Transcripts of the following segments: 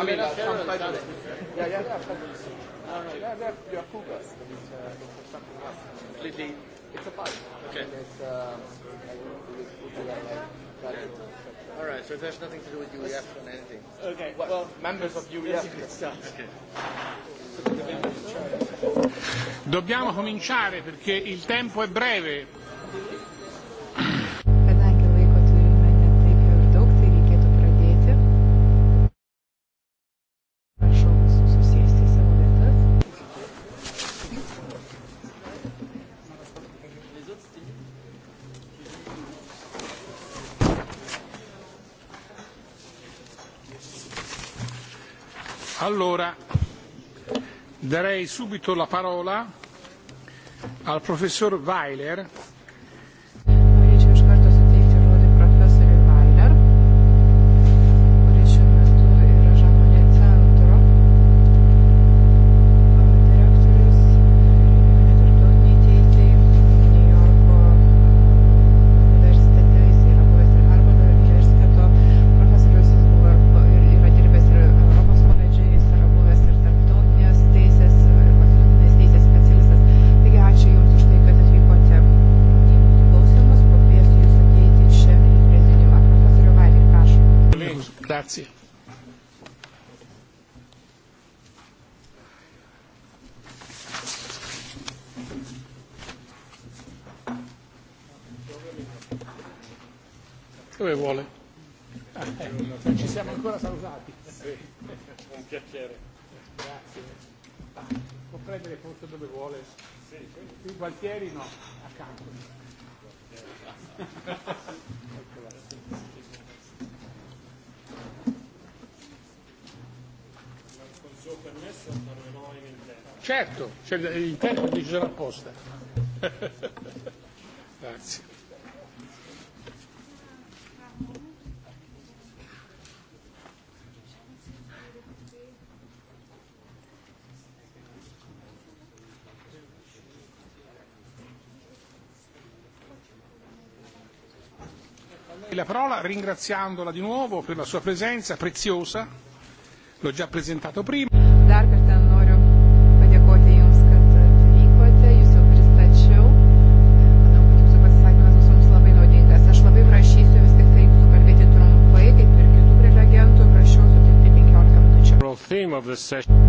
I mean, like, some federalists. Yeah, yeah, they're federalists. No, no, they're, they're, they're cougars. It's, uh, it's something else. Completely. It's a fight. Okay. I mean, it's, uh, um, like, like, like, all right, so it has nothing to do with UEF and anything. Okay, well, well members of UEF. Okay. Dobbiamo cominciare perché il tempo è breve. Allora darei subito la parola al professor Weiler Cioè, il termine ce l'ha apposta. Grazie. E la parola ringraziandola di nuovo per la sua presenza preziosa l'ho già presentato prima. this session.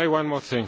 say one more thing.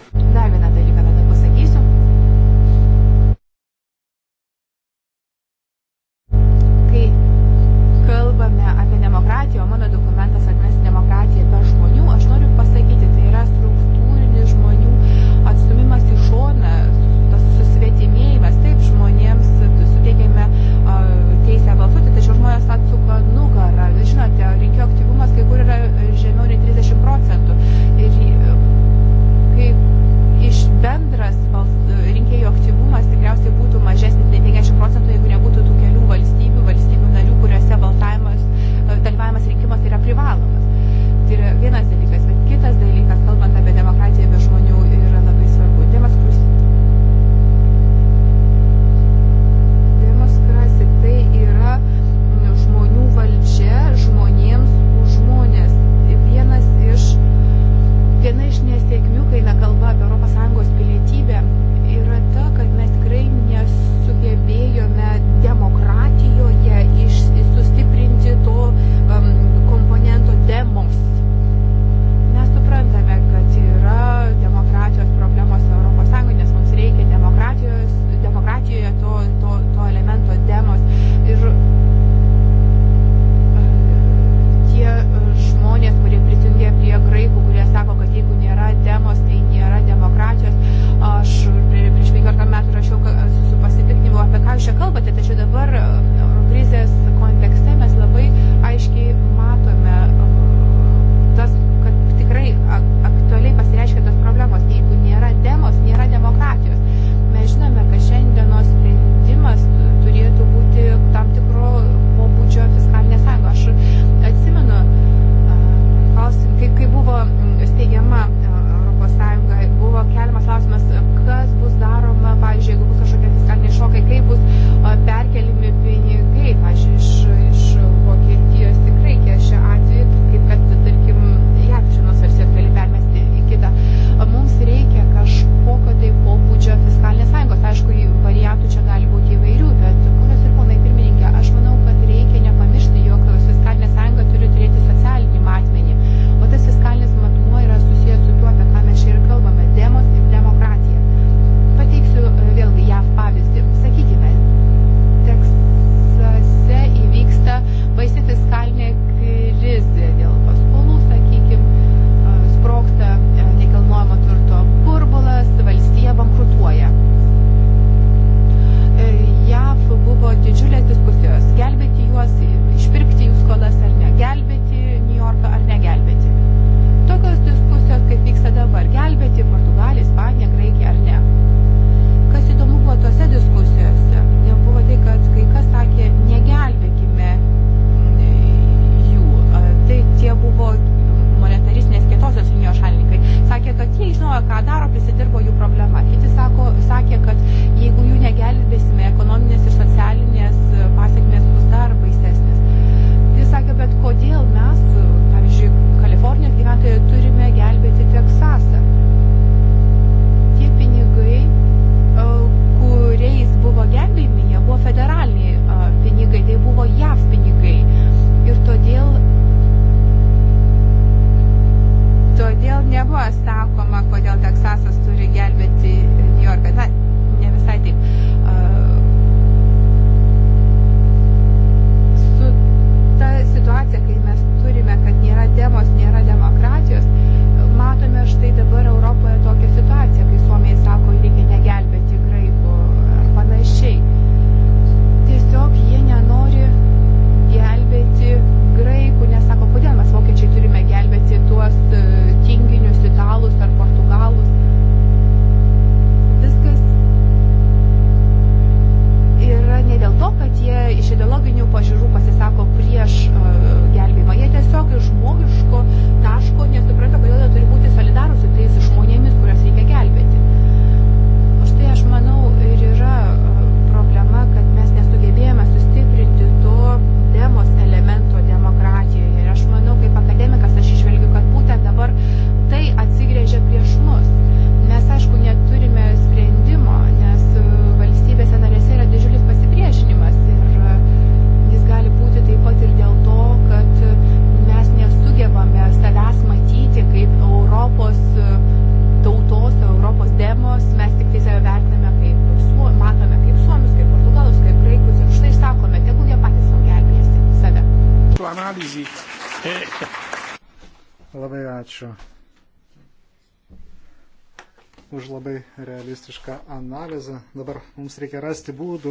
realistišką analizę. Dabar mums reikia rasti būdų,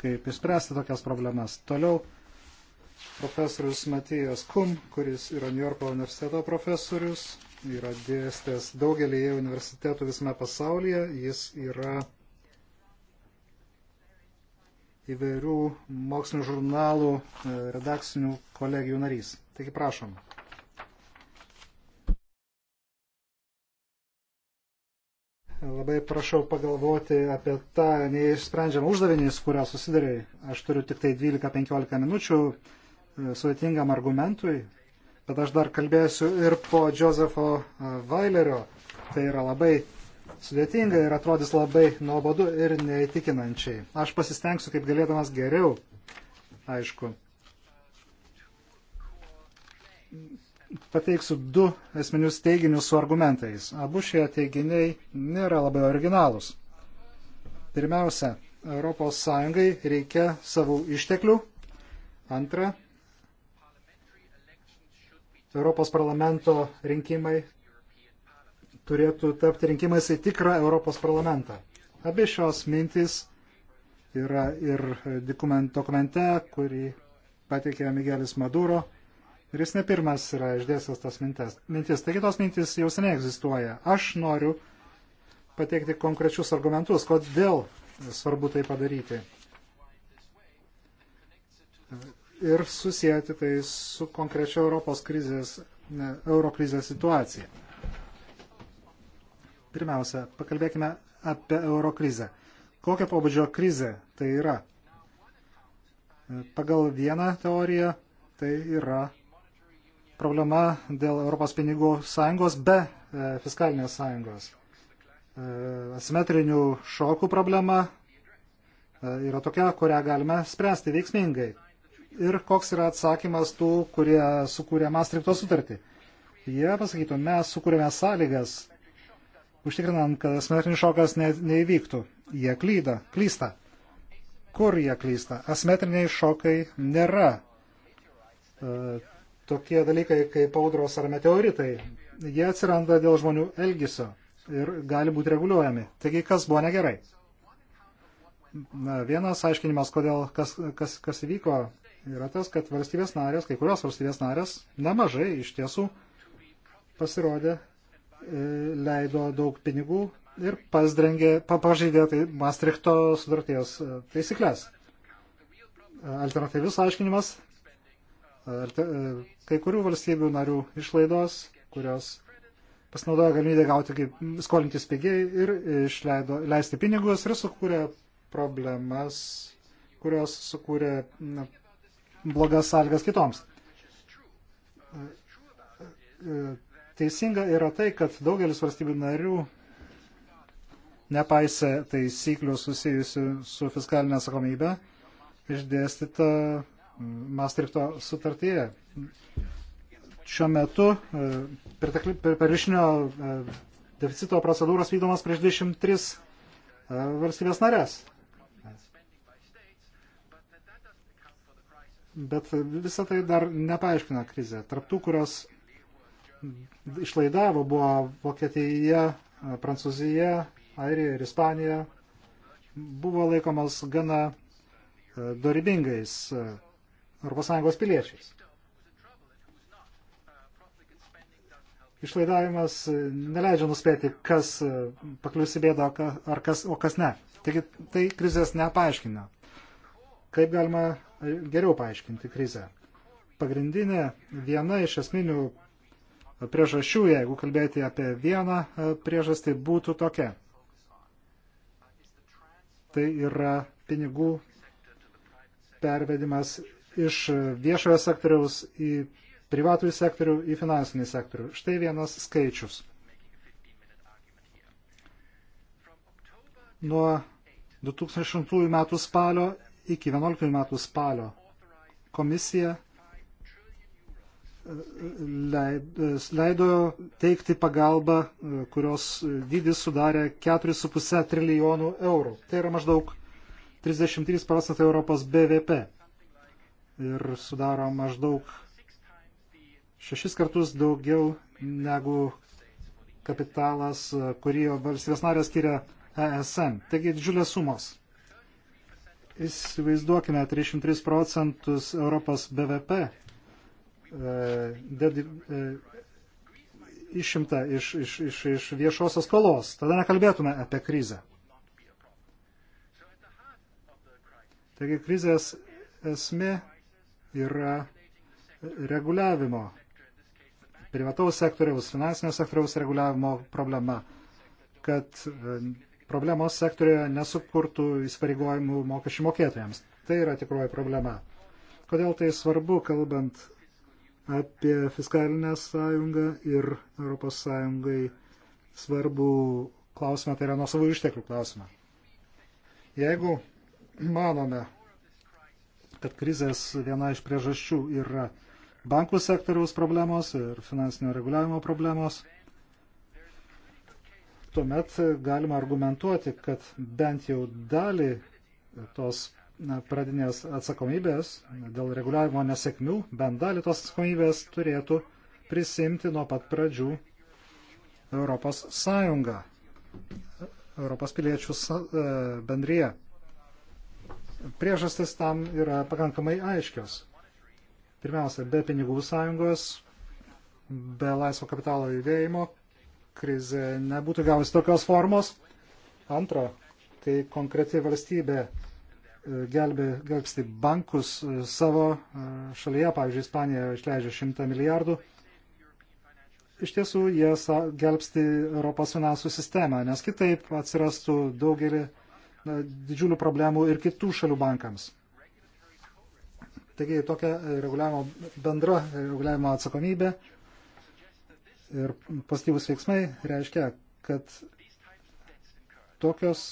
kaip išspręsti tokias problemas. Toliau profesorius Matijas Kum, kuris yra New Yorko universiteto profesorius, yra dėstęs daugelį universitetų visame pasaulyje. Jis yra įvairių mokslinių žurnalų e, redakcinių kolegijų narys. Taigi prašom. Labai prašau pagalvoti apie tą neišsprendžiamą uždavinį, su kurio susidarėjai. Aš turiu tik tai 12-15 minučių e, sudėtingam argumentui, bet aš dar kalbėsiu ir po Josefo e, Vailerio. Tai yra labai sudėtinga ir atrodys labai nuobodu ir neįtikinančiai. Aš pasistengsiu kaip galėdamas geriau, aišku pateiksiu du esminius teiginius su argumentais. Abu šie teiginiai nėra labai originalūs. Pirmiausia, ES reikia savų išteklių. Antra, Europos parlamento rinkimai turėtų tapti rinkimais į tikrą Europos parlamentą. Abi šios mintys yra ir dokumente, kurį pateikė Miguelis Maduro Ir jis ne pirmas yra išdėstęs tas mintis. mintis. Taigi tos mintis jau seniai egzistuoja. Aš noriu pateikti konkrečius argumentus, kodėl svarbu tai padaryti. Ir susijęti tai su konkrečia Europos krizės, euro krizės situacija. Pirmiausia, pakalbėkime apie euro krizę. Kokia pobūdžio krizė tai yra? Pagal vieną teoriją tai yra problema dėl Europos pinigų sąjungos be e, fiskalinės sąjungos. E, asimetrinių šokų problema e, yra tokia, kurią galime spręsti veiksmingai. Ir koks yra atsakymas tų, kurie sukūrė Maastrichto sutartį? Jie pasakytų, mes sukūrėme sąlygas, užtikrinant, kad asimetrinis šokas ne, neįvyktų. Jie klyda, klysta. Kur jie klysta? Asimetriniai šokai nėra e, tokie dalykai kaip audros ar meteoritai, jie atsiranda dėl žmonių elgesio ir gali būti reguliuojami. Taigi, kas buvo negerai? Na, vienas aiškinimas, kodėl kas, kas, kas įvyko, yra tas, kad valstybės narės, kai kurios valstybės narės, nemažai iš tiesų pasirodė, e, leido daug pinigų ir pasdrengė, papažydė tai Maastrichto sudarties e, taisyklės. Alternatyvis aiškinimas kai kurių valstybių narių išlaidos, kurios pasinaudojo galimybę gauti kaip skolintis pigiai ir išleido, leisti pinigus ir sukūrė problemas, kurios sukūrė na, blogas sąlygas kitoms. Teisinga yra tai, kad daugelis valstybių narių nepaisė taisyklių susijusių su fiskalinė atsakomybė, išdėstyta Maastrichto sutartyje. Šiuo metu e, pervišinio e, deficito procedūros vykdomas prieš 23 e, valstybės narės. Bet visą tai dar nepaaiškina krizė. Tarptų, kurios išlaidavo, buvo Vokietija, Prancūzija, Airija ir Ispanija, buvo laikomas gana dorybingais ES piliečiais. Išlaidavimas neleidžia nuspėti, kas e, pakliusi bėdo, ar kas, o kas ne. Taigi tai krizės nepaaiškina. Kaip galima e, geriau paaiškinti krizę? Pagrindinė viena iš esminių priežasčių, jeigu kalbėti apie vieną e, priežastį, būtų tokia. Tai yra pinigų pervedimas iš viešojo sektoriaus į privatų sektorių, į finansinį sektorių. Štai vienas skaičius. Nuo 2008 metų spalio iki 2011 metų spalio komisija e, e, leido teikti pagalbą, e, kurios dydis sudarė 4,5 trilijonų eurų. Tai yra maždaug 33 procentai Europos BVP ir sudaro maždaug šešis kartus daugiau negu kapitalas, kurį valstybės narės skiria ESM. Taigi didžiulės sumos. Įsivaizduokime 33 procentus Europos BVP e, dedi, e, išimta iš, iš, iš, iš viešosios skolos. Tada nekalbėtume apie krizę. Taigi krizės esmė yra reguliavimo, privataus sektoriaus, finansinio sektoriaus reguliavimo problema, kad e, problemos sektorioje nesukurtų įsipareigojimų mokesčių mokėtojams. Tai yra tikroji problema. Kodėl tai svarbu, kalbant apie fiskalinę sąjungą ir ES svarbų klausimą, tai yra nuo savo išteklių klausimą. Jeigu manome, kad krizės viena iš priežasčių yra bankų sektoriaus problemos ir finansinio reguliavimo problemos, tuomet galima argumentuoti, kad bent jau dalį tos pradinės atsakomybės dėl reguliavimo nesėkmių, bent dalį tos atsakomybės turėtų prisimti nuo pat pradžių Europos Sąjunga, Europos piliečių e, bendryje. Priežastis tam yra pakankamai aiškios. Pirmiausia, be pinigų sąjungos, be laisvo kapitalo judėjimo krize nebūtų gavusi tokios formos. Antra, kai konkreti valstybė e, gelbė, gelbsti bankus e, savo e, šalyje, pavyzdžiui, Ispanija išleidžia 100 milijardų. Iš tiesų, jie gelbsti Europos finansų sistemą, nes kitaip atsirastų daugelį didžiulių problemų ir kitų šalių bankams. Taigi tokia reguliavimo, bendra reguliavimo atsakomybė ir pozityvus veiksmai reiškia, kad tokios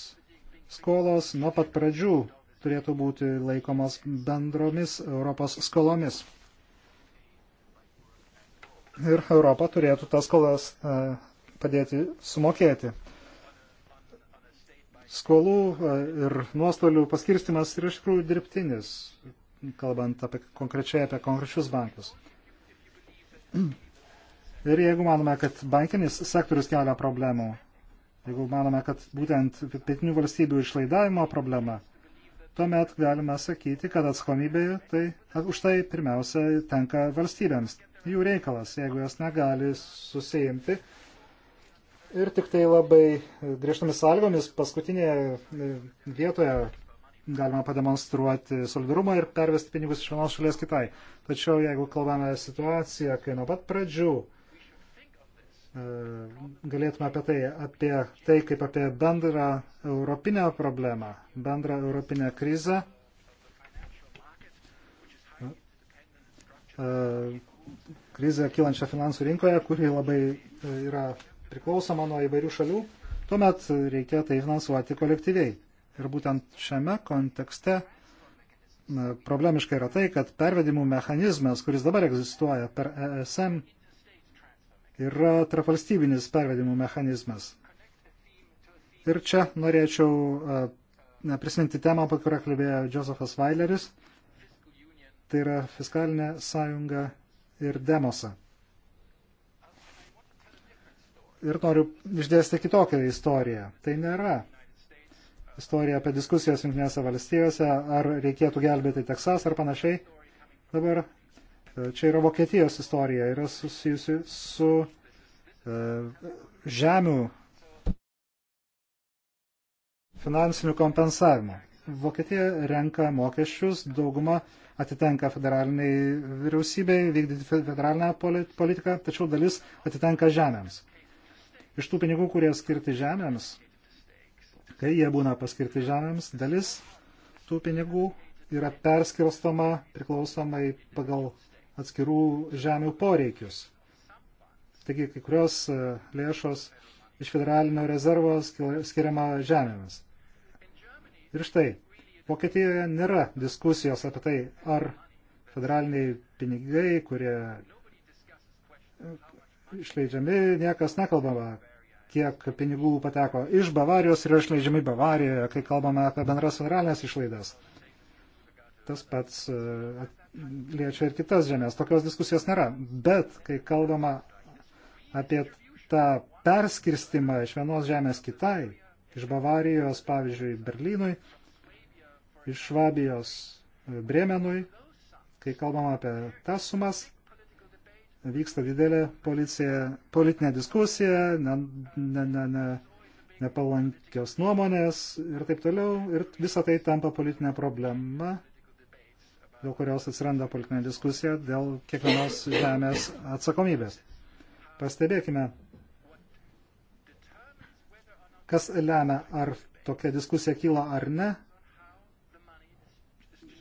skolos nuo pat pradžių turėtų būti laikomos bendromis Europos skolomis. Ir Europa turėtų tas skolas e, padėti sumokėti skolų e, ir nuostolių paskirstimas yra iš tikrųjų dirbtinis, kalbant apie, konkrečiai apie konkrečius bankus. Ir jeigu manome, kad bankinis sektorius kelia problemų, jeigu manome, kad būtent pietinių valstybių išlaidavimo problema, tuomet galime sakyti, kad atsakomybė tai, už tai pirmiausia tenka valstybėms. Jų reikalas, jeigu jos negali susijimti, Ir tik tai labai griežtomis sąlygomis paskutinėje e, vietoje galima pademonstruoti solidarumą ir pervesti pinigus iš vienos šalies kitai. Tačiau jeigu kalbame situaciją, kai nuo pat pradžių e, galėtume apie tai, apie tai kaip apie bendrą europinę problemą, bendrą europinę krizę, e, krizę kylančią finansų rinkoje, kuri labai yra priklausoma nuo įvairių šalių, tuomet reikia tai finansuoti kolektyviai. Ir būtent šiame kontekste problemiška yra tai, kad pervedimų mechanizmas, kuris dabar egzistuoja per ESM, yra trapalstybinis pervedimų mechanizmas. Ir čia norėčiau prisiminti temą, apie kurią kalbėjo Josephas Weileris. Tai yra fiskalinė sąjunga ir demosa ir noriu išdėsti kitokią istoriją. Tai nėra istorija apie diskusijas Junktinėse valstijose, ar reikėtų gelbėti Teksas ar panašiai. Dabar e, čia yra Vokietijos istorija, yra susijusi su e, žemių finansinių kompensavimų. Vokietija renka mokesčius, dauguma atitenka federaliniai vyriausybei vykdyti federalinę politiką, tačiau dalis atitenka žemėms. Iš tų pinigų, kurie skirti žemėms, kai jie būna paskirti žemėms, dalis tų pinigų yra perskirstoma priklausomai pagal atskirų žemių poreikius. Taigi, kai kurios e, lėšos iš federalinio rezervo skiriama žemėmis. Ir štai, Vokietijoje nėra diskusijos apie tai, ar federaliniai pinigai, kurie e, išleidžiami, niekas nekalbama, kiek pinigų pateko iš Bavarijos ir išleidžiami Bavarijoje, kai kalbame apie bendras federalinės išlaidas. Tas pats e, liečia ir kitas žemės. Tokios diskusijos nėra. Bet, kai kalbama apie tą perskirstimą iš vienos žemės kitai, iš Bavarijos, pavyzdžiui, Berlynui, iš Švabijos e, Bremenui, kai kalbama apie tas sumas, vyksta didelė policija, politinė diskusija, ne, ne, ne, ne, nepalankios nuomonės ir taip toliau. Ir visa tai tampa politinė problema, dėl kurios atsiranda politinė diskusija dėl kiekvienos žemės atsakomybės. Pastebėkime, kas lemia, ar tokia diskusija kyla ar ne.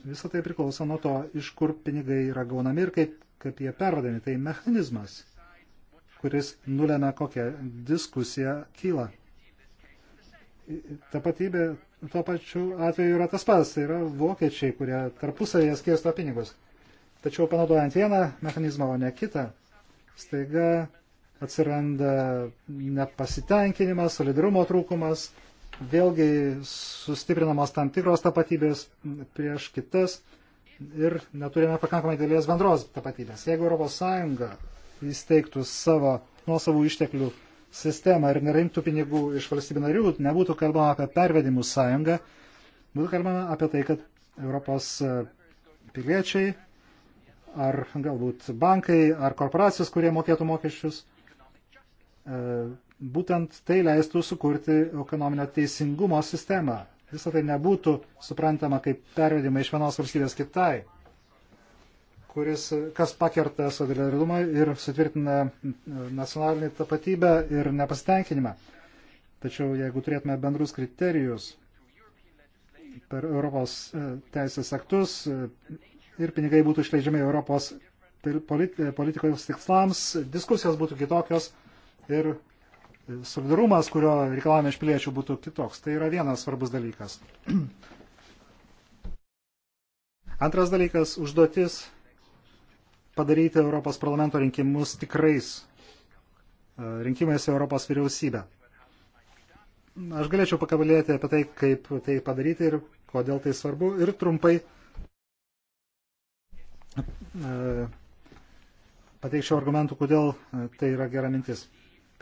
Visą tai priklauso nuo to, iš kur pinigai yra gaunami ir kaip kaip jie pervadami. Tai mechanizmas, kuris nulena kokią diskusiją kyla. Tapatybė tuo pačiu atveju yra tas pats, tai yra vokiečiai, kurie tarpusavėje skirsto pinigus. Tačiau panaudojant vieną mechanizmą, o ne kitą, staiga atsiranda nepasitenkinimas, solidarumo trūkumas, vėlgi sustiprinamos tam tikros tapatybės prieš kitas ir neturime pakankamai dėlės bendros tapatybės. Jeigu ES įsteigtų savo nuosavų išteklių sistemą ir nerimtų pinigų iš valstybių narių, nebūtų kalbama apie pervedimų sąjungą, būtų kalbama apie tai, kad Europos e, piliečiai ar galbūt bankai ar korporacijos, kurie mokėtų mokesčius, e, būtent tai leistų sukurti ekonominio teisingumo sistemą visą tai nebūtų suprantama kaip pervedimai iš vienos valstybės kitai, kuris, kas pakerta solidarumą ir sutvirtina nacionalinį tapatybę ir nepasitenkinimą. Tačiau jeigu turėtume bendrus kriterijus per Europos e, teisės aktus e, ir pinigai būtų išleidžiami Europos e, politikos tikslams, diskusijos būtų kitokios ir solidarumas, kurio reikalavime iš piliečių būtų kitoks. Tai yra vienas svarbus dalykas. Antras dalykas - užduotis padaryti Europos parlamento rinkimus tikrais e, rinkimais į Europos vyriausybę. Aš galėčiau pakabalėti apie tai, kaip tai padaryti ir kodėl tai svarbu. Ir trumpai e, pateikčiau argumentų, kodėl e, tai yra gera mintis.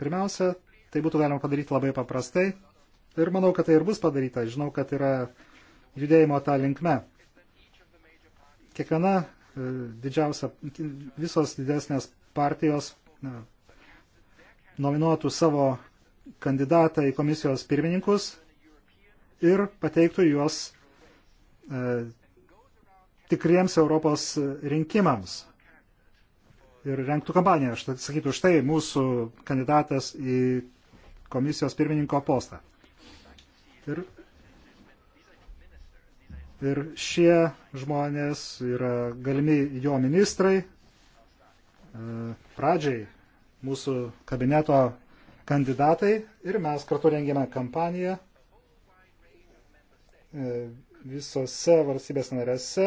Pirmiausia, Tai būtų galima padaryti labai paprastai. Ir manau, kad tai ir bus padaryta. Žinau, kad yra judėjimo tą linkme. Kiekviena e, didžiausia, visos didesnės partijos nominuotų savo kandidatą į komisijos pirmininkus ir pateiktų juos e, tikriems Europos rinkimams ir renktų kampaniją. Aš sakytų, štai mūsų kandidatas į komisijos pirmininko postą. Ir, ir šie žmonės yra galimi jo ministrai. E, pradžiai mūsų kabineto kandidatai ir mes kartu rengėme kampaniją e, visose valstybės narėse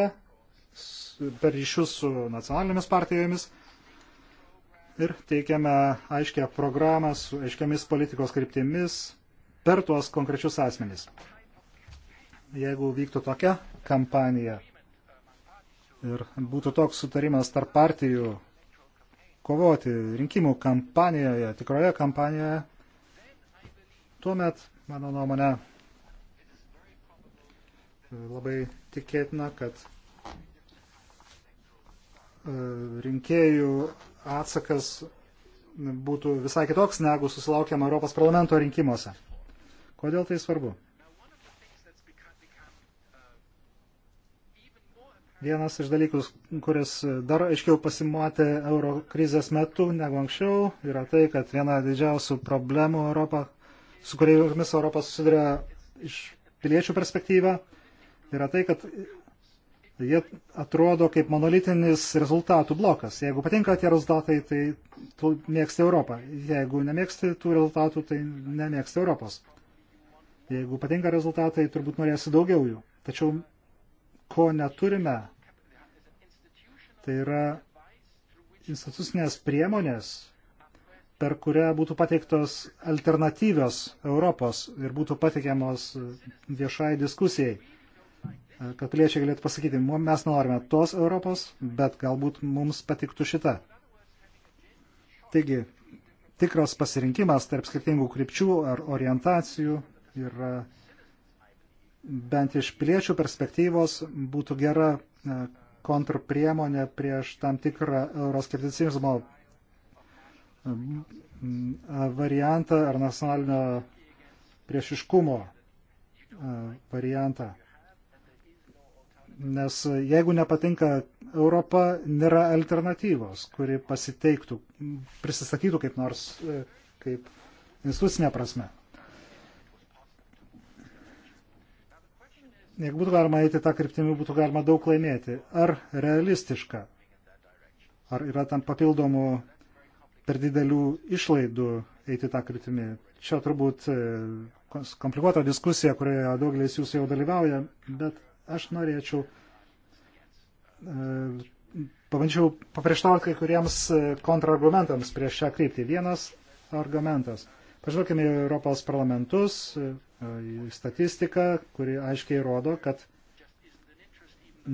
per ryšius su nacionalinėmis partijomis ir teikiame aiškę programą su aiškiamis politikos kryptimis per tuos konkrečius asmenys. Jeigu vyktų tokia kampanija ir būtų toks sutarimas tarp partijų kovoti rinkimų kampanijoje, tikroje kampanijoje, tuomet, mano nuomonė, labai tikėtina, kad E, rinkėjų atsakas būtų visai kitoks, negu susilaukiama Europos parlamento rinkimuose. Kodėl tai svarbu? Vienas iš dalykus, kuris dar aiškiau pasimatė euro krizės metu negu anksčiau, yra tai, kad viena didžiausių problemų Europą, su kuriomis Europas susiduria iš piliečių perspektyvą, yra tai, kad jie atrodo kaip monolitinis rezultatų blokas. Jeigu patinka tie rezultatai, tai tu mėgsti Europą. Jeigu nemėgsti tų rezultatų, tai nemėgsti Europos. Jeigu patinka rezultatai, turbūt norėsi daugiau jų. Tačiau ko neturime, tai yra institucinės priemonės, per kurią būtų pateiktos alternatyvios Europos ir būtų pateikiamos viešai diskusijai kad piliečiai galėtų pasakyti, mes norime tos Europos, bet galbūt mums patiktų šita. Taigi, tikras pasirinkimas tarp skirtingų krypčių ar orientacijų yra bent iš piliečių perspektyvos būtų gera e, kontrpriemonė prieš tam tikrą euroskepticizmo e, variantą ar nacionalinio priešiškumo e, variantą. Nes jeigu nepatinka Europa, nėra alternatyvos, kuri pasiteiktų, prisistatytų kaip nors, e, kaip institucinė prasme. Jeigu būtų galima eiti tą kryptimį, būtų galima daug laimėti. Ar realistiška? Ar yra tam papildomų per didelių išlaidų eiti tą kryptimį? Čia turbūt e, komplikuota diskusija, kurioje daugelis jūs jau dalyvauja, bet Aš norėčiau, e, pabandžiau paprieštarauti kai kuriems e, kontrargumentams prieš šią kryptį. Vienas argumentas. Pažvelkime į Europos parlamentus, e, į statistiką, kuri aiškiai rodo, kad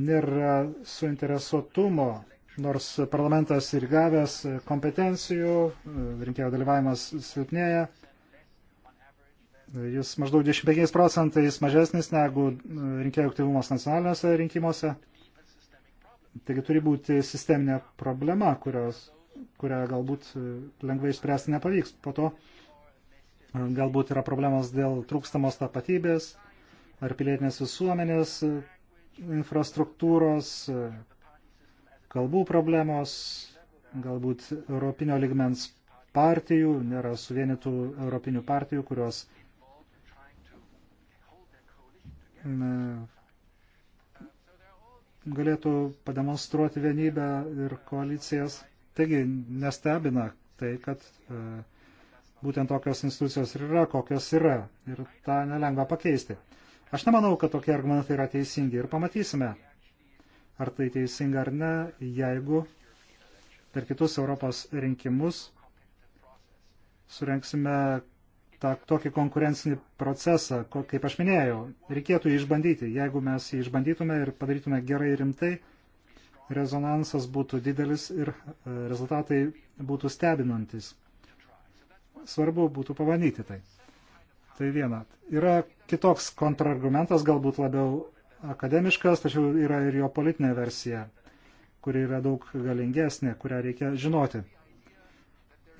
nėra suinteresuotumo, nors parlamentas ir gavęs kompetencijų, rinkėjo dalyvavimas silpnėja, Jis maždaug 25 procentais mažesnis negu e, rinkėjų aktyvumas nacionaliniuose rinkimuose. Taigi turi būti sisteminė problema, kurios, kurią galbūt e, lengvai išspręsti nepavyks. Po to e, galbūt yra problemas dėl trūkstamos tapatybės ar pilietinės visuomenės infrastruktūros, kalbų problemos, galbūt europinio ligmens partijų, nėra suvienytų europinių partijų, kurios galėtų pademonstruoti vienybę ir koalicijas. Taigi nestebina tai, kad e, būtent tokios institucijos ir yra, kokios yra. Ir tą nelengva pakeisti. Aš nemanau, kad tokie argumentai yra teisingi ir pamatysime, ar tai teisinga ar ne, jeigu per kitus Europos rinkimus surenksime tą tokį konkurencinį procesą, kaip aš minėjau, reikėtų jį išbandyti. Jeigu mes jį išbandytume ir padarytume gerai rimtai, rezonansas būtų didelis ir e, rezultatai būtų stebinantis. Svarbu būtų pabandyti tai. Tai viena. Yra kitoks kontrargumentas, galbūt labiau akademiškas, tačiau yra ir jo politinė versija, kuri yra daug galingesnė, kurią reikia žinoti.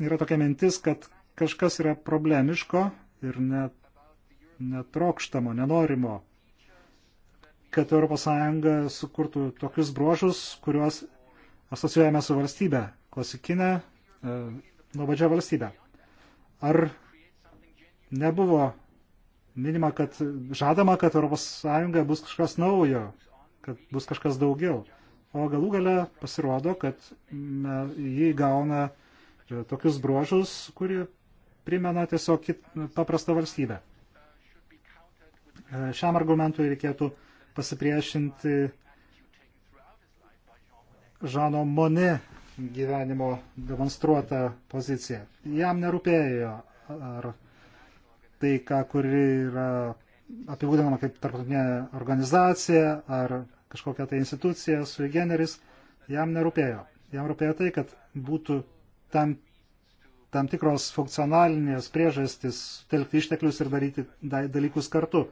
Yra tokia mintis, kad kažkas yra problemiško ir net, netrokštamo, nenorimo, kad ES sukurtų tokius bruožus, kuriuos asociuojame su valstybe, klasikinė, e, nuobodžia valstybė. Ar nebuvo minima, kad žadama, kad ES bus kažkas naujo, kad bus kažkas daugiau. O galų gale pasirodo, kad jį gauna e, tokius bruožus, kurie primena tiesiog kit, paprastą valstybę. E, šiam argumentui reikėtų pasipriešinti Žano Mone gyvenimo demonstruotą poziciją. Jam nerūpėjo, ar tai, ką kuri yra apibūdinama kaip tarptautinė organizacija ar kažkokia tai institucija su generis, jam nerūpėjo. Jam rūpėjo tai, kad būtų tam tam tikros funkcionalinės priežastis telkti išteklius ir daryti dalykus kartu.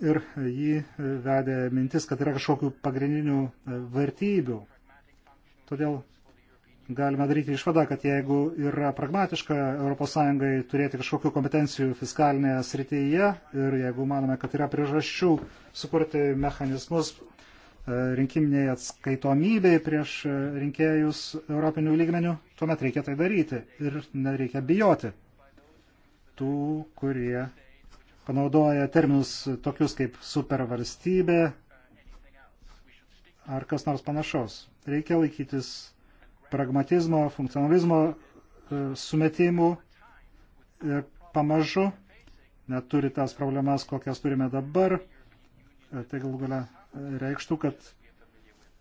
Ir jį e, vedė mintis, kad yra kažkokių pagrindinių e, vertybių. Todėl galime daryti išvadą, kad jeigu yra pragmatiška ES turėti kažkokių kompetencijų fiskalinėje srityje ir jeigu manome, kad yra priežasčių sukurti mechanizmus E, rinkiminiai atskaitomybei prieš e, rinkėjus europinių lygmenių, tuomet reikia tai daryti ir nereikia bijoti tų, kurie panaudoja terminus tokius kaip supervalstybė ar kas nors panašaus. Reikia laikytis pragmatizmo, funkcionalizmo e, sumetimų ir pamažu neturi tas problemas, kokias turime dabar. Tai galų galia reikštų, kad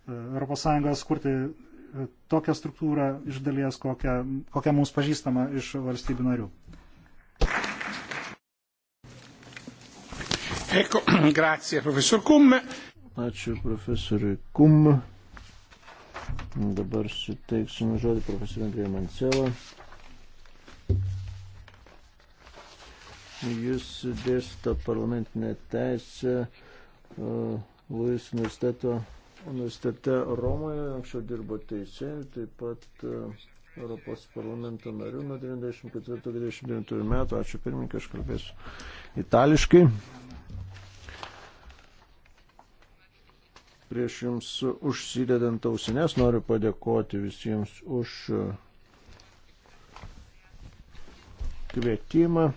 ES kurti e, tokią struktūrą iš dalies, kokią, kokią mums pažįstama iš valstybių narių. Eko, grazie, profesor Kum. Ačiū profesoriui Kum. Dabar suteiksime žodį profesoriui Andrėjai Mancelą. Jis dėsto parlamentinę teisę. Uh, Luis universiteto universitete Romoje, anksčiau dirbo teisėjai, taip pat e, Europos parlamento narių nuo 94-99 metų. Ačiū pirmininkai, aš kalbėsiu itališkai. Prieš jums užsidedant ausinės noriu padėkoti visiems už kvietimą.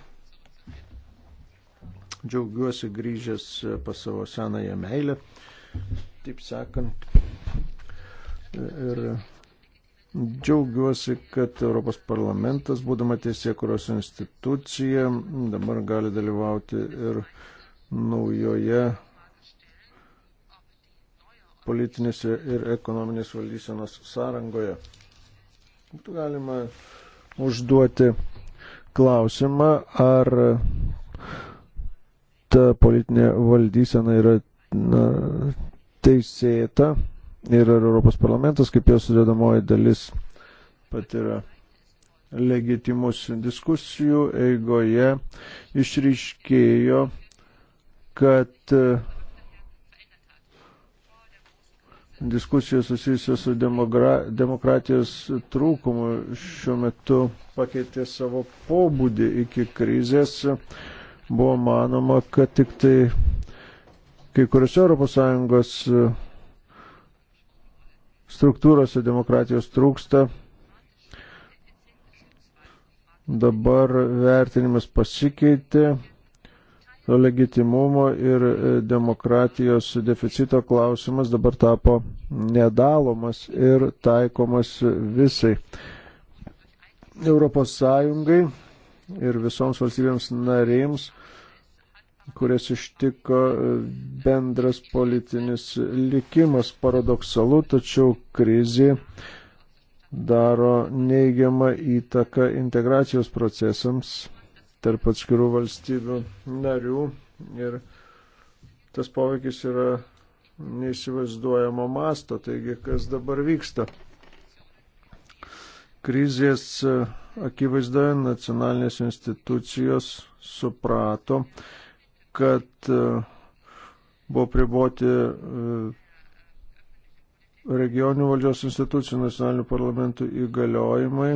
Džiaugiuosi grįžęs pas savo senąją meilę, taip sakant. Ir Džiaugiuosi, kad Europos parlamentas, būdama teisėkuros institucija, dabar gali dalyvauti ir naujoje politinėse ir ekonominės valdysenos sąrangoje. Būtų galima užduoti klausimą, ar ta politinė valdysena yra na, teisėta ir Europos parlamentas, kaip jos sudėdamoji dalis, pat yra legitimus diskusijų eigoje išryškėjo, kad diskusijos susijusios su demokratijos trūkumu šiuo metu pakeitė savo pobūdį iki krizės buvo manoma, kad tik tai kai kuriuose ES e, struktūrose demokratijos trūksta. Dabar vertinimas pasikeitė, to legitimumo ir e, demokratijos deficito klausimas dabar tapo nedalomas ir taikomas visai. Europos Sąjungai ir visoms valstybėms narėms, kurias ištiko bendras politinis likimas. Paradoksalu, tačiau krizė daro neigiamą įtaką integracijos procesams tarp atskirų valstybių narių ir tas poveikis yra neįsivaizduojamo masto, taigi kas dabar vyksta. Krizės e, akivaizdoje nacionalinės institucijos suprato, kad e, buvo priboti e, regionių valdžios institucijų nacionalinių parlamentų įgaliojimai,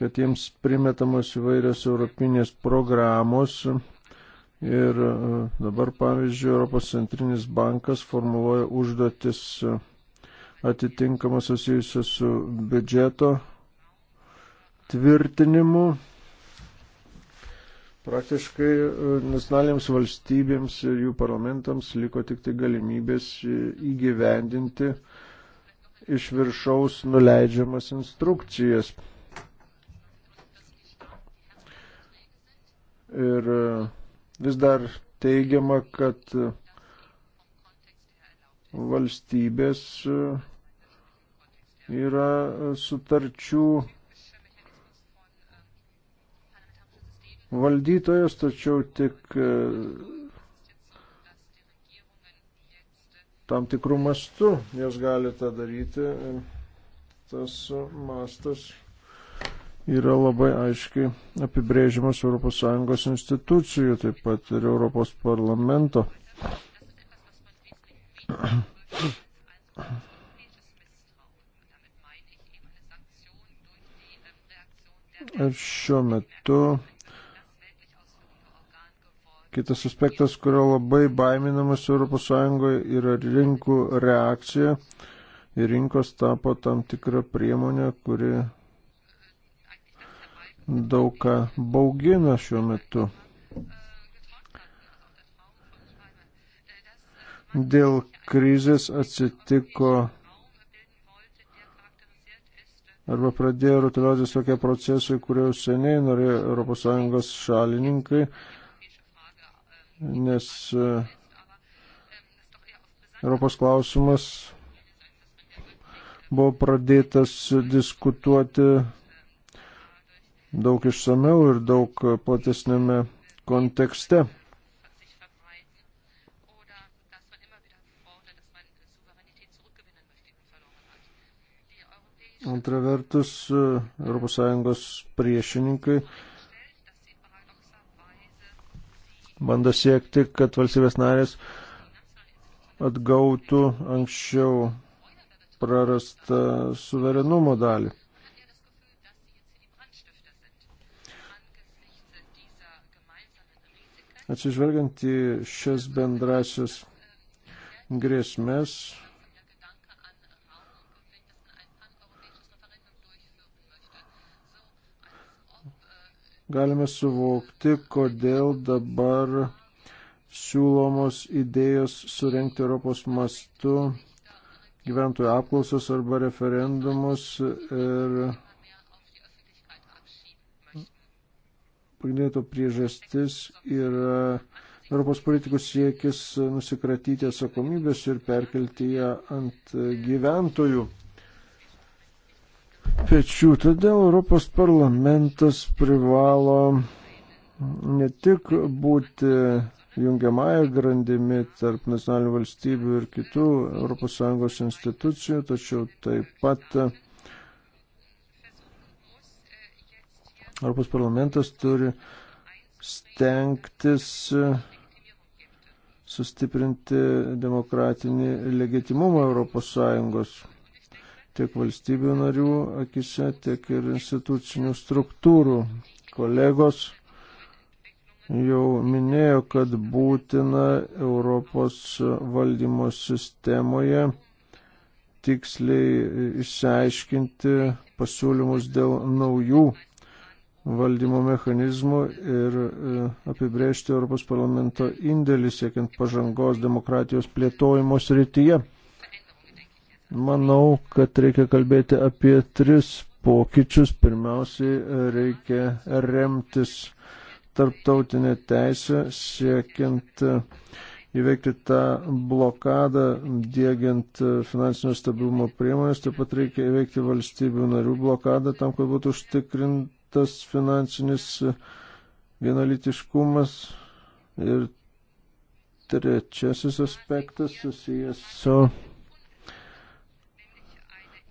kad jiems primetamos įvairios europinės programos. Ir dabar, pavyzdžiui, Europos centrinis bankas formuluoja užduotis atitinkamą susijusią su biudžeto tvirtinimu. Praktiškai e, nacionalinėms valstybėms ir jų parlamentams liko tik tai galimybės e, įgyvendinti iš viršaus nuleidžiamas instrukcijas. Ir e, vis dar teigiama, kad valstybės yra e, sutarčių valdytojas, tačiau tik e, tam tikrų mastų jas gali tą daryti. E, tas mastas yra labai aiškiai apibrėžimas ES institucijų, taip pat ir Europos parlamento. Ir šiuo metu kitas aspektas, kurio labai baiminamas ES yra rinkų reakcija. Ir rinkos tapo tam tikrą priemonę, kuri daug ką baugina šiuo metu. Dėl krizės atsitiko arba pradėjo rutuliuotis tokie procesai, kurie jau seniai norėjo ES šalininkai, nes e, Europos klausimas buvo pradėtas diskutuoti daug išsameu ir daug platesnėme kontekste. Antra vertus, ES priešininkai bando siekti, kad valstybės narės atgautų anksčiau prarastą suverenumo dalį. Atsižvelgiant į šias bendrasias grėsmės, galime suvokti, kodėl dabar siūlomos idėjos surenkti Europos mastu gyventojų apklausos arba referendumus ir pagrindinė priežastis yra Europos politikų siekis nusikratyti atsakomybės ir perkelti ją ant gyventojų pečių. Todėl Europos parlamentas privalo ne tik būti jungiamąją grandimi tarp nacionalinių valstybių ir kitų ES institucijų, tačiau taip pat Europos parlamentas turi stengtis sustiprinti demokratinį legitimumą ES tiek valstybių narių akise, tiek ir institucinių struktūrų. Kolegos jau minėjo, kad būtina Europos valdymo sistemoje tiksliai išsiaiškinti pasiūlymus dėl naujų valdymo mechanizmų ir e, apibrėžti Europos parlamento indėlį siekiant pažangos demokratijos plėtojimo srityje. Manau, kad reikia kalbėti apie tris pokyčius. Pirmiausiai reikia remtis tarptautinė teisė siekiant e, įveikti tą blokadą, dėgiant e, finansinio stabilumo priemonės, taip pat reikia įveikti valstybių narių blokadą tam, kad būtų užtikrintas finansinis e, vienalitiškumas. Ir trečiasis aspektas susijęs su. So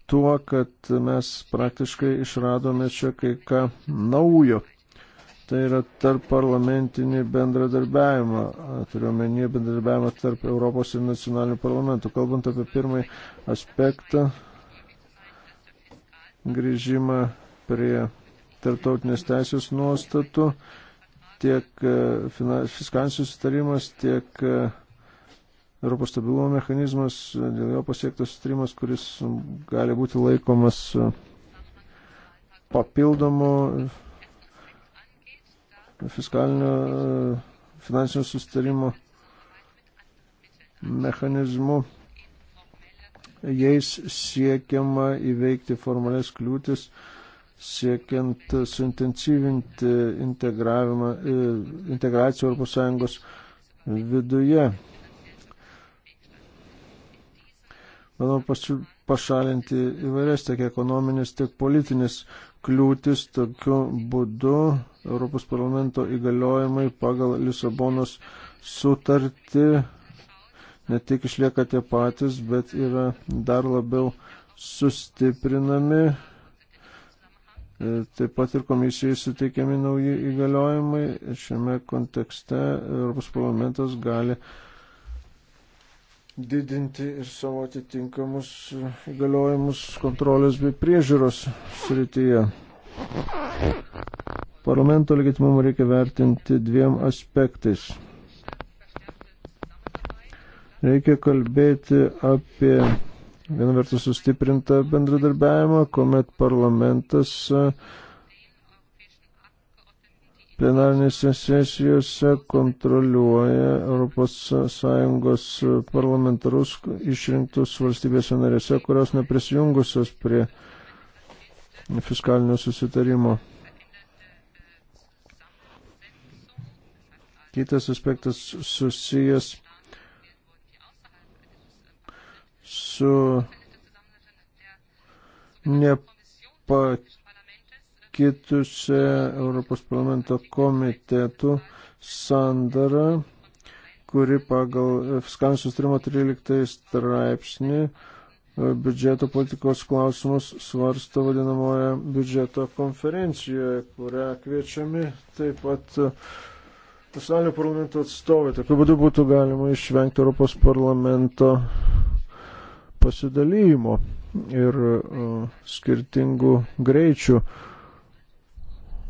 tuo, kad mes praktiškai išradome čia kai ką naujo. Tai yra tarp parlamentinį bendradarbiavimą, turiuomenyje bendradarbiavimą tarp Europos ir nacionalinių parlamentų. Kalbant apie pirmąjį aspektą, grįžimą prie tarptautinės teisės nuostatų, tiek e, fiskalinis susitarimas, tiek e, Europos stabilumo mechanizmas, dėl jo pasiektas sutrimas, kuris gali būti laikomas e, papildomu e, fiskalinio e, finansinio sustarimo mechanizmu. Jais siekiama įveikti formalės kliūtis, siekiant suintensyvinti integravimą, integraciją ES viduje. manau, pašalinti įvairias tiek ekonominės, tiek politinės kliūtis. Tokiu būdu Europos parlamento įgaliojimai pagal Lisabonos sutartį ne tik išlieka tie patys, bet yra dar labiau sustiprinami. E, taip pat ir komisijai suteikiami nauji įgaliojimai. Šiame kontekste Europos parlamentas gali uh, didinti ir savo atitinkamus įgaliojimus kontrolės bei priežiūros srityje. Parlamento legitimumą reikia vertinti dviem aspektais. Reikia kalbėti apie vieną vertus sustiprintą bendradarbiavimą, kuomet parlamentas uh, plenarinėse sesijose kontroliuoja ES parlamentarus išrinktus valstybėse narėse, kurios neprisijungusios prie fiskalinio susitarimo. Kitas aspektas susijęs su nepakeitimu pasikeitusią Europos parlamento komitetų sandarą, kuri pagal fiskalinio sustarimo 13 straipsnį e, biudžeto politikos klausimus svarsto vadinamoje biudžeto konferencijoje, kurią kviečiami taip pat e, nacionalinio parlamento atstovai. Tokiu būdu būtų galima išvengti Europos parlamento pasidalymo ir uh, skirtingų greičių. Uh,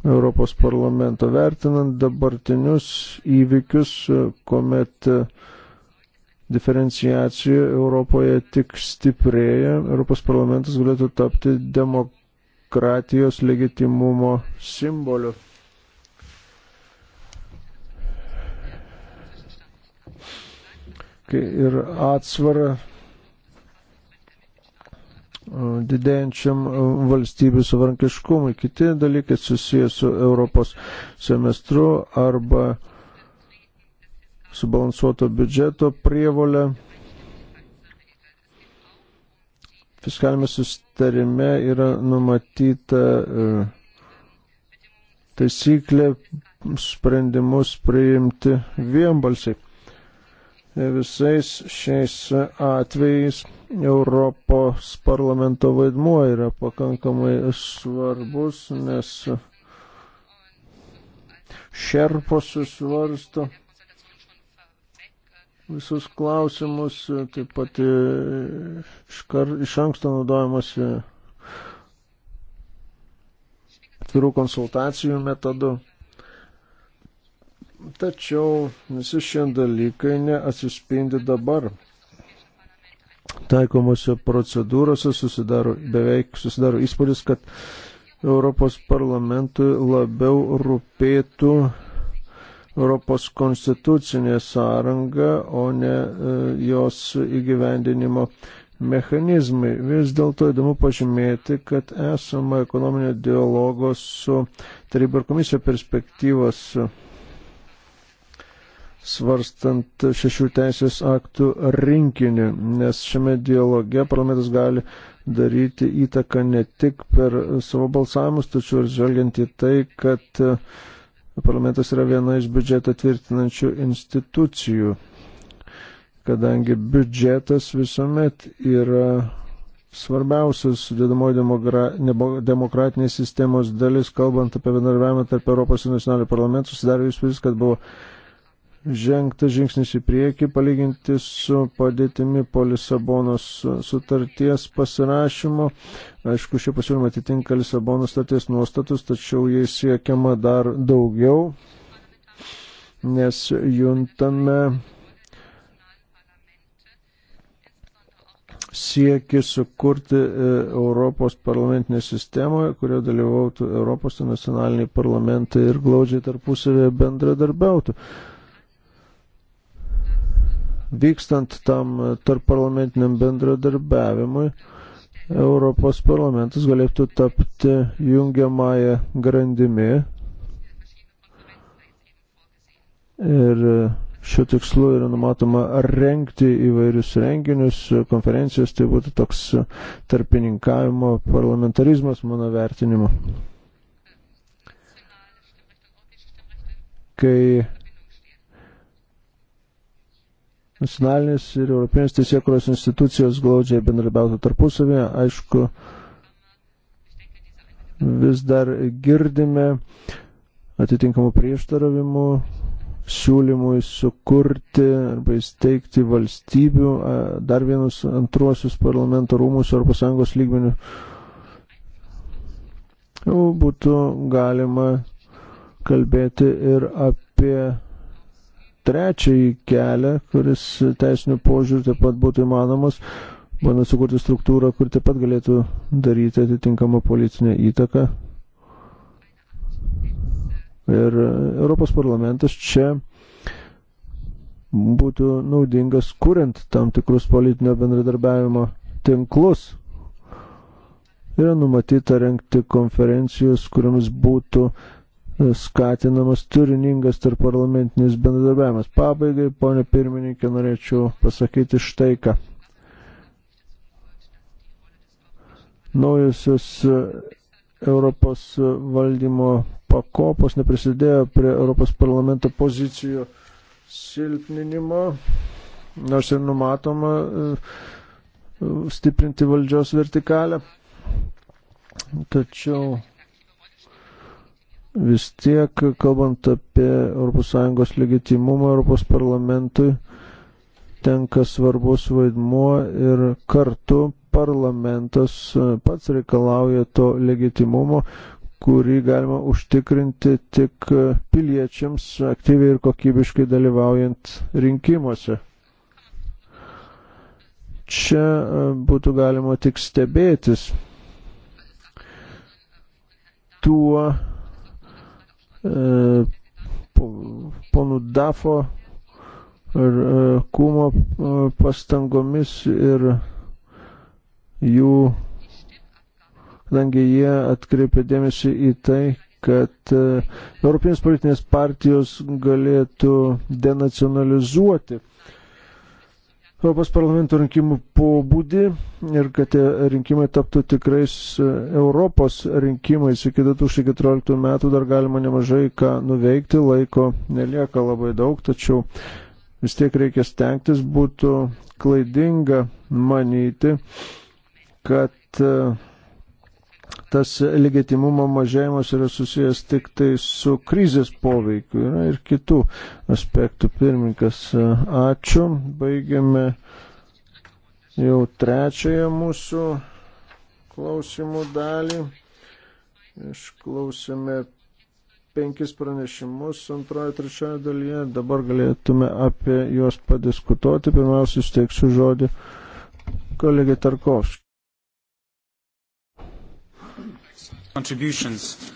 Europos parlamento. Vertinant dabartinius įvykius, kuomet diferenciacija Europoje tik stiprėja, Europos parlamentas galėtų tapti demokratijos legitimumo simboliu. Ir atsvara didėjančiam e, valstybių savarankiškumui. Kiti dalykai susijęs su Europos semestru arba subalansuoto biudžeto prievolė. Fiskalime sustarime yra numatyta e, taisyklė sprendimus priimti vienbalsiai. Visais šiais atvejais Europos parlamento vaidmuo yra pakankamai svarbus, nes šerpos susvarsto visus klausimus, taip pat iškar, iš anksto naudojamasi atvirų konsultacijų metodu. Tačiau visi šie dalykai neatsispindi dabar. Taikomose procedūrose susidaro beveik susidaro įspūdis, kad Europos parlamentui labiau rūpėtų Europos konstitucinė sąranga, o ne e, jos įgyvendinimo mechanizmai. Vis dėlto įdomu pažymėti, kad esama ekonominio dialogo su taryba ir komisija perspektyvos svarstant šešių teisės aktų rinkinį, nes šiame dialoge parlamentas gali daryti įtaką ne tik per savo balsavimus, tačiau ir žvelgiant į tai, kad parlamentas yra viena iš biudžetą tvirtinančių institucijų, kadangi biudžetas visuomet yra svarbiausias sudėdamoji demokratinės sistemos dalis, kalbant apie bendarbiavimą tarp Europos ir nacionalinių parlamentų, susidaro įspūdis, kad buvo žengtas žingsnis į priekį palyginti su padėtimi po Lisabonos sutarties pasirašymo. Aišku, šie pasiūlymai atitinka Lisabonos sutarties nuostatus, tačiau jais siekiama dar daugiau, nes juntame sieki sukurti e, Europos parlamentinę sistemą, kurioje dalyvautų Europos nacionaliniai parlamentai ir glaudžiai tarpusavėje bendradarbiautų vykstant tam tarp parlamentiniam bendradarbiavimui, Europos parlamentas galėtų tapti jungiamąją grandimi. Ir šiuo tikslu yra numatoma renkti įvairius renginius, konferencijas, tai būtų toks tarpininkavimo parlamentarizmas mano vertinimu. Kai nacionalinės ir europinės teisėkuros institucijos glaudžiai bendrabiautų tarpusavėje. Aišku, vis dar girdime atitinkamų prieštaravimų siūlymui sukurti arba įsteigti valstybių, dar vienus antruosius parlamento rūmus Europos Sąjungos lygmenių. Jau būtų galima kalbėti ir apie trečiąjį kelią, kuris teisinių požiūrį taip pat būtų įmanomas, bandant sukurti struktūrą, kur taip pat galėtų daryti atitinkamą politinę įtaką. Ir Europos parlamentas čia būtų naudingas, kuriant tam tikrus politinio bendradarbiavimo tinklus. Yra numatyta renkti konferencijos, kuriams būtų uh, skatinamas turiningas tarp parlamentinis bendradarbiavimas. Pabaigai, ponė pirmininkė, norėčiau pasakyti štai ką. Naujusios e, Europos valdymo pakopos neprisidėjo prie Europos parlamento pozicijų silpninimo, nors ir numatoma e, stiprinti valdžios vertikalę. Tačiau vis tiek, kalbant apie ES legitimumą, ES parlamentui tenka svarbus vaidmuo ir kartu parlamentas pats reikalauja to legitimumo, kurį galima užtikrinti tik piliečiams aktyviai ir kokybiškai dalyvaujant rinkimuose. Čia e, būtų galima tik stebėtis tuo, E, ponų Dafo ir e, Kumo e, pastangomis ir jų, kadangi jie atkreipė dėmesį į tai, kad Europinės politinės partijos galėtų denacionalizuoti uh, Europos parlamento rinkimų pobūdį ir kad tie rinkimai taptų tikrais e, Europos rinkimais. Iki 2014 metų dar galima nemažai ką nuveikti, laiko nelieka labai daug, tačiau vis tiek reikia stengtis, būtų klaidinga manyti, kad uh, tas legitimumo mažėjimas yra susijęs tik tai su krizės poveikiu. Yra ir kitų aspektų. Pirmininkas, ačiū. Baigiame jau trečiąją mūsų klausimų dalį. Išklausėme penkis pranešimus antroje, trečioje dalyje. Dabar galėtume apie juos padiskutuoti. Pirmiausia, steiksiu žodį kolegai Tarkovskijai. contributions.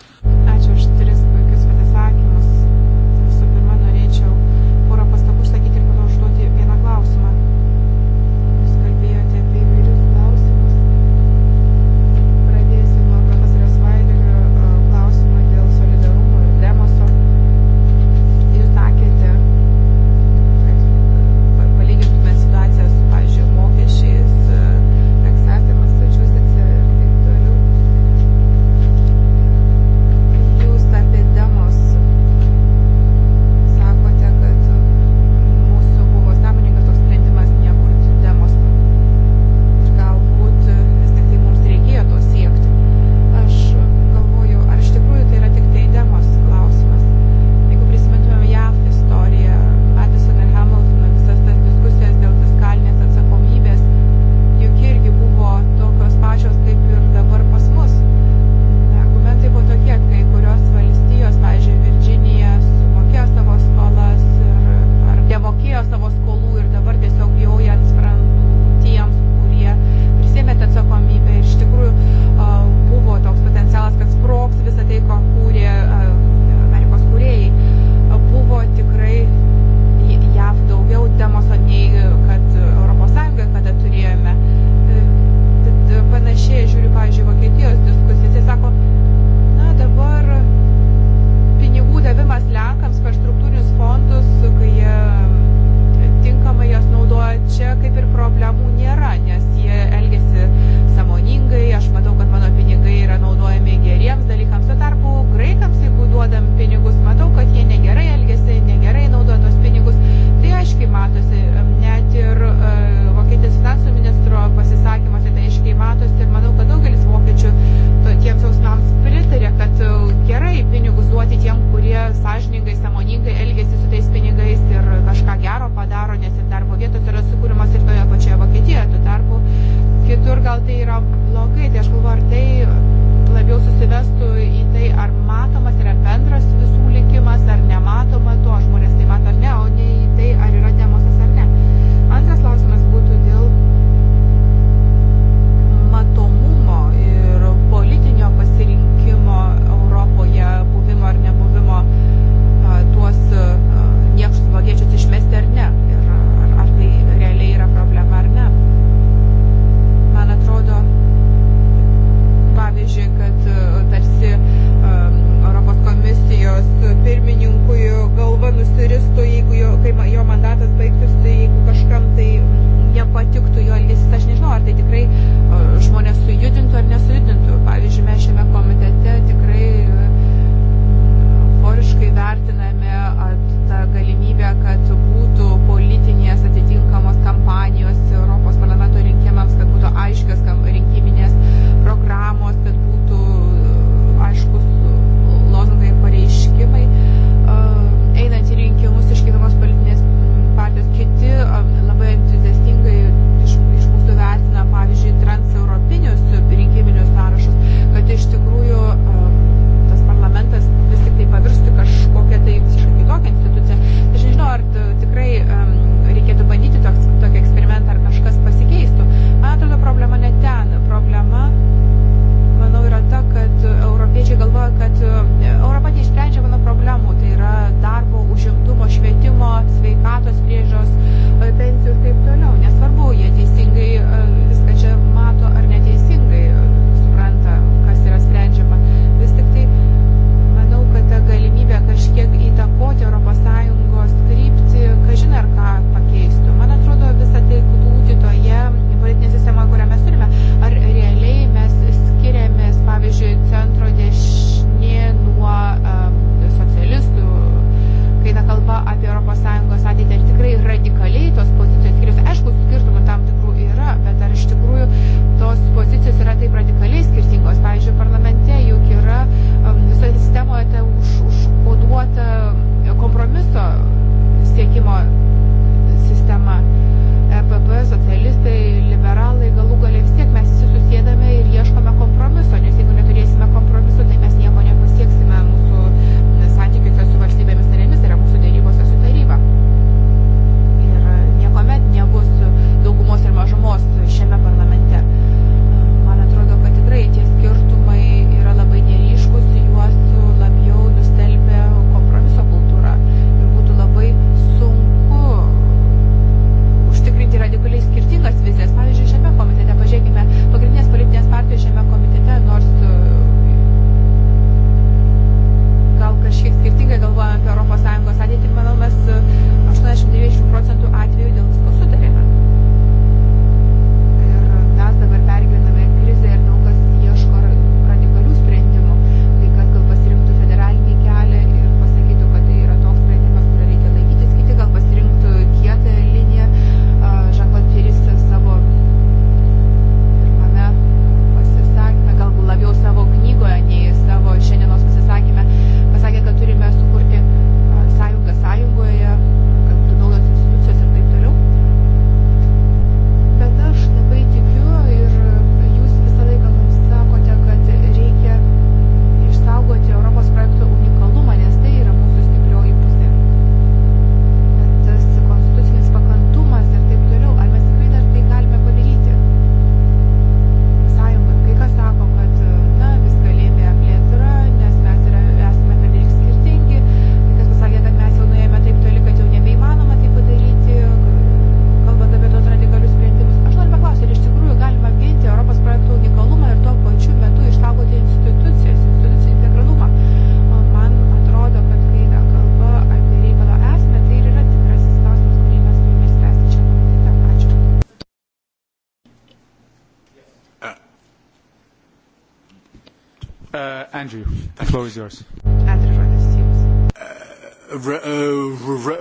yours. Andrew Rodis, yes. Uh, uh,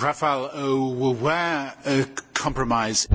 Rafal, uh, where uh, compromise?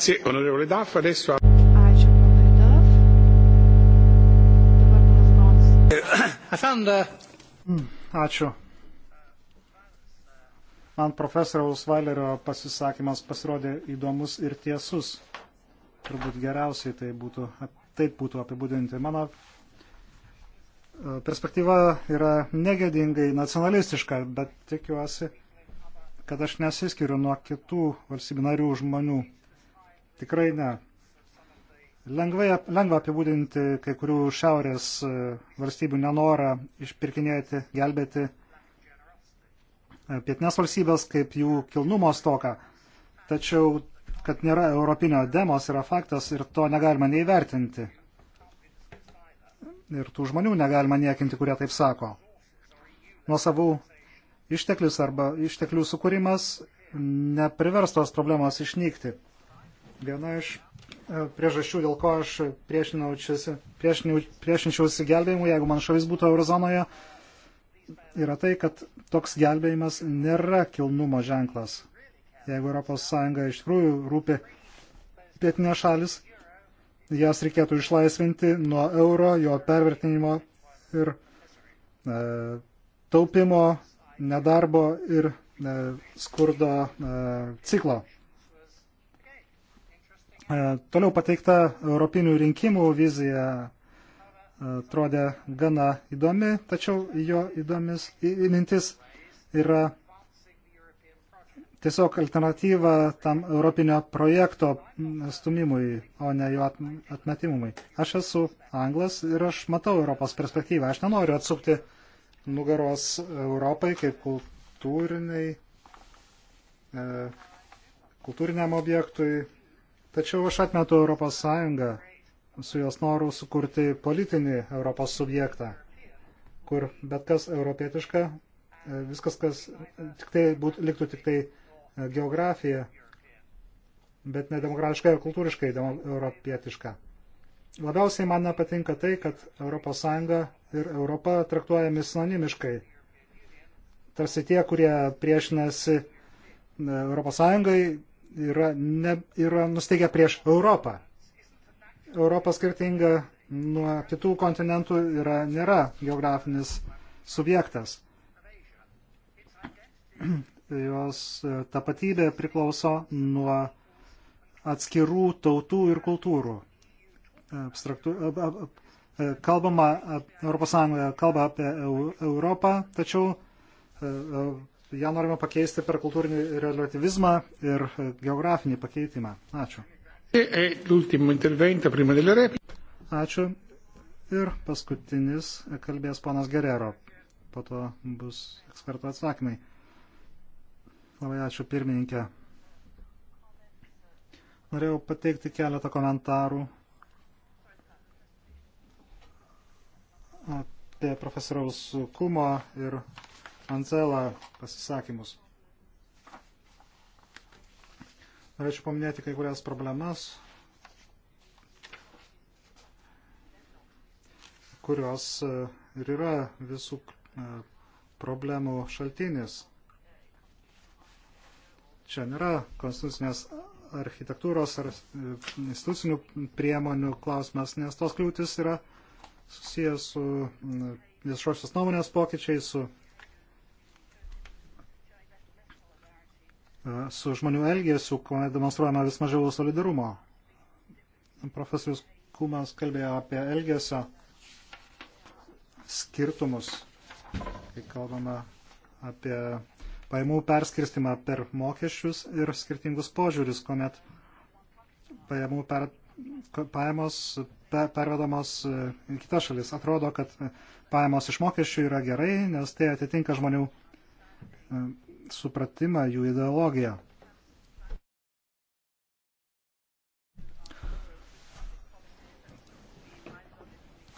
Grazie, onorevole Daff. Adesso... Ačiū, ponai Daff. Dabar ponas Brons. Hmm, ačiū. Man profesoriaus Valerio pasisakymas pasirodė įdomus ir tiesus. Turbūt geriausiai tai būtų, taip būtų apibūdinti. Mano e, perspektyva yra negėdingai nacionalistiška, bet tikiuosi, kad aš nesiskiriu nuo kitų valstybių narių žmonių. Tikrai ne. Lengvai, lengva apibūdinti kai kurių šiaurės e, valstybių nenorą išpirkinėti, gelbėti e, pietinės valstybės kaip jų kilnumo stoką. Tačiau, kad nėra europinio demos, yra faktas ir to negalima neįvertinti. Ir tų žmonių negalima niekinti, kurie taip sako. Nuo savų išteklius arba išteklių sukūrimas neprivers tos problemos išnykti. Viena iš e, priežasčių, dėl ko aš priešinčiausi gelbėjimu, jeigu man šalis būtų eurozonoje, yra tai, kad toks gelbėjimas nėra kilnumo ženklas. Jeigu ES iš tikrųjų rūpi pietinės šalis, jas reikėtų išlaisvinti nuo euro, jo pervertinimo ir e, taupimo, nedarbo ir e, skurdo e, ciklo. E, toliau pateikta europinių rinkimų vizija e, atrodė gana įdomi, tačiau jo įdomis mintis yra tiesiog alternatyva tam europinio projekto stumimui, o ne jo atmetimui. Aš esu anglas ir aš matau Europos perspektyvą. Aš nenoriu atsukti nugaros Europai kaip kultūriniai, e, kultūriniam objektui, Tačiau aš atmetu Europos Sąjungą su jos noru sukurti politinį Europos subjektą, kur bet kas europietiška, e, viskas, kas tik tai būt, liktų tik tai e, geografija, bet ne demokratiška ir kultūriškai europietiška. Labiausiai man nepatinka tai, kad ES ir Europa traktuojami sinonimiškai. Tarsi tie, kurie priešinasi ES, yra, ne, yra nusteigę prieš Europą. Europa skirtinga nuo kitų kontinentų yra, nėra geografinis subjektas. Jos e, tapatybė priklauso nuo atskirų tautų ir kultūrų. Abstraktu, ab, ab, e, kalbama, ES kalba apie Europą, tačiau e, ją norime pakeisti per kultūrinį relativizmą ir e, geografinį pakeitimą. Ačiū. E, e, ačiū. Ir paskutinis kalbės ponas Gerero. Po to bus ekspertų atsakymai. Labai ačiū pirmininkė. Norėjau pateikti keletą komentarų apie profesoriaus Kumo ir Ancelą pasisakymus. Norėčiau paminėti kai kurias problemas, kurios e, ir yra visų e, problemų šaltinis. Čia nėra konstitucinės architektūros ar e, institucinių priemonių klausimas, nes tos kliūtis yra susijęs su viešosios nuomonės pokyčiais, su E, su žmonių elgesiu, kuomet demonstruojama vis mažiau solidarumo. Profesorius Kumas kalbėjo apie elgesio skirtumus, kai kalbama apie paimų perskirstimą per mokesčius ir skirtingus požiūris, kuomet pajamų per, pajamos pe, pervedamos e, į kitas šalis. Atrodo, kad pajamos iš mokesčių yra gerai, nes tai atitinka žmonių e, supratimą, jų ideologiją.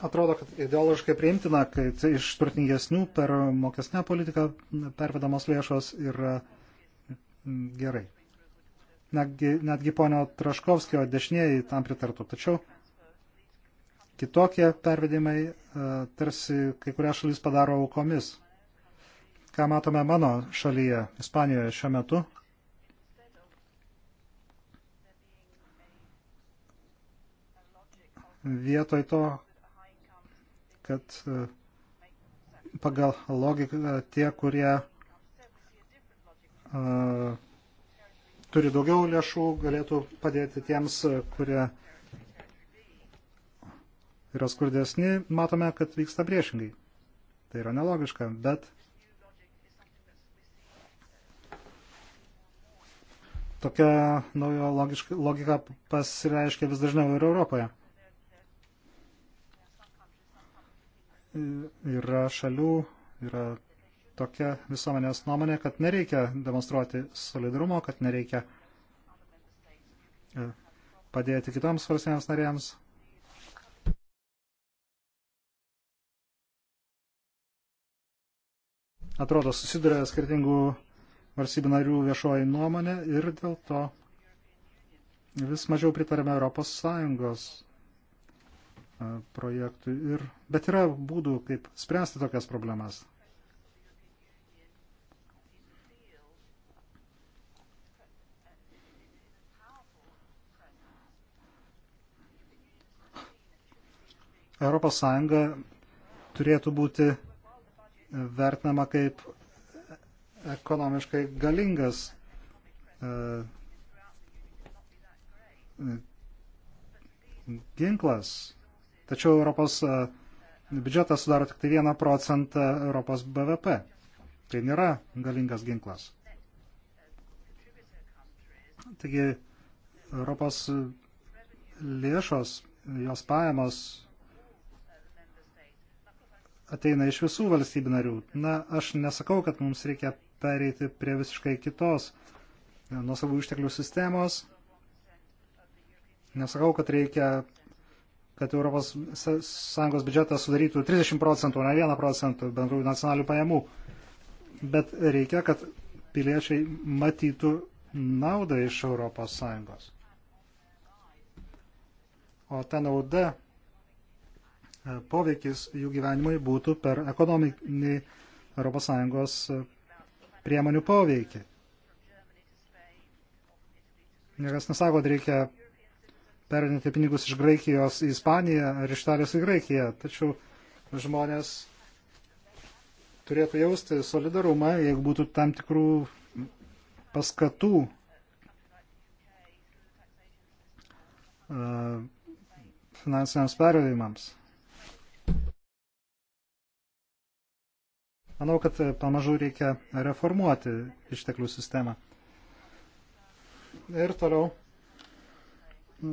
Atrodo, kad ideologiškai priimtina, kad tai iš turtingesnių per mokesnę politiką pervedamos lėšos yra gerai. Netgi, netgi ponio Traškovskio dešiniai tam pritartų. Tačiau kitokie pervedimai e, tarsi kai kurias šalis padaro aukomis ką matome mano šalyje, Ispanijoje šiuo metu. Vietoj to, kad e, pagal logiką tie, kurie uh, turi daugiau lėšų, galėtų padėti tiems, kurie yra skurdesni, matome, kad vyksta priešingai. Tai yra nelogiška, bet Tokia nauja logiška, logika pasireiškia vis dažniau ir Europoje. Yra šalių, yra tokia visuomenės nuomonė, kad nereikia demonstruoti solidarumo, kad nereikia e, padėti kitoms valstybėms narėms. Atrodo, susiduria skirtingų valstybių narių viešoji nuomonė ir dėl to vis mažiau pritarėme Europos Sąjungos e, projektui. Ir, bet yra būdų, kaip spręsti tokias problemas. Europos Sąjunga turėtų būti vertinama kaip ekonomiškai galingas. E, ginklas. Tačiau Europos e, biudžetas sudaro tik tai 1 procentą Europos BVP. Tai nėra galingas ginklas. Taigi Europos lėšos, jos pajamos ateina iš visų valstybių narių. Na, aš nesakau, kad mums reikia pereiti prie visiškai kitos e, nuosavų išteklių sistemos. Nesakau, kad reikia, kad ES biudžetas sudarytų 30 procentų, ne 1 procentų bendrųjų nacionalių pajamų, bet reikia, kad piliečiai matytų naudą iš ES. O ta nauda, e, poveikis jų gyvenimui būtų per ekonominį ES priemonių poveikį. Niekas nesako, kad reikia perinti pinigus iš Graikijos į Ispaniją ar iš Italijos į Graikiją, tačiau žmonės turėtų jausti solidarumą, jeigu būtų tam tikrų paskatų finansiniams pervedimams. Manau, kad e, pamažu reikia reformuoti išteklių sistemą. Ir toliau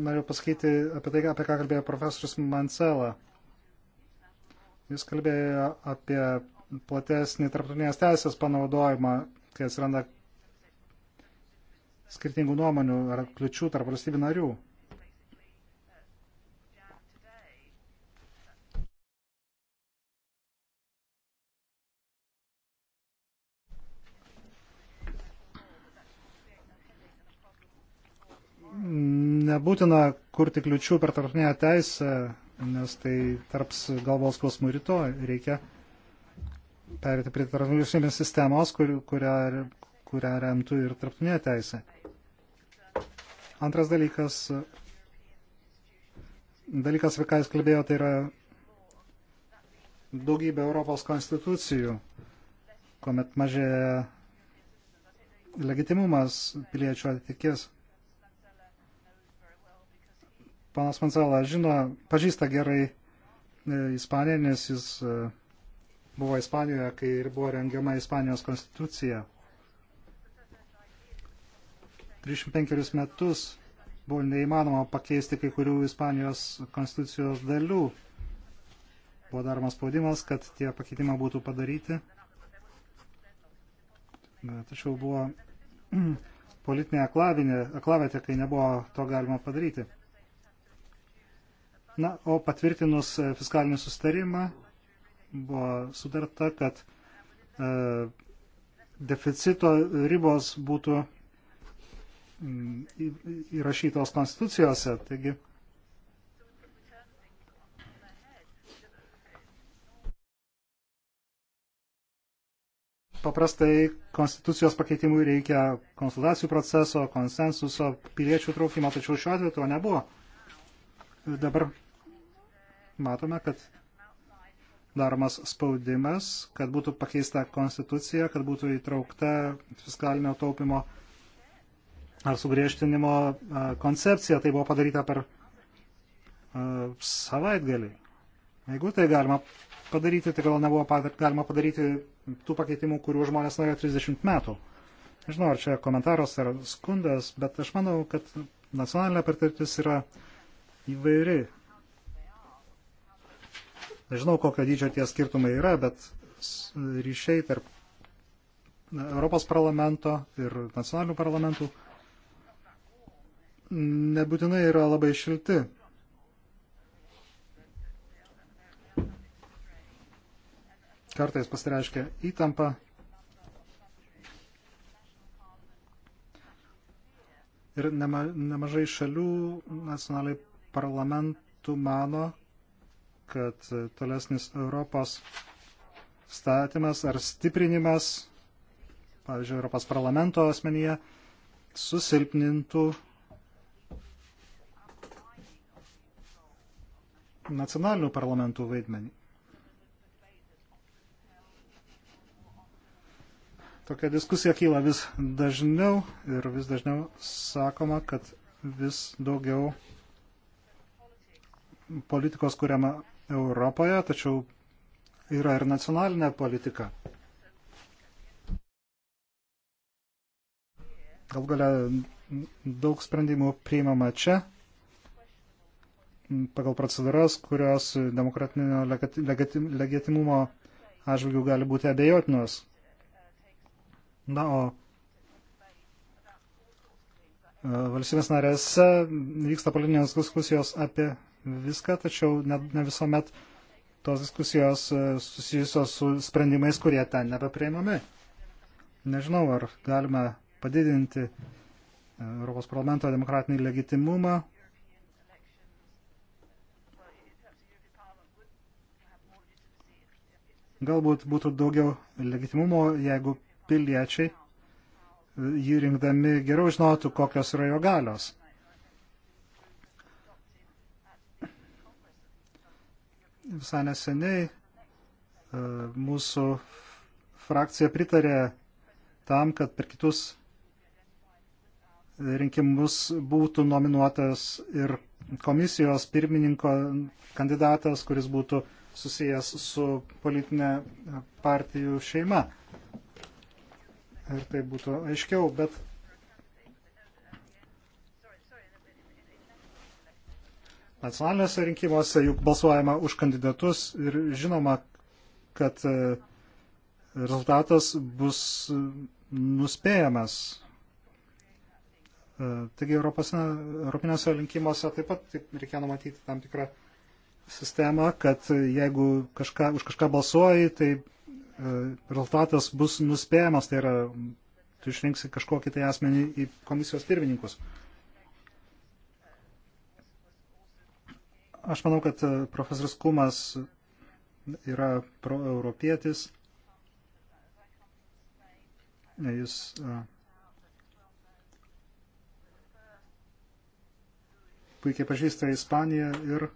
noriu pasakyti apie tai, apie ką kalbėjo profesorius Mancela. Jis kalbėjo apie platesnį tarptautinės teisės panaudojimą, kai atsiranda skirtingų nuomonių ar kliučių tarp valstybių narių. nebūtina kurti kliučių per tarptautinę teisę, nes tai tarps galvos skausmų rytoj reikia perėti prie tarptautinės sistemos, kur, kurią, kurią remtų ir tarptautinė teisė. Antras dalykas, dalykas, apie ką jis kalbėjo, tai yra daugybė Europos konstitucijų, kuomet mažėja legitimumas piliečių atitikės panas Mancela žino, pažįsta gerai e, Ispaniją, nes jis e, buvo Ispanijoje, kai ir buvo rengiama Ispanijos konstitucija. 35 metus buvo neįmanoma pakeisti kai kurių Ispanijos konstitucijos dalių. Buvo daromas spaudimas, kad tie pakeitimai būtų padaryti. E, tačiau buvo politinė aklavinė, aklavietė, kai nebuvo to galima padaryti. Na, o patvirtinus e, fiskalinį sustarimą buvo sudarta, kad e, deficito ribos būtų mm, įrašytos konstitucijose. Taigi, paprastai konstitucijos pakeitimui reikia konsultacijų proceso, konsensuso, piliečių traukimo, tačiau šiuo atveju to nebuvo. Dabar matome, kad daromas spaudimas, kad būtų pakeista konstitucija, kad būtų įtraukta fiskalinio taupimo ar sugriežtinimo koncepcija. Tai buvo padaryta per savaitgalį. Jeigu tai galima padaryti, tai gal nebuvo galima padaryti tų pakeitimų, kurių žmonės norėjo 30 metų. Nežinau, ar čia komentaras ar skundas, bet aš manau, kad nacionalinė patirtis yra įvairi Nežinau, kokio dydžio tie skirtumai yra, bet ryšiai tarp Europos parlamento ir nacionalinių parlamentų nebūtinai yra labai šilti. Kartais pasireiškia įtampa. Ir nema, nemažai šalių nacionaliai parlamentų mano, kad tolesnis Europos statymas ar stiprinimas, pavyzdžiui, Europos parlamento asmenyje, susilpnintų nacionalinių parlamentų vaidmenį. Tokia diskusija kyla vis dažniau ir vis dažniau sakoma, kad vis daugiau politikos kuriama Europoje, tačiau yra ir nacionalinė politika. Gal galia daug sprendimų priimama čia pagal procedūras, kurios demokratinio legitimumo atžvilgių gali būti abejotinos. Na, o e, valstybės narėse vyksta politinės diskusijos apie viską, tačiau ne, ne visuomet tos diskusijos e, susijusios su sprendimais, kurie ten nebepriimami. Nežinau, ar galime padidinti e, Europos parlamento demokratinį legitimumą. Galbūt būtų daugiau legitimumo, jeigu piliečiai e, jį rinkdami geriau žinotų, kokios yra jo galios. visai neseniai e, mūsų frakcija pritarė tam, kad per kitus rinkimus būtų nominuotas ir komisijos pirmininko kandidatas, kuris būtų susijęs su politinė partijų šeima. Ir tai būtų aiškiau, bet Nacionaliniuose rinkimuose juk balsuojama už kandidatus ir žinoma, kad e, rezultatas bus e, nuspėjamas. E, taigi Europos, Europinėse rinkimuose taip pat reikia numatyti tam tikrą sistemą, kad jeigu kažką, už kažką balsuoji, tai rezultatas bus nuspėjamas, tai yra tu išrinksi kažkokį tai asmenį į komisijos pirmininkus. Aš manau, kad e, profesorius Kumas yra proeuropietis. Jis e, puikiai pažįsta Ispaniją ir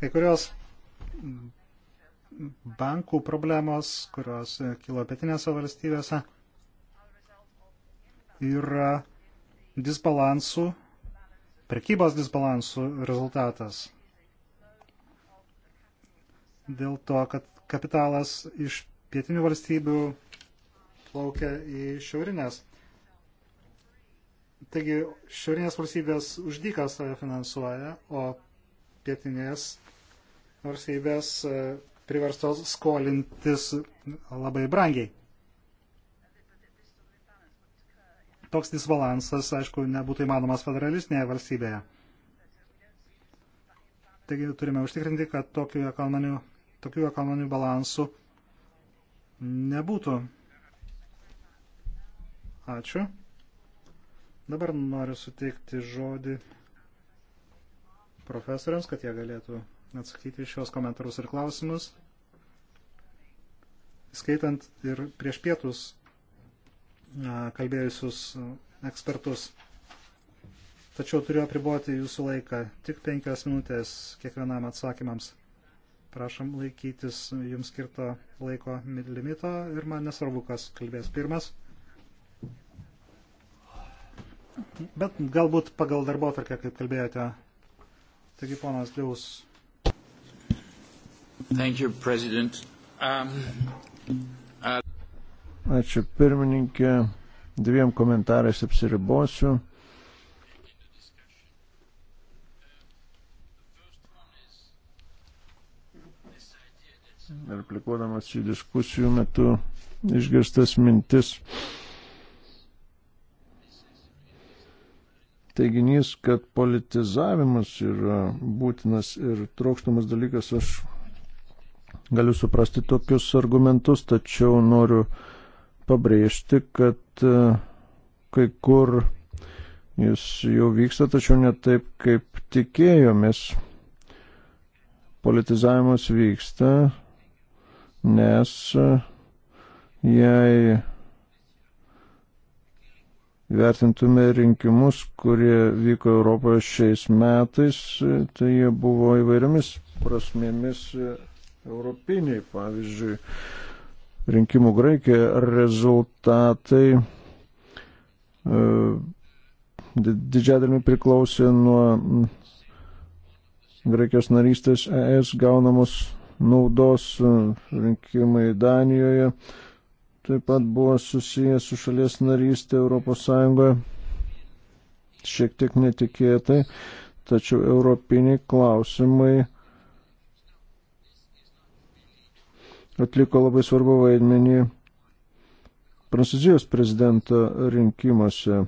Kai kurios bankų problemos, kurios kilo pietinėse valstybėse, yra disbalansų, prekybos disbalansų rezultatas. Dėl to, kad kapitalas iš pietinių valstybių plaukia į šiaurinės. Taigi šiaurinės valstybės uždykas save finansuoja, o pietinės valstybės e, priverstos skolintis labai brangiai. Toks disbalansas, aišku, nebūtų įmanomas federalistinėje valstybėje. Taigi turime užtikrinti, kad tokių ekonominių, tokių ekonominių balansų nebūtų. Ačiū. Dabar noriu suteikti žodį profesoriams, kad jie galėtų atsakyti šios komentarus ir klausimus. Skaitant ir prieš pietus kalbėjusius ekspertus. Tačiau turiu apriboti jūsų laiką tik penkias minutės kiekvienam atsakymams. Prašom laikytis jums skirto laiko limito ir man nesvarbu, kas kalbės pirmas. Bet galbūt pagal darbo tarkę, kaip kalbėjote, Taigi, ponas Liaus. Thank you, President. Um, uh... Ačiū, pirmininkė. Dviem komentarais apsiribosiu. replikuodamas į diskusijų metu išgirstas mintis teiginys, kad politizavimas yra būtinas ir trokštamas dalykas, aš galiu suprasti tokius argumentus, tačiau noriu pabrėžti, kad e, kai kur jis jau vyksta, tačiau ne taip, kaip tikėjomės. Politizavimas vyksta, nes e, jei vertintume rinkimus, kurie vyko Europoje šiais metais, tai jie buvo įvairiomis prasmėmis europiniai. Pavyzdžiui, rinkimų Graikijoje rezultatai e, didžiadami priklausė nuo Graikijos narystės ES gaunamos naudos rinkimai Danijoje taip pat buvo susijęs su šalies narystė Europos Sąjungoje šiek tiek netikėtai, tačiau europiniai klausimai atliko labai svarbu vaidmenį Prancūzijos prezidento rinkimuose.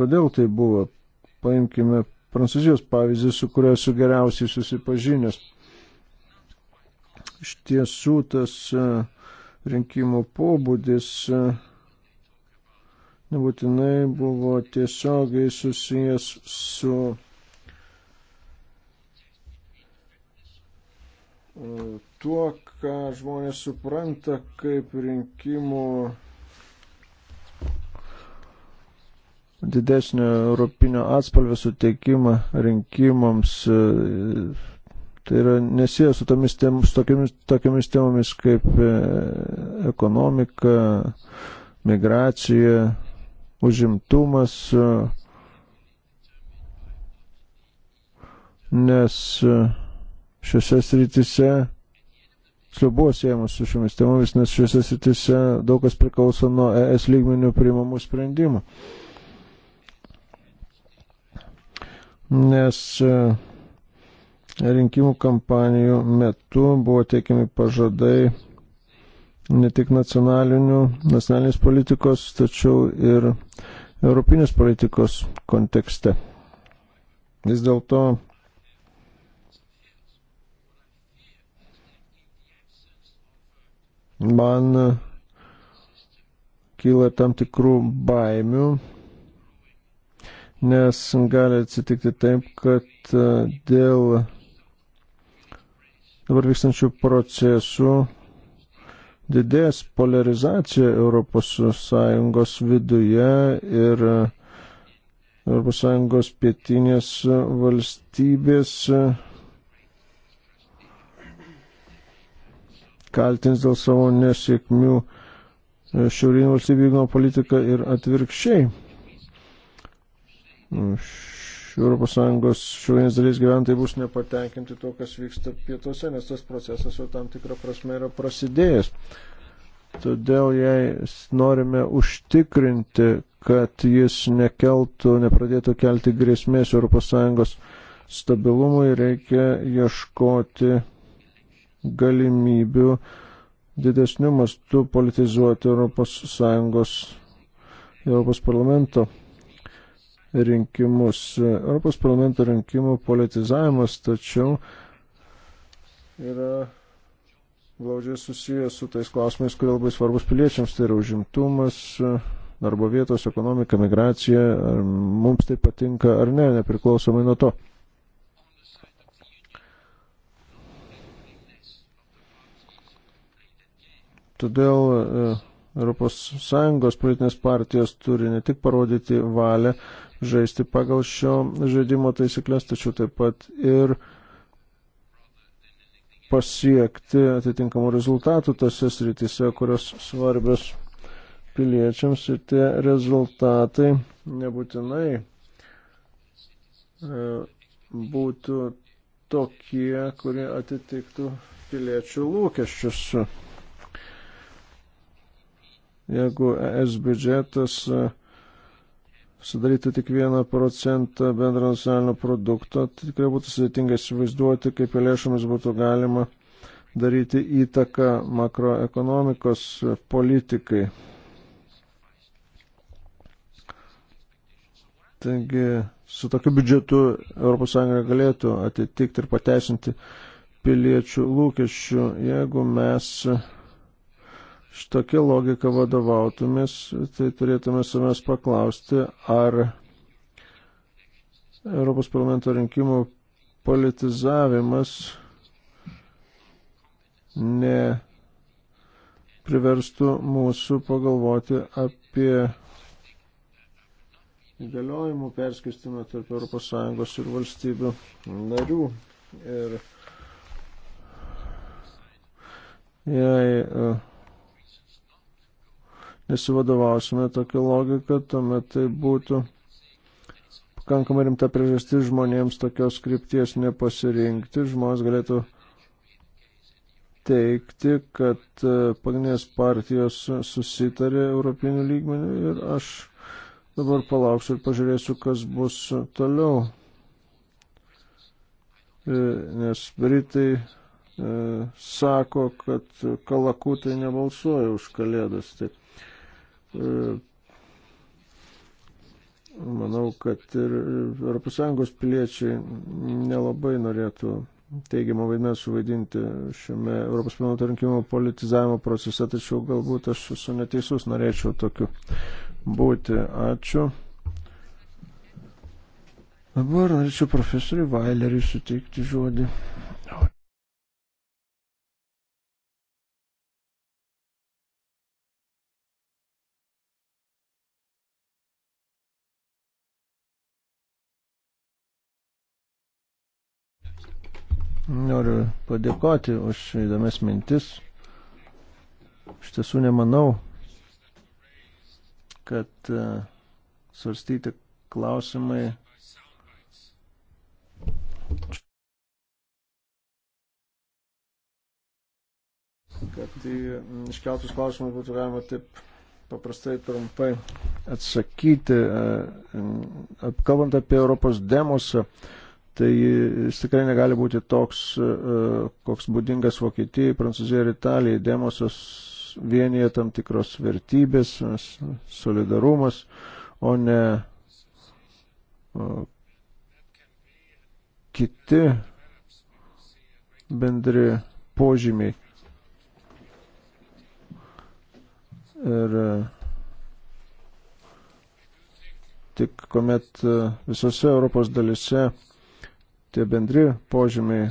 Kodėl tai buvo? Paimkime Prancūzijos pavyzdį, su kuria esu geriausiai susipažinęs. Iš tiesų tas uh, rinkimų pobūdis e, nebūtinai buvo tiesiogiai susijęs su e, tuo, ką žmonės supranta kaip rinkimų didesnio europinio atspalvio suteikimą rinkimams e, Tai yra nesijęs su tomis tem, su tokiamis, tokiamis temomis kaip e, ekonomika, migracija, užimtumas, e, nes e, šiuose srityse sliubuos siejamas su šiomis temomis, nes šiuose srityse daug kas priklauso nuo ES lygmenių priimamų sprendimų. Nes uh, rinkimų kampanijų metu buvo teikiami pažadai ne tik nacionalinės politikos, tačiau ir europinės politikos kontekste. Vis dėlto man kyla tam tikrų baimių, nes gali atsitikti taip, kad e, dėl dabar vykstančių procesų didės polarizacija ES viduje ir ES pietinės valstybės kaltins dėl savo nesėkmių šiaurinių valstybių vykdomą politiką ir atvirkščiai šių ES šiaurinės dalies gyventojai bus nepatenkinti to, kas vyksta pietuose, nes tas procesas jau tam tikrą prasme yra prasidėjęs. Todėl jei norime užtikrinti, kad jis nekeltų, nepradėtų kelti grėsmės ES stabilumui, reikia ieškoti galimybių didesnių mastų politizuoti ES, ES parlamento rinkimus. Europos parlamento rinkimų politizavimas tačiau yra glaudžiai susijęs su tais klausimais, kurie labai svarbus piliečiams, tai yra užimtumas, darbo vietos, ekonomika, migracija, ar mums tai patinka ar ne, nepriklausomai nuo to. Todėl ES politinės partijos turi ne tik parodyti valią, žaisti pagal šio žaidimo taisyklės, tačiau taip pat ir pasiekti atitinkamų rezultatų tose srityse, kurios svarbios piliečiams ir tie rezultatai nebūtinai e, būtų tokie, kurie atitiktų piliečių lūkesčius. Jeigu ES biudžetas uh, sudarytų tik vieną procentą bendro nacionalinio produkto, tai tikrai būtų sudėtinga įsivaizduoti, kaip lėšomis būtų galima daryti įtaką makroekonomikos politikai. Taigi su tokiu biudžetu ES galėtų atitikti ir pateisinti piliečių lūkesčių, jeigu mes šitokią logiką vadovautumės, tai turėtume savęs paklausti, ar Europos parlamento rinkimų politizavimas ne priverstų mūsų pagalvoti apie įgaliojimų perskirstimą tarp ES ir valstybių narių. Ir jei uh, nesivadovausime tokią logiką, tuomet tai būtų pakankamai rimta priežastis žmonėms tokios krypties nepasirinkti. Žmonės galėtų teikti, kad e, pagrindinės partijos susitarė Europinių lygmenių ir aš dabar palauksiu ir pažiūrėsiu, kas bus toliau. E, nes Britai e, sako, kad kalakutai nebalsuoja už kalėdas. Taip. E, manau, kad ir ES piliečiai nelabai norėtų teigiamą vaidmens suvaidinti šiame Europos parlamento rinkimų politizavimo procese, tačiau galbūt aš esu neteisus, norėčiau tokiu būti. Ačiū. Dabar norėčiau profesoriui Vaileriui suteikti žodį. Noriu padėkoti už įdomias mintis. Iš tiesų nemanau, kad e, svarstyti klausimai kad į iškeltus klausimus būtų galima taip paprastai trumpai atsakyti. E, kalbant apie Europos demosą, Tai jis tikrai negali būti toks, e, koks būdingas Vokietijai, Prancūzijai ir Italijai. Demosas vienyje tam tikros vertybės, solidarumas, o ne kiti bendri požymiai. Ir e, tik kuomet e, visose Europos dalise tie bendri požymiai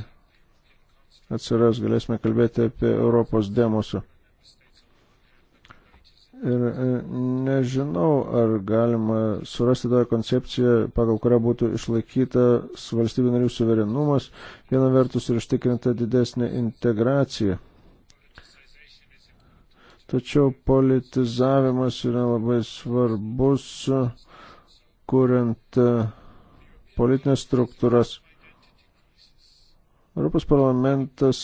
atsiras, galėsime kalbėti apie Europos demosą. Ir e, nežinau, ar galima surasti tokią koncepciją, pagal kurią būtų išlaikyta valstybių narių suverenumas, viena vertus ir ištikrinta didesnė integracija. Tačiau politizavimas yra labai svarbus, kuriant e, politinės struktūras Europos parlamentas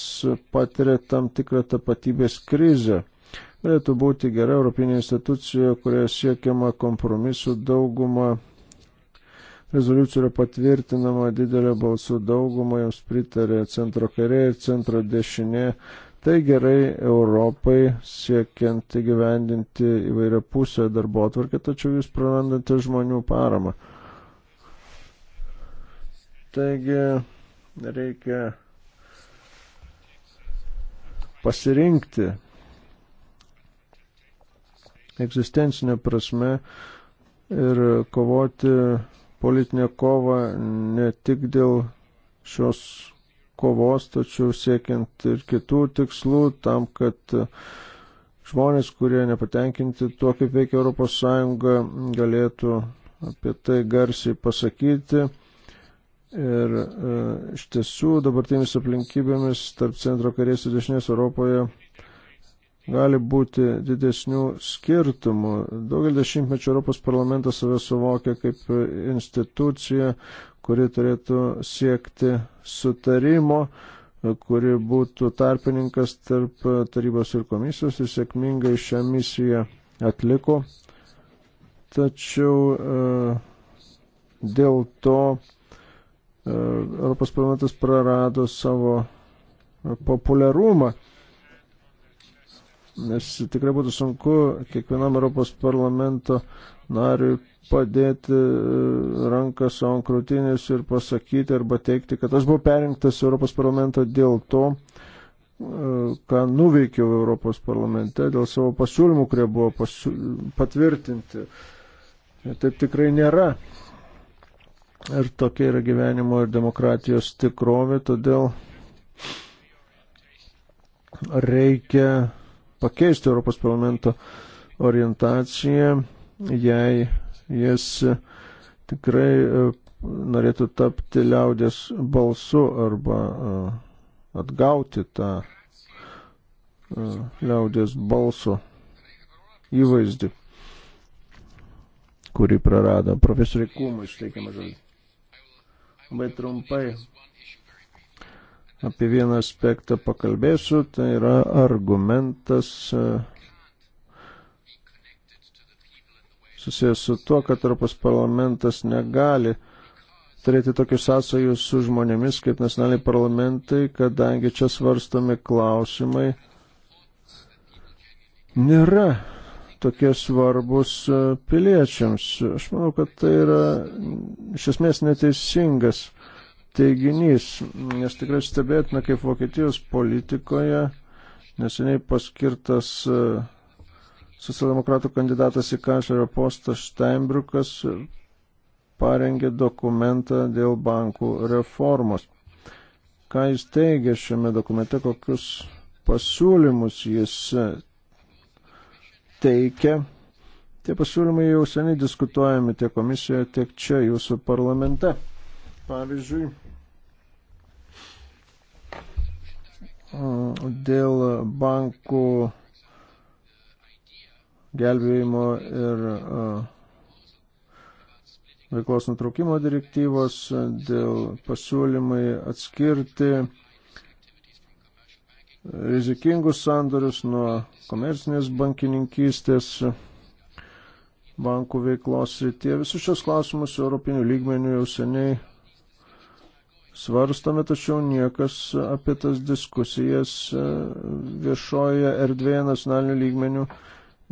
patiria tam tikrą tapatybės krizę. Galėtų būti gera Europinė institucija, kurioje siekiama kompromisų dauguma. Rezoliucijų yra patvirtinama didelė balsų dauguma, joms pritarė centro kairė ir centro dešinė. Tai gerai Europai siekiant įgyvendinti įvairią pusę darbo atvarkę, tačiau jūs prarandate žmonių paramą. Taigi reikia pasirinkti egzistencinę prasme ir kovoti politinę kovą ne tik dėl šios kovos, tačiau siekiant ir kitų tikslų tam, kad žmonės, kurie nepatenkinti tuo, kaip veikia ES, galėtų apie tai garsiai pasakyti Ir e, iš tiesų dabartimis aplinkybėmis tarp centro kairės ir dešinės Europoje gali būti didesnių skirtumų. Daugelį dešimtmečių Europos parlamentas save suvokia kaip institucija, kuri turėtų siekti sutarimo, kuri būtų tarpininkas tarp tarybos ir komisijos ir sėkmingai šią misiją atliko. Tačiau e, dėl to E, Europos parlamentas prarado savo e, populiarumą. Nes tikrai būtų sunku kiekvienam Europos parlamento nariui padėti e, ranką savo krūtinės ir pasakyti arba teikti, kad aš buvau perinktas Europos parlamento dėl to, ką nuveikiau Europos parlamente, dėl savo pasiūlymų, kurie buvo pasiū... patvirtinti. Taip tikrai nėra. Ir tokia yra gyvenimo ir demokratijos tikrovė, todėl reikia pakeisti Europos parlamento orientaciją, jei jis tikrai e, norėtų tapti liaudės balsu arba e, atgauti tą e, liaudės balso įvaizdį, kurį prarado profesoriai Kūmai išteikiamą žodį. Labai trumpai apie vieną aspektą pakalbėsiu, tai yra argumentas e, susijęs su tuo, kad Europos parlamentas negali turėti tokius sąsajus su žmonėmis kaip nacionaliniai parlamentai, kadangi čia svarstomi klausimai nėra tokie svarbus e, piliečiams. Aš manau, kad tai yra iš esmės neteisingas teiginys, nes tikrai stebėtina, kaip Vokietijos politikoje neseniai paskirtas e, socialdemokratų kandidatas į kanclerio postą Steinbrukas parengė dokumentą dėl bankų reformos. Ką jis teigia šiame dokumente, kokius pasiūlymus jis teikia. Tie pasiūlymai jau seniai diskutuojami tiek komisijoje, tiek čia jūsų parlamente. Pavyzdžiui, mm, dėl bankų gelbėjimo ir e, veiklos nutraukimo direktyvos, dėl pasiūlymai atskirti rizikingus sandorius nuo komercinės bankininkystės, bankų veiklos srityje. Visus šios klausimus europinių lygmenių jau seniai svarstome, tačiau niekas apie tas diskusijas e, viešoje erdvėje nacionalinių lygmenių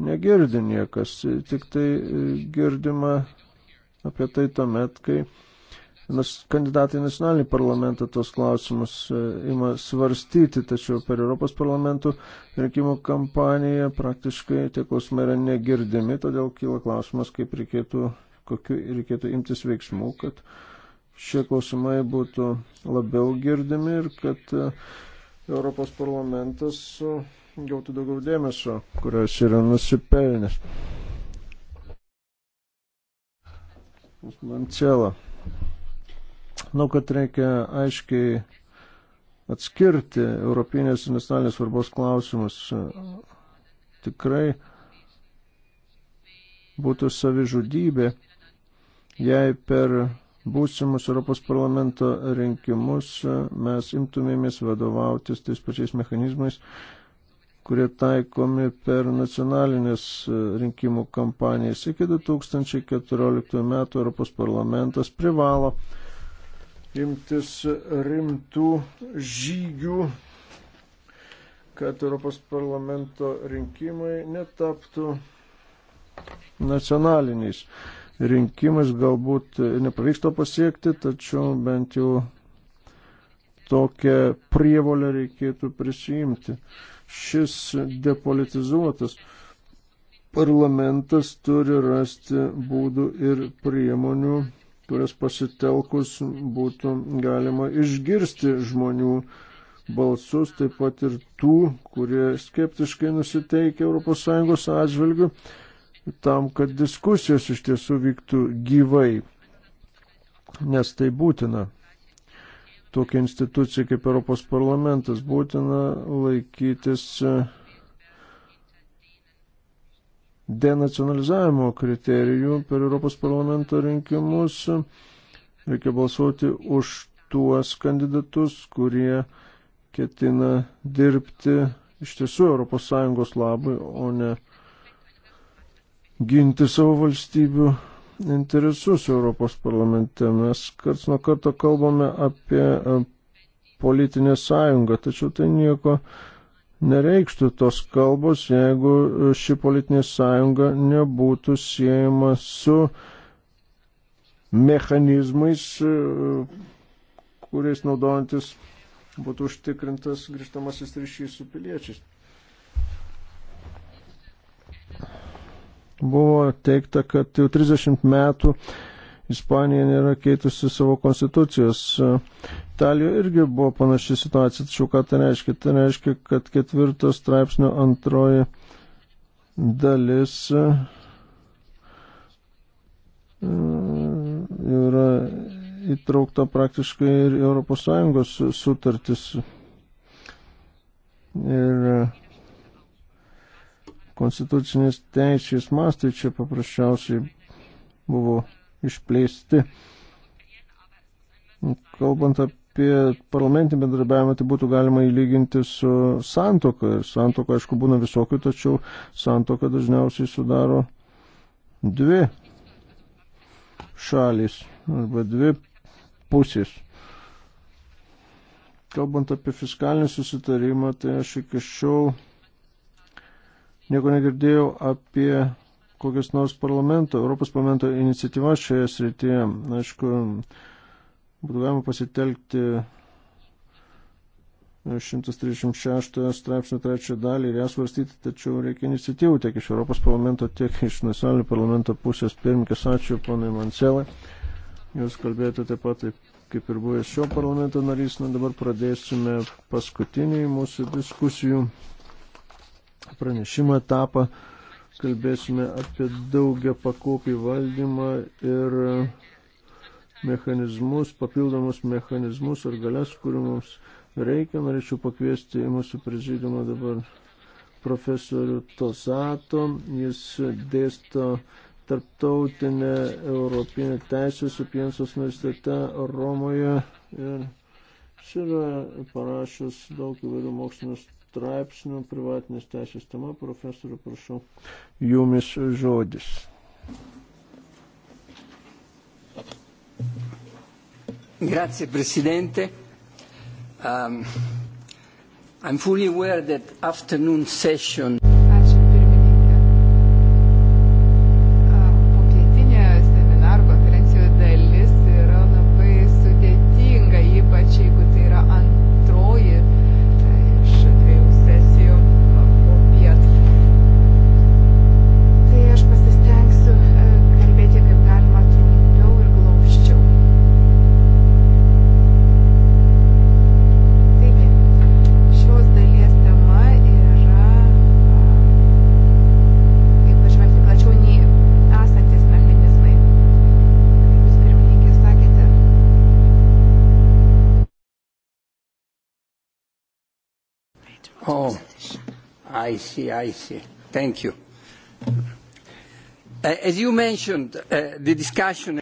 negirdi niekas. Tik tai e, girdima apie tai tuomet, kai kandidatai į nacionalinį parlamentą tos klausimus e, ima svarstyti, tačiau per Europos parlamentų rinkimų kampaniją praktiškai tie klausimai yra negirdimi, todėl kyla klausimas, kaip reikėtų, kokiu reikėtų imtis veiksmų, kad šie klausimai būtų labiau girdimi ir kad e, Europos parlamentas e, gautų daugiau dėmesio, kurios yra nusipelnęs. Man cielo. Manau, kad reikia aiškiai atskirti europinės ir nacionalinės svarbos klausimus. Tikrai būtų savižudybė, jei per būsimus Europos parlamento rinkimus mes imtumėmės vadovautis tais pačiais mechanizmais, kurie taikomi per nacionalinės rinkimų kampanijas. Iki 2014 metų Europos parlamentas privalo imtis rimtų žygių, kad Europos parlamento rinkimai netaptų nacionaliniais rinkimais. Galbūt nepavyks to pasiekti, tačiau bent jau tokią prievolę reikėtų prisijimti. Šis depolitizuotas parlamentas turi rasti būdų ir priemonių kurias pasitelkus būtų galima išgirsti žmonių balsus, taip pat ir tų, kurie skeptiškai nusiteikia ES atžvilgių, tam, kad diskusijos iš tiesų vyktų gyvai, nes tai būtina. Tokia institucija kaip Europos parlamentas būtina laikytis denacionalizavimo kriterijų per Europos parlamento rinkimus. Reikia balsuoti už tuos kandidatus, kurie ketina dirbti iš tiesų ES labai, o ne ginti savo valstybių interesus Europos parlamente. Mes karts nuo karto kalbame apie politinę sąjungą, tačiau tai nieko nereikštų tos kalbos, jeigu ši politinė sąjunga nebūtų siejama su mechanizmais, kuriais naudojantis būtų užtikrintas grįžtamasis ryšys su piliečiais. Buvo teikta, kad jau 30 metų Ispanija nėra keitusi savo konstitucijos. Italijoje irgi buvo panaši situacija, tačiau ką tai reiškia? Tai reiškia, kad ketvirtos straipsnio antroji dalis mm, yra įtraukta praktiškai ir ES sutartis. Ir konstitucinės teisės mastai čia paprasčiausiai buvo išplėsti. Kalbant apie parlamentinį bendradarbiavimą, tai būtų galima įlyginti su santoka. Ir santoka, aišku, būna visokių, tačiau santoka dažniausiai sudaro dvi šalis arba dvi pusės. Kalbant apie fiskalinį susitarimą, tai aš iki šiol nieko negirdėjau apie kokias nors parlamento, Europos parlamento iniciatyvas šioje srityje. Aišku, būtų galima pasitelkti 136 straipsnio trečią dalį ir ją svarstyti, tačiau reikia iniciatyvų tiek iš Europos parlamento, tiek iš nacionalinio parlamento pusės. Pirmininkas, ačiū ponai Mansevai. Jūs kalbėjote taip pat taip, kaip ir buvęs šio parlamento narys. Na dabar pradėsime paskutinį mūsų diskusijų pranešimo etapą kalbėsime apie daugia pakopį valdymą ir mechanizmus, papildomus mechanizmus ar galės, kurių mums reikia. Norėčiau pakviesti į mūsų prezidiumą dabar profesorių Tosato. Jis dėsto tarptautinę europinę teisę Supiensos universitete Romoje. Ir Jis yra parašęs daug įvairių mokslinių straipsnių privatinės teisės tema. Profesoriu, prašau, jumis žodis. Grazie, Presidente. Um, I'm fully aware that afternoon session I see, I see. Thank you. Uh, as you mentioned, uh, the discussion...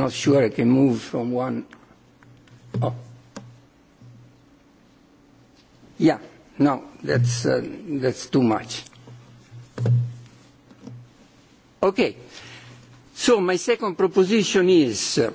not sure I can move from one. Oh. Yeah, no, that's, uh, that's too much. Okay. So my second proposition is uh,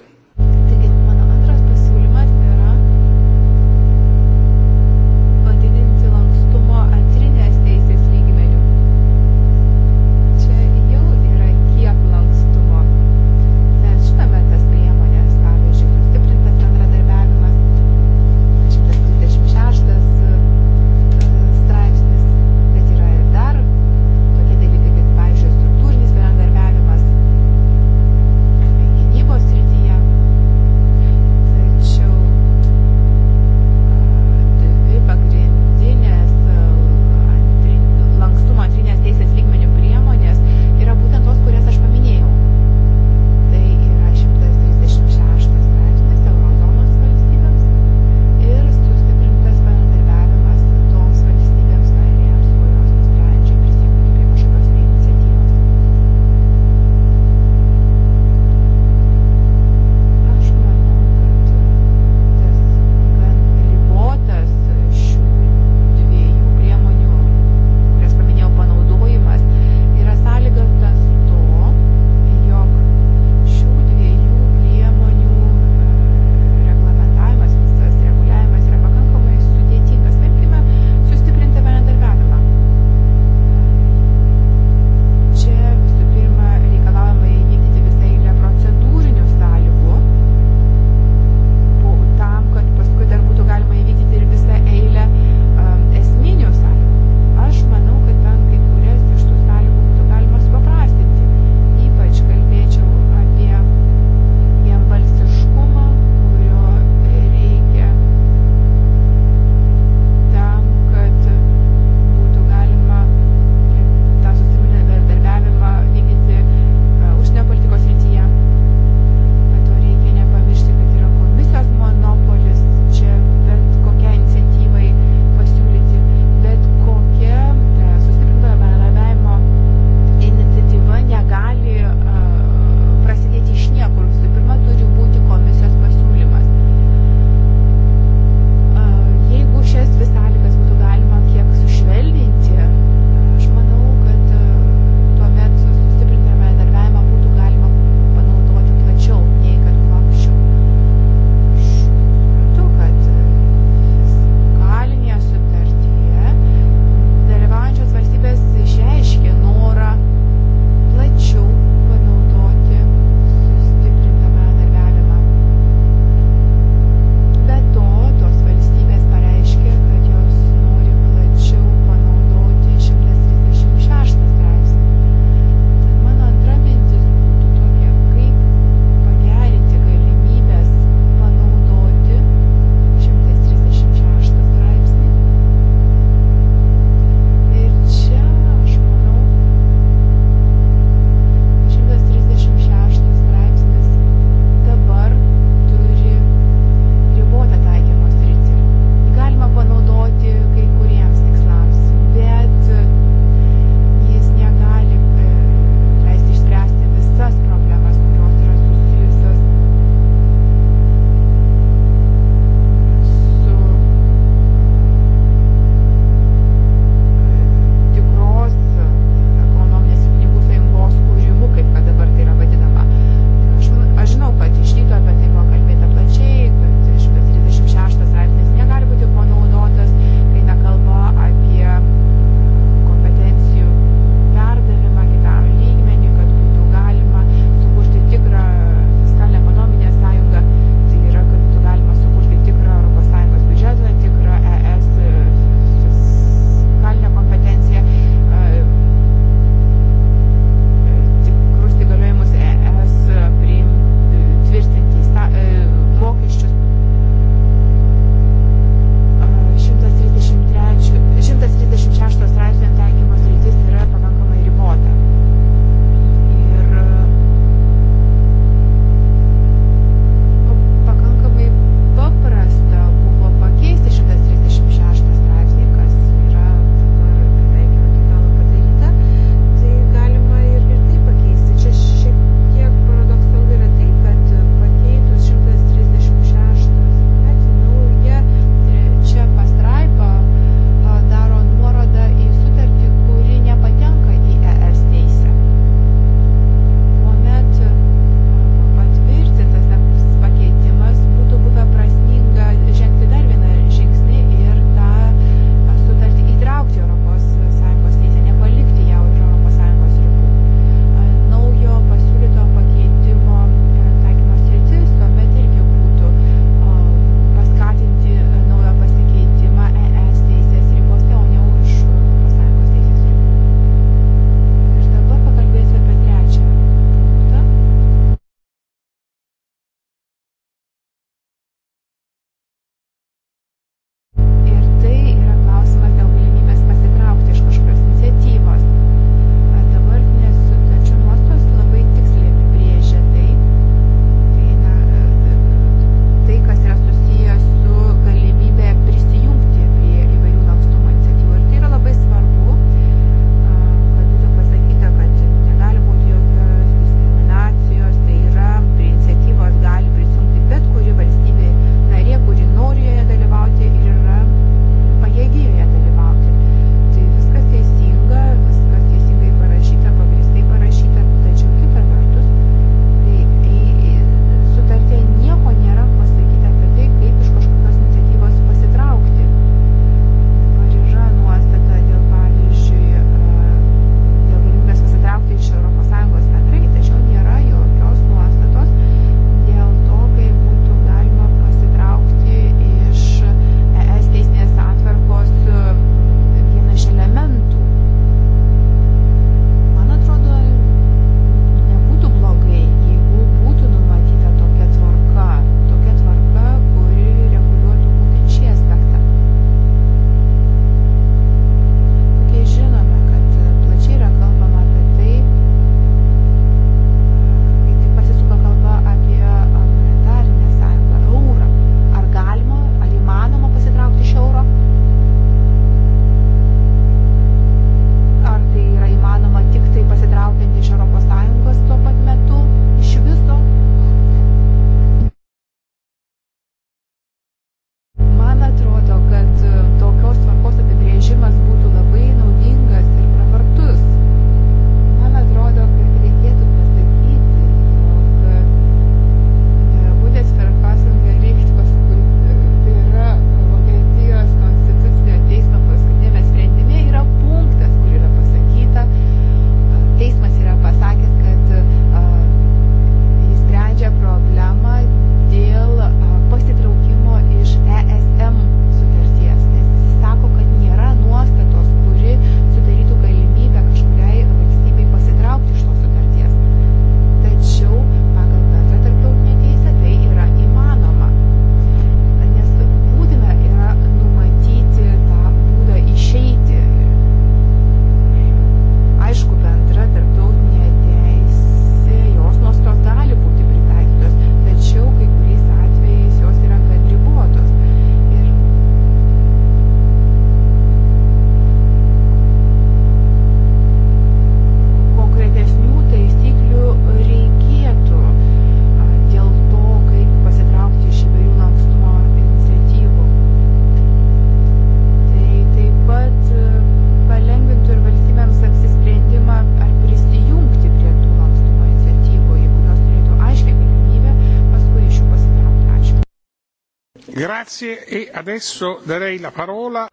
Grazie e adesso darei la parola.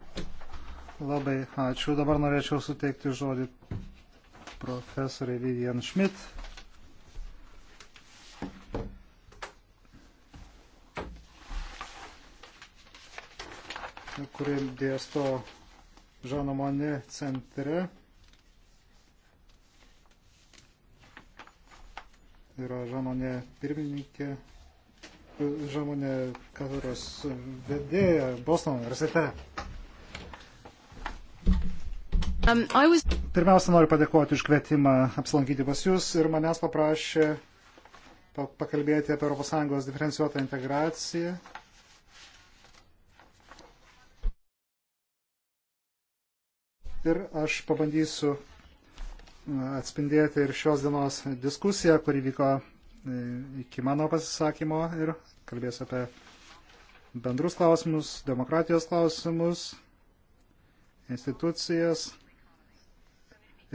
Labai ačiū. Dabar norėčiau suteikti žodį profesorė Vivian Schmidt. kuri dėsto Žano Mone centre. Yra Žano Mone pirmininkė žamonė katedros vedėja Bostono universitete. Um, was... Pirmiausia, noriu padėkoti už kvietimą apsilankyti pas Jūs ir manęs paprašė pakalbėti apie ES diferencijuotą integraciją. Ir aš pabandysiu uh, atspindėti ir šios dienos diskusiją, kuri vyko uh, iki mano pasisakymo ir kalbės apie bendrus klausimus, demokratijos klausimus, institucijas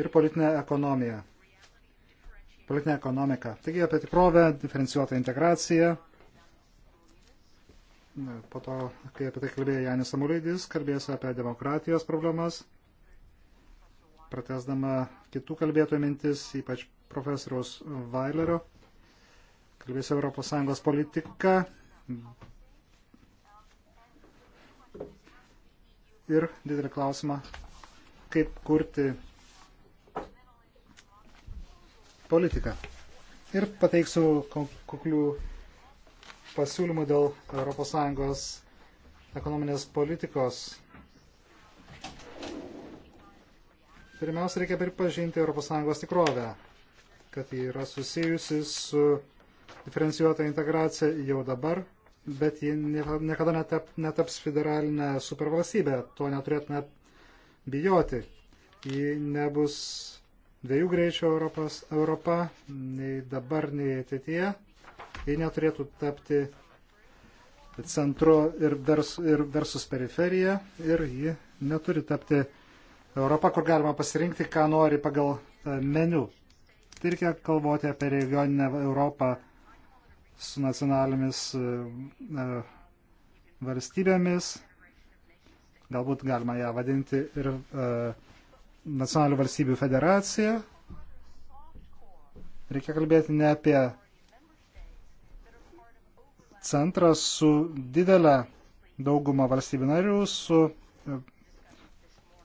ir politinę ekonomiją. Politinę ekonomiką. Taigi apie tikrovę, diferencijuotą integraciją. Po to, kai apie tai kalbėjo Janis Amulidis, kalbės apie demokratijos problemas, pratesdama kitų kalbėtojų mintis, ypač profesoriaus Vailerio. Kalbėsiu ES politiką ir didelį klausimą, kaip kurti politiką. Ir pateiksiu kuklių pasiūlymų dėl ES ekonominės politikos. Pirmiausia, reikia pripažinti ES tikrovę, kad ji yra susijusi su diferencijuota integracija jau dabar, bet ji niekada netap, netaps federalinė supervalstybė. To neturėtume bijoti. Ji nebus dviejų greičių Europos, Europa, nei dabar, nei ateityje. Ji neturėtų tapti centru ir, vers, ir versus periferija ir ji neturi tapti Europą, kur galima pasirinkti, ką nori pagal e, meniu. Tai reikia kalboti apie regioninę Europą su nacionalinėmis e, e, valstybėmis. Galbūt galima ją vadinti ir e, nacionalinių valstybių federacija. Reikia kalbėti ne apie centrą su didelė dauguma valstybių narių, su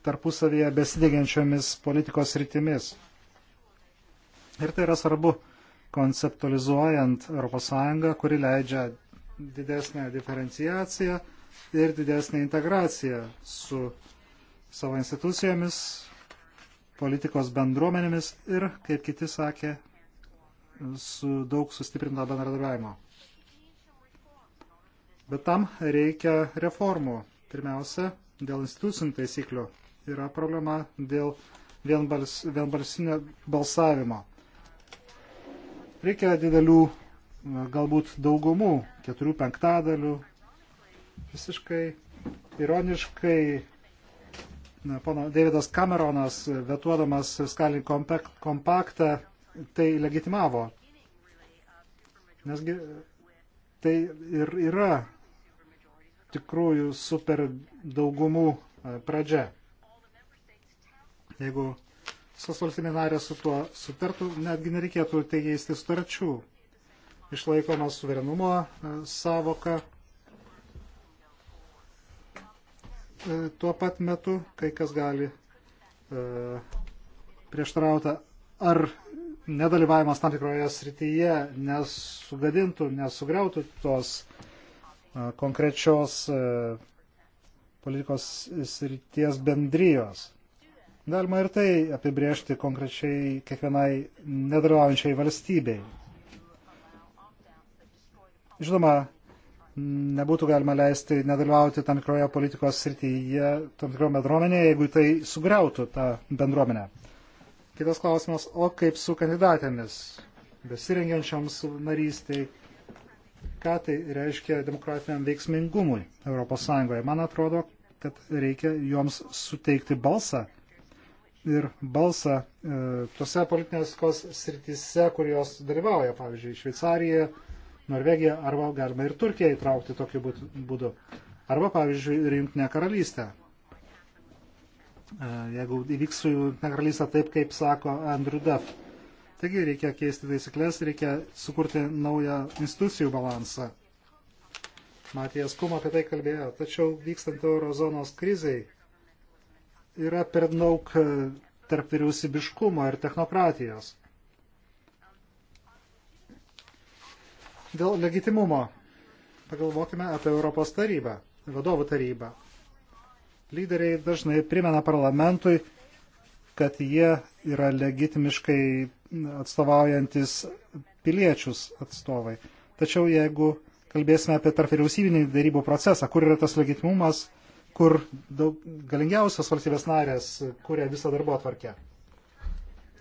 tarpusavėje besidėgiančiomis politikos rytimis. Ir tai yra svarbu konceptualizuojant ES, kuri leidžia didesnę diferenciaciją ir didesnę integraciją su savo institucijomis, politikos bendruomenėmis ir, kaip kiti sakė, su daug sustiprinto bendradarbiavimo. Bet tam reikia reformų. Pirmiausia, dėl institucinių taisyklių yra problema dėl vienbals, vienbalsinio balsavimo. Reikia didelių, galbūt daugumų, keturių penktadalių. Visiškai ironiškai na, pono Davidas Cameronas, vetuodamas fiskalinį kompaktą, tai legitimavo. Nesgi tai ir yra tikrųjų super daugumų pradžia. Jeigu visos valstybės narės su tuo sutartų, netgi nereikėtų teigiaisti tai sutarčių. Išlaikoma suverenumo e, savoka. E, tuo pat metu kai kas gali e, prieštarauta, ar nedalyvavimas tam tikroje srityje nesugadintų, nesugriautų tos konkrečios politikos srities bendrijos. Galima ir tai apibriežti konkrečiai kiekvienai nedalyvaujančiai valstybei. Žinoma, nebūtų galima leisti nedalyvauti tam tikroje politikos srityje, tam tikroje bendruomenėje, jeigu tai sugriautų tą bendruomenę. Kitas klausimas, o kaip su kandidatėmis, besirengiančioms narystiai, ką tai reiškia demokratiniam veiksmingumui ES? Man atrodo, kad reikia joms suteikti balsą ir balsą e, tose politinės srityse, kurios dalyvauja, pavyzdžiui, Šveicarija, Norvegija arba galima ir Turkiją įtraukti tokiu būdu. Arba, pavyzdžiui, ir Junktinė karalystė. E, jeigu įvyks su Junktinė karalystė taip, kaip sako Andrew Duff. Taigi reikia keisti taisyklės, reikia sukurti naują institucijų balansą. Matijas Kum apie tai kalbėjo. Tačiau vykstant eurozonos kriziai, yra per daug e, tarp vyriausybiškumo ir technokratijos. Dėl legitimumo. Pagalvokime apie Europos tarybą, vadovų tarybą. Lyderiai dažnai primena parlamentui, kad jie yra legitimiškai atstovaujantis piliečius atstovai. Tačiau jeigu kalbėsime apie tarp vyriausybinį darybų procesą, kur yra tas legitimumas, kur daug, galingiausios valstybės narės kuria visą darbo atvarkę.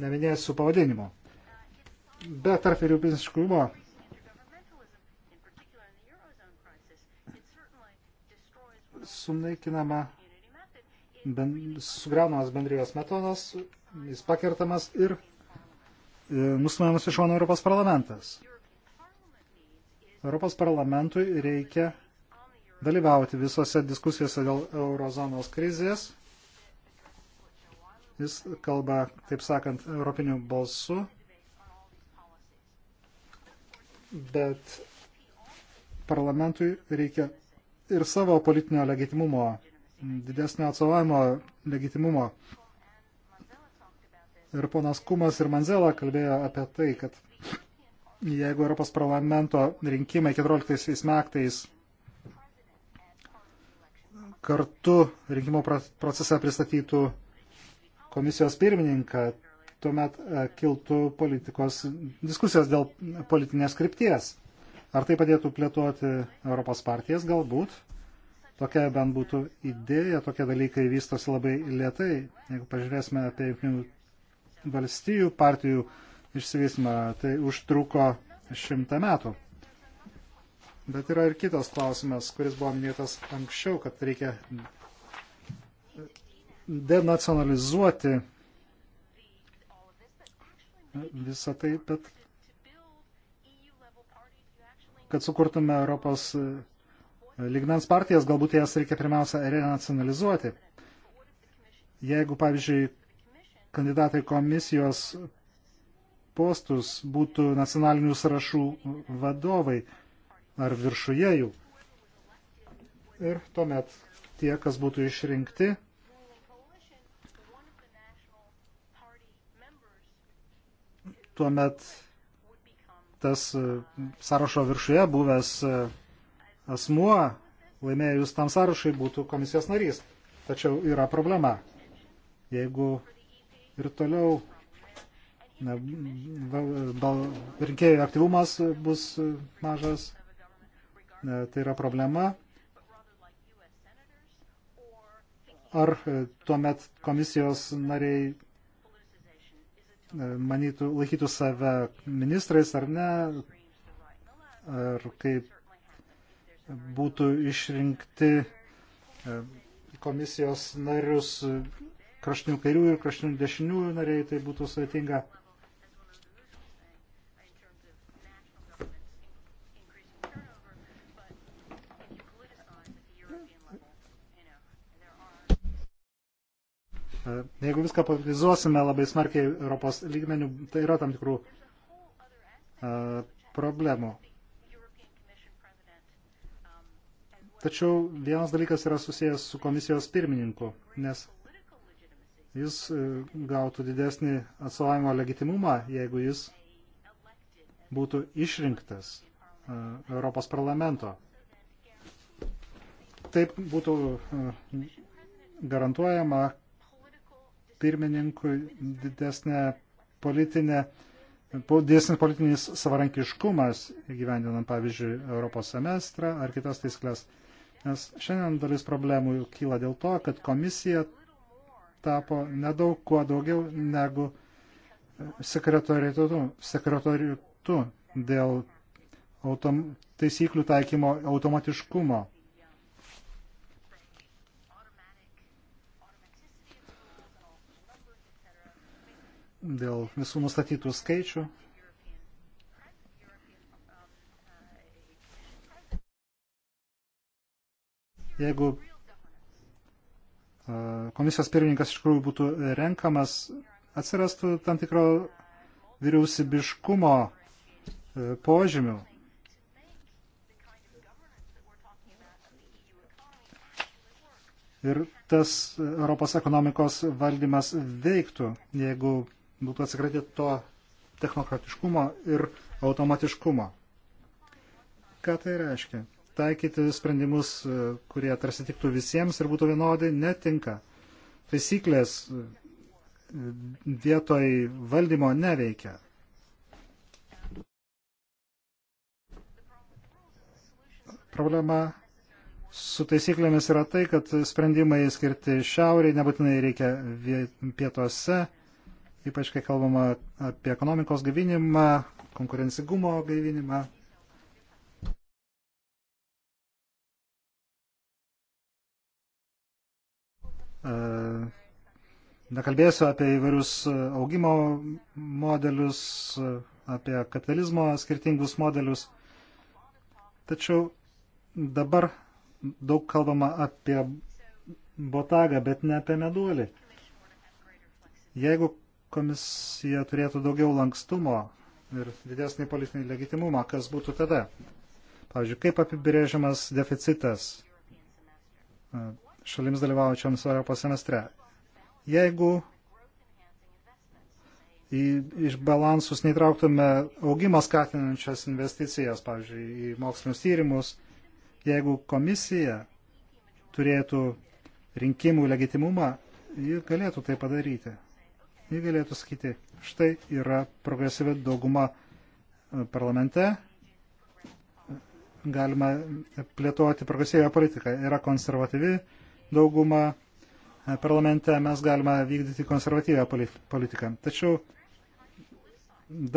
Neminėsiu pavadinimo. Be tarp vyriausybiškumo sunaikinama, ben, sugraunamas bendrijos metodas, jis pakertamas ir e, nustumiamas iš šono Europos parlamentas. Europos parlamentui reikia dalyvauti visose diskusijose dėl eurozonos krizės. Jis kalba, taip sakant, europiniu balsu, bet parlamentui reikia ir savo politinio legitimumo, didesnio atsovavimo legitimumo. Ir ponas Kumas ir Manzela kalbėjo apie tai, kad jeigu Europos parlamento rinkimai 14 metais kartu rinkimų procesą pristatytų komisijos pirmininką, tuomet e, kiltų politikos diskusijos dėl politinės krypties. Ar tai padėtų plėtoti Europos partijas? Galbūt. Tokia bent būtų idėja, tokie dalykai vystosi labai lietai. Jeigu pažiūrėsime apie jungtinių valstijų partijų išsivystimą, tai užtruko šimtą metų. Bet yra ir kitas klausimas, kuris buvo minėtas anksčiau, kad reikia denacionalizuoti visą tai, bet kad sukurtume Europos lygmens partijas, galbūt jas reikia pirmiausia renacionalizuoti. Jeigu, pavyzdžiui, kandidatai komisijos postus būtų nacionalinių sąrašų vadovai, ar viršuje jų. Ir tuomet tie, kas būtų išrinkti, tuomet tas e, sąrašo viršuje buvęs e, asmuo laimėjus tam sąrašai būtų komisijos narys. Tačiau yra problema. Jeigu ir toliau e, rinkėjų aktyvumas bus mažas, E, tai yra problema. Ar e, tuomet komisijos nariai e, manytų, laikytų save ministrais ar ne, ar kaip būtų išrinkti komisijos narius kraštinių kairių ir kraštinių dešinių nariai, tai būtų sudėtinga. Jeigu viską politizuosime labai smarkiai Europos lygmenių, tai yra tam tikrų e, problemų. Tačiau vienas dalykas yra susijęs su komisijos pirmininku, nes jis e, gautų didesnį atstovavimo legitimumą, jeigu jis būtų išrinktas e, Europos parlamento. Taip būtų garantuojama, pirmininkui didesnė politinė, didesnis politinis savarankiškumas gyvendinant, pavyzdžiui, Europos semestrą ar kitas taisyklės. Nes šiandien dalis problemų kyla dėl to, kad komisija tapo nedaug kuo daugiau negu sekretoritu, sekretoritu dėl autom, taisyklių taikymo automatiškumo. dėl visų nustatytų skaičių. Jeigu komisijos pirmininkas iš tikrųjų būtų renkamas, atsirastų tam tikro vyriausybiškumo e, požymių. Ir tas Europos ekonomikos valdymas veiktų, jeigu būtų atsikratyti to technokratiškumo ir automatiškumo. Ką tai reiškia? Taikyti sprendimus, e, kurie tarsi tiktų visiems ir būtų vienodi, netinka. Taisyklės e, vietoj valdymo neveikia. Problema su taisyklėmis yra tai, kad sprendimai skirti šiauriai nebūtinai reikia pietuose ypač kai kalbama apie ekonomikos gaivinimą, konkurencingumo gaivinimą. E, nekalbėsiu apie įvairius augimo modelius, apie kapitalizmo skirtingus modelius. Tačiau dabar daug kalbama apie botagą, bet ne apie meduolį. Jeigu komisija turėtų daugiau lankstumo ir didesnį politinį legitimumą, kas būtų tada. Pavyzdžiui, kaip apibrėžiamas deficitas e, šalims dalyvaujančioms Europos semestre. Jeigu į, iš balansus neįtrauktume augimą skatinančias investicijas, pavyzdžiui, į mokslinius tyrimus, jeigu komisija turėtų rinkimų legitimumą, ji galėtų tai padaryti ji galėtų sakyti, štai yra progresyvi dauguma e, parlamente, galima plėtoti progresyvę politiką, yra konservatyvi dauguma e, parlamente, mes galime vykdyti konservatyvę politiką. Tačiau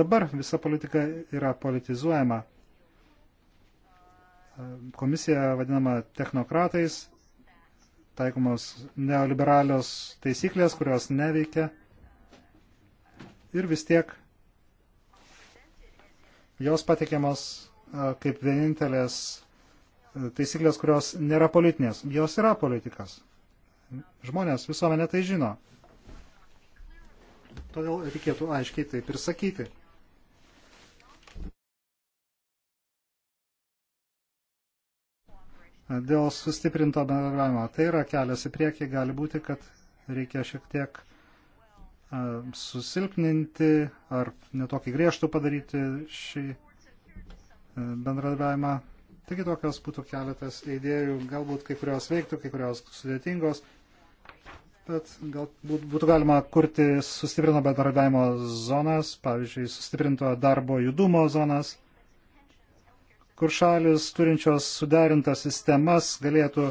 dabar visa politika yra politizuojama. E, komisija vadinama technokratais, taikomos neoliberalios taisyklės, kurios neveikia ir vis tiek jos patikiamos kaip vienintelės taisyklės, kurios nėra politinės. Jos yra politikas. Žmonės visuomenė tai žino. Todėl reikėtų aiškiai taip ir sakyti. Dėl sustiprinto bendravimo. Tai yra kelias į priekį, gali būti, kad reikia šiek tiek susilpninti ar netokį griežtų padaryti šį bendradarbiavimą. Taigi tokios būtų keletas idėjų, galbūt kai kurios veiktų, kai kurios sudėtingos, bet galbūt būtų galima kurti sustiprino bendradarbiavimo zonas, pavyzdžiui, sustiprinto darbo judumo zonas, kur šalis turinčios suderintas sistemas galėtų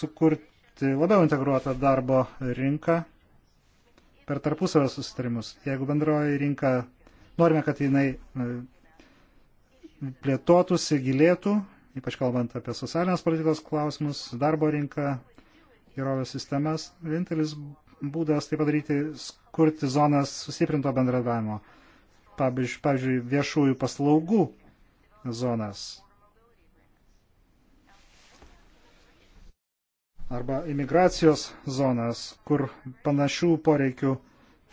sukurti labiau integruotą darbo rinką per tarpusavio susitarimus. Jeigu bendroji rinka, norime, kad jinai e, plėtotųsi, gilėtų, ypač kalbant apie socialinės politikos klausimus, darbo rinką, gerovės sistemas, vienintelis būdas tai padaryti, kurti zonas sustiprinto bendradavimo. Pavyzdžiui, pavyzdžiui, viešųjų paslaugų zonas. arba imigracijos zonas, kur panašių poreikių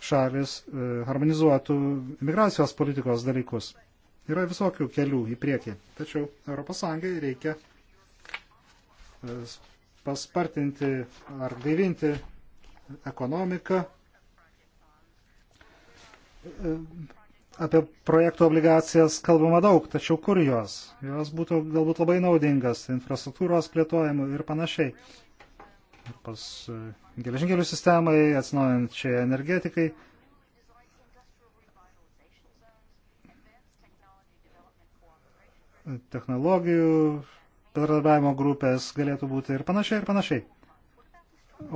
šalis e, harmonizuotų imigracijos politikos dalykus. Yra visokių kelių į priekį, tačiau ES reikia e, paspartinti ar gaivinti ekonomiką. E, apie projektų obligacijas kalbama daug, tačiau kur jos? Jos būtų galbūt labai naudingas infrastruktūros plėtojimui ir panašiai. Europos e, geležinkelių sistemai, atsinaujančiai energetikai. technologijų bendradarbiavimo grupės galėtų būti ir panašiai, ir panašiai.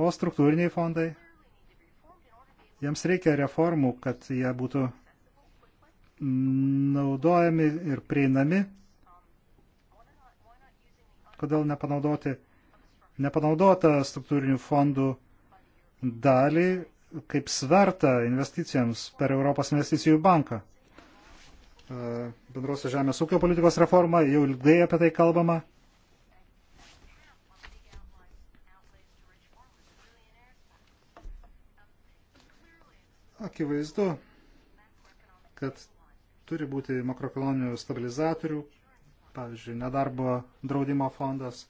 O struktūriniai fondai, jiems reikia reformų, kad jie būtų naudojami ir prieinami. Kodėl nepanaudoti nepanaudotą struktūrinių fondų dalį kaip svertą investicijoms per Europos investicijų banką. E, Bendrosios žemės ūkio politikos reforma, jau ilgai apie tai kalbama. Akivaizdu, kad turi būti makroekonominių stabilizatorių, pavyzdžiui, nedarbo draudimo fondas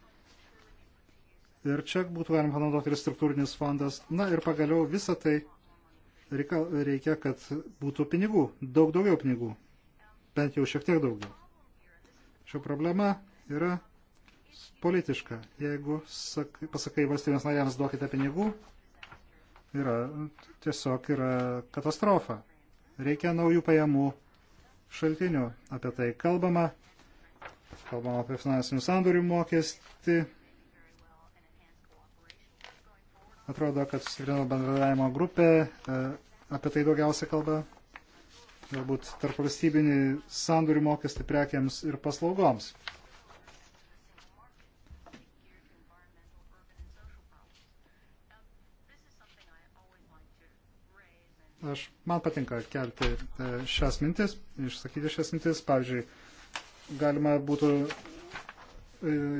Ir čia būtų galima panaudoti ir struktūrinis fondas. Na ir pagaliau visą tai reikia, reikia, kad būtų pinigų, daug daugiau pinigų, bent jau šiek tiek daugiau. Šio problema yra politiška. Jeigu sakai, pasakai valstybės narėms duokite pinigų, yra tiesiog yra katastrofa. Reikia naujų pajamų šaltinių. Apie tai kalbama. Kalbama apie finansinių sandorių mokestį Atrodo, kad sustiprino bendradavimo grupė, e, apie tai daugiausia kalba. Galbūt tarp valstybinį sandorių mokestį prekiams ir paslaugoms. aš, man patinka kelti e, šias mintis, išsakyti šias mintis. Pavyzdžiui, galima būtų e,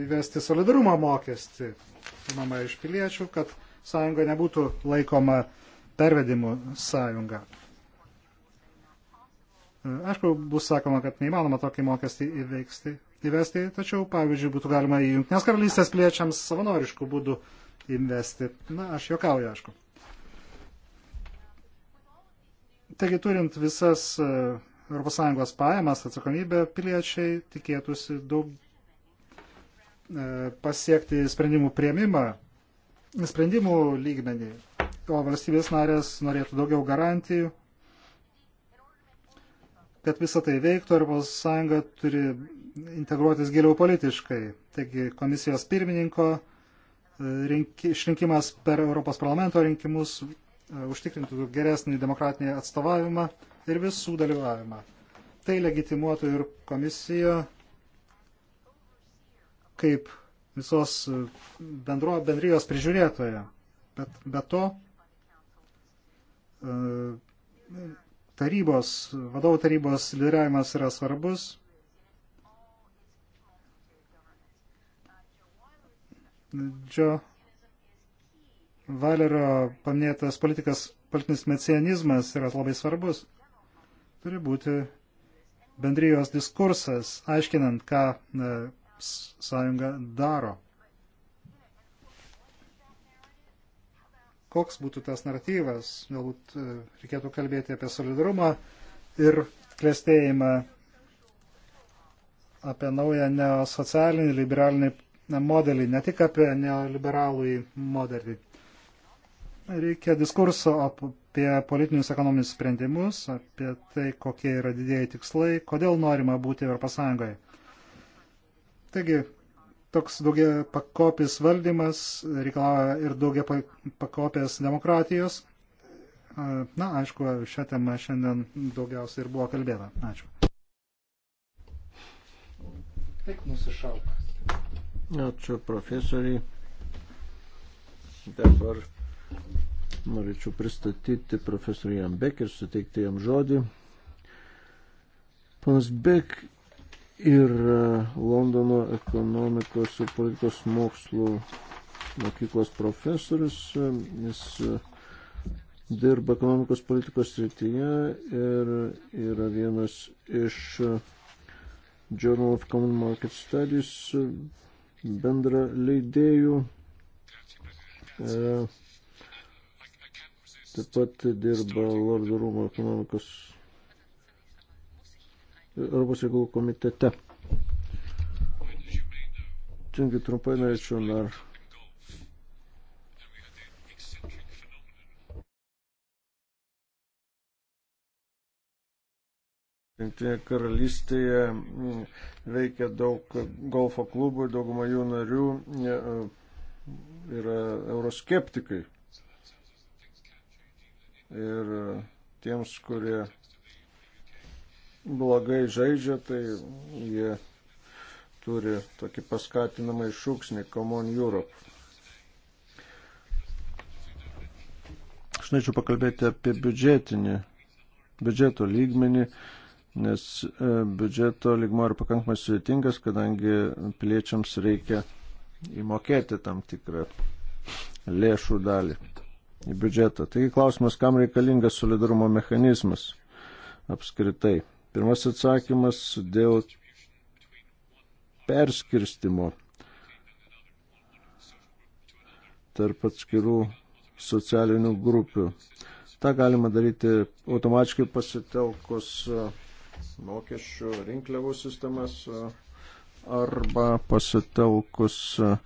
įvesti solidarumo mokestį, imama iš piliečių, kad sąjunga nebūtų laikoma pervedimų sąjunga. Aišku, bus sakoma, kad neįmanoma tokį mokestį įveiksti, įvesti, tačiau, pavyzdžiui, būtų galima į Junktinės karalystės piliečiams savanoriškų būdų įvesti. Na, aš juokauju, aišku. Taigi, turint visas ES pajamas, atsakomybę, piliečiai tikėtųsi daug e, pasiekti sprendimų prieimimą sprendimų lygmenį, o valstybės narės norėtų daugiau garantijų. Kad visą tai veiktų, Europos Sąjunga turi integruotis giliau politiškai. Taigi komisijos pirmininko e, rinki, išrinkimas per Europos parlamento rinkimus e, užtikrintų geresnį demokratinį atstovavimą ir visų dalyvavimą. Tai legitimuotų ir komisiją kaip visos e, bendro, bendrijos prižiūrėtoje. Bet be to e, tarybos, vadovų tarybos lyderiavimas yra svarbus. Džio Valerio paminėtas politikas, politinis mecianizmas yra labai svarbus. Turi būti bendrijos diskursas, aiškinant, ką e, sąjunga daro. Koks būtų tas naratyvas? Galbūt e, reikėtų kalbėti apie solidarumą ir klėstėjimą, apie naują neosocialinį liberalinį modelį, ne tik apie neoliberalų modelį. Reikia diskurso apie politinius ekonominius sprendimus, apie tai, kokie yra didėjai tikslai, kodėl norima būti Europos Sąjungoje. Taigi, toks daugia pakopis valdymas reikalauja ir daugia pakopės demokratijos. Na, aišku, šią temą šiandien daugiausiai ir buvo kalbėta. Ačiū. Eik nusišauk. Ačiū profesoriai. Dabar norėčiau pristatyti profesoriui Jambek ir suteikti jam žodį. Panas Bek ir e, Londono ekonomikos ir politikos mokslų mokyklos profesorius. E, jis e, dirba ekonomikos politikos srityje ir yra vienas iš Journal of Common Market Studies bendra leidėjų. Taip pat dirba Lordų rūmų ekonomikos Europos reikalų komitete. Taigi trumpai norėčiau dar Jungtinėje karalystėje mm, veikia daug golfo klubų ir dauguma jų narių mm, e, yra euroskeptikai. Ir tiems, kurie blogai žaidžia, tai jie turi tokį paskatinamą šūksnį Common Europe. Aš norėčiau pakalbėti apie biudžetinį, biudžeto lygmenį, nes e, biudžeto lygmo yra pakankamai sudėtingas, kadangi piliečiams reikia įmokėti tam tikrą lėšų dalį į biudžetą. Taigi klausimas, kam reikalingas solidarumo mechanizmas apskritai. Pirmas atsakymas dėl perskirstimo tarp atskirų socialinių grupių. Ta galima daryti automatiškai pasitelkus e, mokesčių rinkliavų sistemas e, arba pasitelkus uh,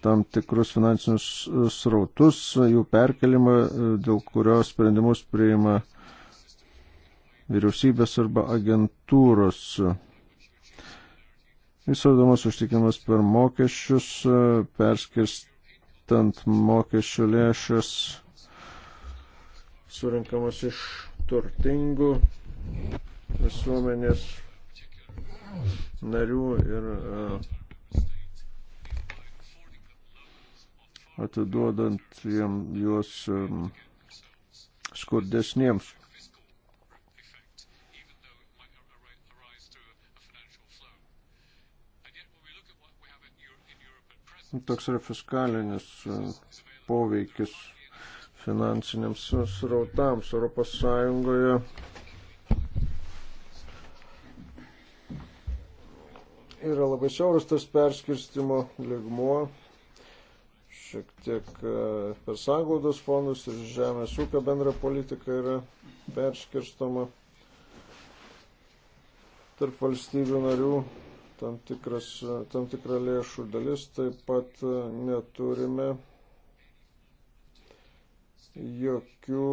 tam tikrus finansinius e, srautus, e, jų perkelimą, e, dėl kurio sprendimus priima vyriausybės arba agentūros. Įsaudomas užtikimas per mokesčius, perskirstant mokesčių lėšas, surinkamas iš turtingų visuomenės narių ir uh, atiduodant jiem juos skurdesniems. Toks yra fiskalinis poveikis finansiniams srautams Europos Sąjungoje. Yra labai siauras tas perskirstimo ligmuo, šiek tiek e, per sąglaudos fondus ir žemės ūkio bendra politika yra perskirstoma tarp valstybių narių tam, tikras, e, tam tikra lėšų dalis, taip pat e, neturime jokių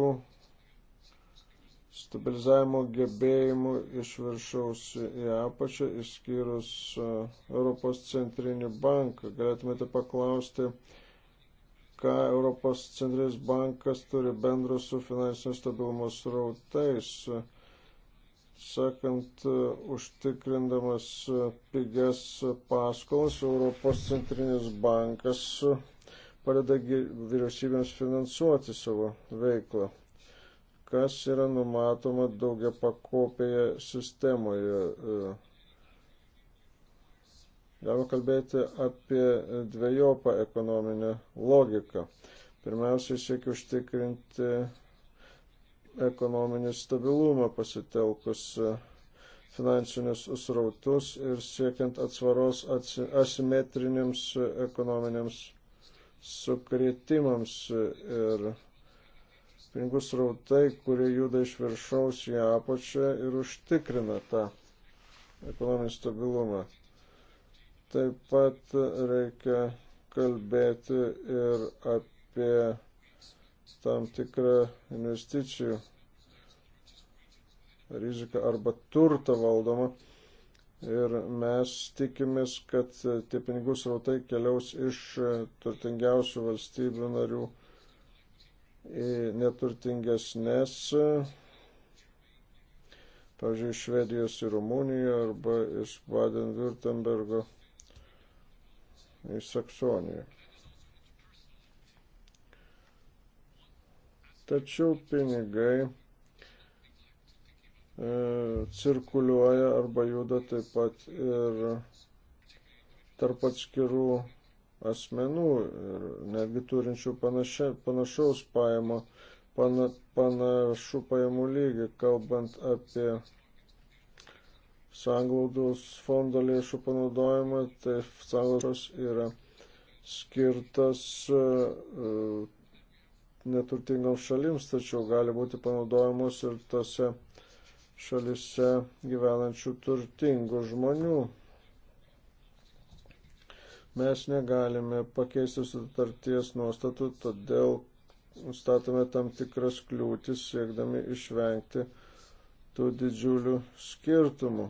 stabilizavimo gebėjimų iš viršaus į apačią, išskyrus Europos centrinį banką. Galėtumėte paklausti, ką Europos centrinis bankas turi bendro su finansinio stabilumo srautais, sakant, užtikrindamas pigias paskolas, Europos centrinis bankas padeda vyriausybėms finansuoti savo veiklą. Kas yra numatoma daugia pakopėje sistemoje? Galima kalbėti apie dviejopą ekonominę logiką. Pirmiausia, siekia užtikrinti ekonominį stabilumą pasitelkus finansinius srautus ir siekiant atsvaros asimetriniams ekonominiams sukretimams ir pinigų srautai, kurie juda iš viršaus į apačią ir užtikrina tą ekonominį stabilumą. Taip pat reikia kalbėti ir apie tam tikrą investicijų riziką arba turtą valdomą. Ir mes tikimės, kad tie pinigų srautai keliaus iš turtingiausių valstybių narių į neturtingesnės, pavyzdžiui, Švedijos ir Rumuniją arba iš Baden-Württembergo į Saksoniją. Tačiau pinigai e, cirkuliuoja arba juda taip pat ir tarp atskirų asmenų ir netgi turinčių panašia, panašaus pajamo, pana, panašų pajamų lygį, kalbant apie sanglaudos fondo lėšų panaudojimą, tai sanglaudos yra skirtas e, e, neturtingoms šalims, tačiau gali būti panaudojamos ir tose šalise gyvenančių turtingų žmonių. Mes negalime pakeisti sutarties nuostatų, todėl statome tam tikras kliūtis, siekdami išvengti tų didžiulių skirtumų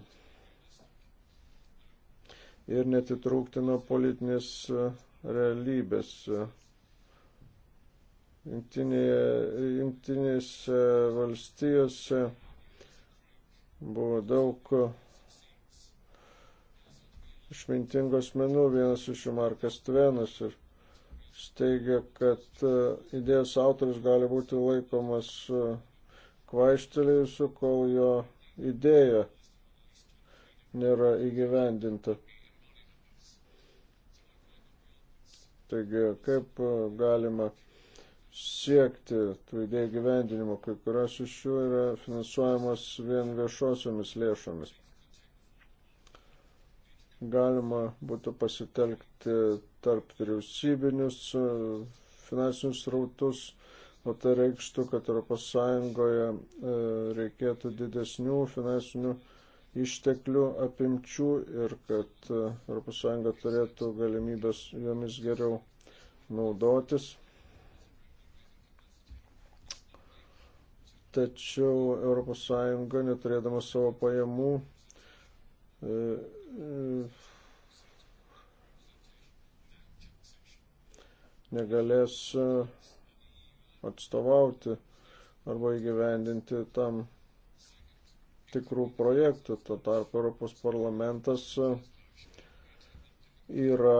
ir netitrūkti nuo politinės e, realybės. Jungtinėse valstijose buvo daug e, išmintingos menų, vienas iš jų Markas Tvenas ir steigia, kad e, idėjos autoris gali būti laikomas kvaištelėjusiu, kol jo idėja nėra įgyvendinta. Taigi, kaip e, galima siekti tų idėjų gyvendinimo, kai kurios iš jų yra finansuojamos vien viešosiomis lėšomis. Galima būtų pasitelkti tarp vyriausybinius e, finansinius rautus, o tai reikštų, kad ES e, reikėtų didesnių finansinių rautų išteklių apimčių ir kad ES turėtų galimybės jomis geriau naudotis. Tačiau ES neturėdama savo pajamų e, e, negalės e, atstovauti arba įgyvendinti tam tikrų projektų. Tuo tarpu Europos parlamentas e, yra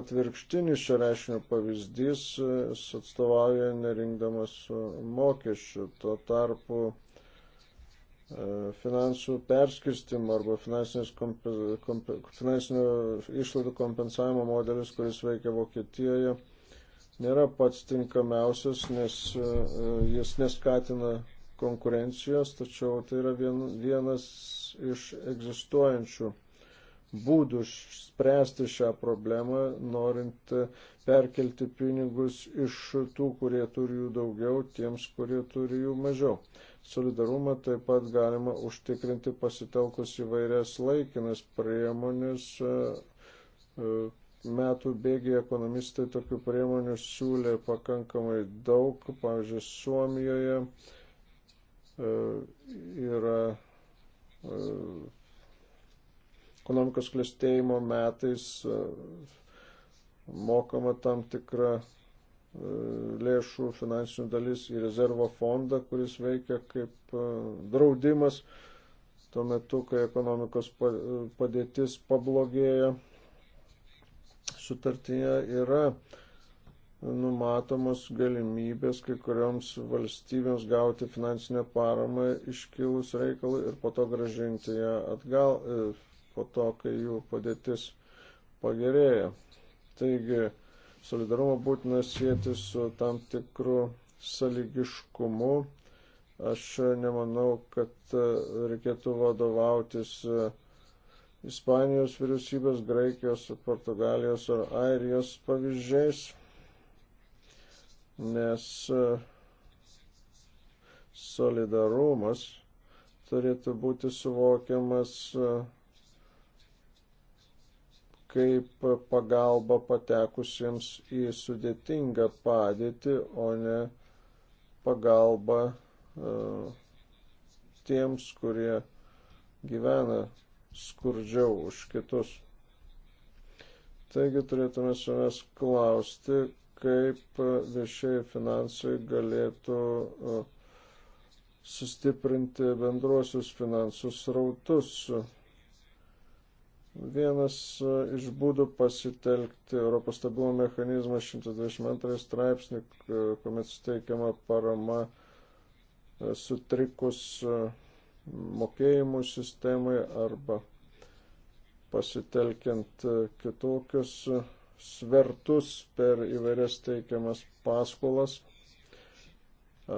atvirkštinis šio reiškinio pavyzdys, e, jis atstovauja nerinkdamas e, mokesčių. Tuo tarpu finansų perskirstimą arba kompe, kompe, finansinio išlaidų kompensavimo modelis, kuris veikia Vokietijoje, nėra pats tinkamiausias, nes jis neskatina konkurencijos, tačiau tai yra vien, vienas iš egzistuojančių būdų spręsti šią problemą, norint perkelti pinigus iš tų, kurie turi jų daugiau, tiems, kurie turi jų mažiau. Solidarumą taip pat galima užtikrinti pasitelkus įvairias laikinas priemonės. Metų bėgiai ekonomistai tokių priemonių siūlė pakankamai daug, pavyzdžiui, Suomijoje E, yra e, ekonomikos klėstėjimo metais e, mokama tam tikra lėšų finansinių dalis į rezervo fondą, kuris veikia kaip draudimas tuo metu, kai ekonomikos padėtis pablogėja. Sutartyje yra uh, numatomos galimybės kai kurioms valstybėms gauti finansinę paramą iškilus reikalui ir po to gražinti ją atgal, e, po to, kai jų padėtis pagerėja. Taigi, solidarumą būtina sieti su tam tikru saligiškumu. Aš nemanau, kad e, reikėtų vadovautis e, Ispanijos vyriausybės, Graikijos, Portugalijos ar Airijos pavyzdžiais nes e, solidarumas turėtų būti suvokiamas e, kaip pagalba patekusiems į sudėtingą padėtį, o ne pagalba e, tiems, kurie gyvena skurdžiau už kitus. Taigi turėtume savęs klausti, kaip viešieji finansai galėtų e, sustiprinti bendruosius finansus rautus. Vienas e, iš būdų pasitelkti Europos stabilumo mechanizmą 122 straipsnį, e, kuomet suteikiama parama sutrikus mokėjimų sistemai arba pasitelkiant kitokius svertus per įvairias teikiamas paskolas.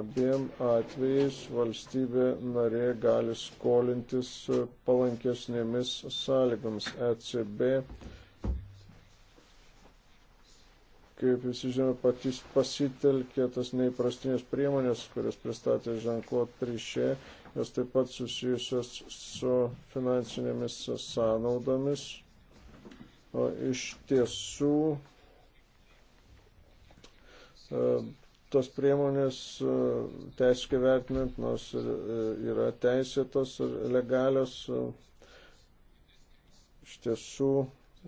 Abiem atvejais valstybė narė gali skolintis palankesnėmis sąlygomis. ECB, kaip visi žinome, patys pasitelkė tas neįprastinės priemonės, kurias pristatė Žanklot Trišė, jos taip pat susijusios su finansinėmis sąnaudomis O iš tiesų e, tos priemonės e, teisiškai vertinant, nors e, yra teisėtos ir legalios, iš tiesų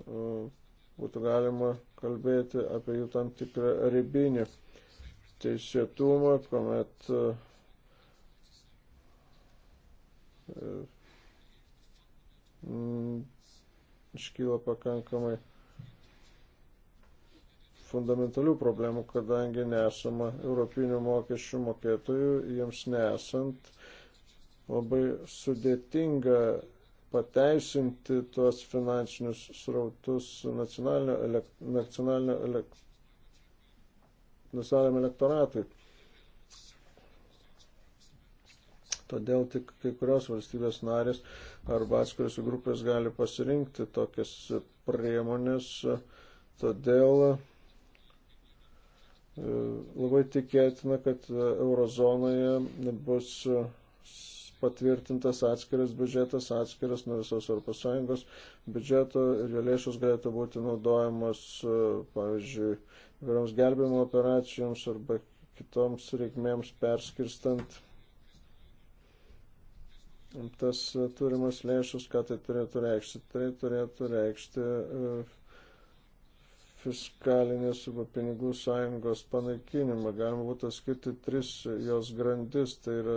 būtų galima kalbėti apie jų tam tikrą ribinį teisėtumą, kuomet iškyla pakankamai fundamentalių problemų, kadangi nesama europinių mokesčių mokėtojų, jiems nesant labai sudėtinga pateisinti tuos finansinius srautus nacionalinio, elek, nacionalinio, elek, nacionalinio elektoratui. Todėl tik kai kurios valstybės narės arba atskiros grupės gali pasirinkti tokias priemonės. Todėl e, labai tikėtina, kad eurozonoje bus patvirtintas atskiras biudžetas, atskiras nuo visos Europos Sąjungos biudžeto ir jo lėšos galėtų būti naudojamos, e, pavyzdžiui, įvairioms gelbėjimo operacijoms arba kitoms reikmėms perskirstant tas e, turimas lėšus, ką tai turėtų reikšti. Tai turėtų reikšti e, fiskalinės arba pinigų sąjungos panaikinimą. Galima būtų skirti tris jos grandis. Tai yra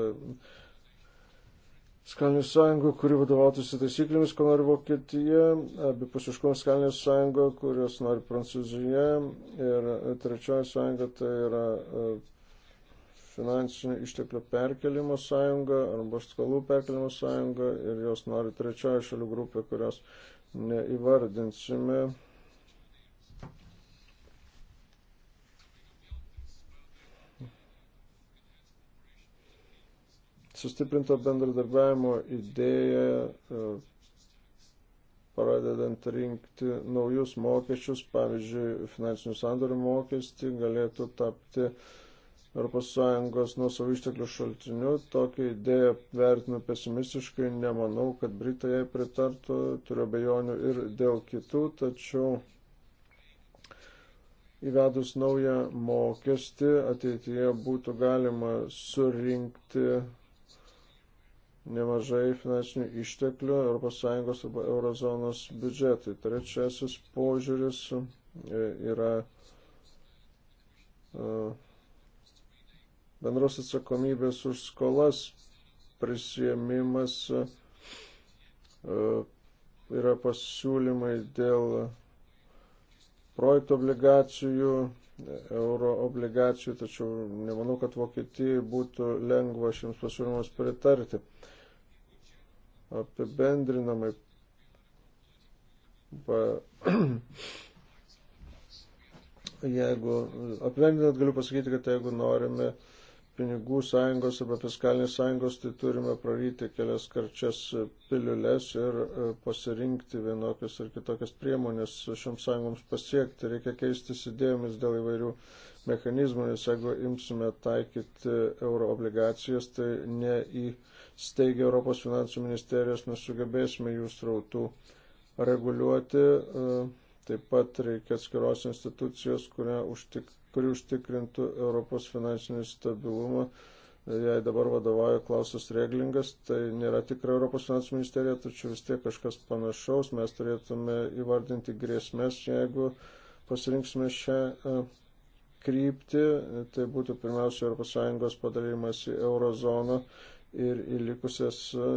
fiskalinė sąjunga, kuri vadovautųsi taisyklėmis, ko nori Vokietija, abipusiškumo fiskalinė sąjunga, kurios nori Prancūzija ir trečioji sąjunga tai yra e, finansinių išteklių perkelimo sąjunga arba skalų perkelimo sąjunga ir jos nori trečioji šalių grupė, kurios neįvardinsime. Sustiprinto bendradarbiavimo idėja, e, pradedant rinkti naujus mokesčius, pavyzdžiui, finansinių sandorių mokestį, galėtų tapti uh, ES nuosavų išteklių šaltiniu. Tokią idėją vertinu pesimistiškai, nemanau, kad Britai jai pritartų, turiu bejonių ir dėl kitų, tačiau įvedus naują mokestį ateityje būtų galima surinkti nemažai finansinių išteklių ES arba eurozonos biudžetai. Trečiasis požiūris e, yra uh, bendros atsakomybės už skolas prisėmimas e, yra pasiūlymai dėl projektų obligacijų, euro obligacijų, tačiau nemanau, kad Vokietijai būtų lengva šiems pasiūlymams pritarti. Apibendrinamai pa, jeigu apibendrinant galiu pasakyti, kad jeigu norime uh, pinigų sąjungos arba fiskalinės sąjungos, tai turime praryti kelias karčias piliulės ir e, pasirinkti vienokias ir kitokias priemonės šioms sąjungoms pasiekti. Reikia keistis idėjomis dėl įvairių mechanizmų, nes jeigu imsime taikyti euro obligacijas, tai ne įsteigę Europos finansų ministerijos mes sugebėsime jų srautų reguliuoti. Uh, Taip pat reikia atskiros institucijos, užtik, kuri užtikrintų Europos finansinį stabilumą. Jei dabar vadovauja Klausas Reglingas, tai nėra tikra Europos finansų ministerija, tačiau vis tiek kažkas panašaus. Mes turėtume įvardinti grėsmės, jeigu pasirinksime šią e, kryptį. Tai būtų pirmiausia ES padalymas į eurozoną ir į likusias e,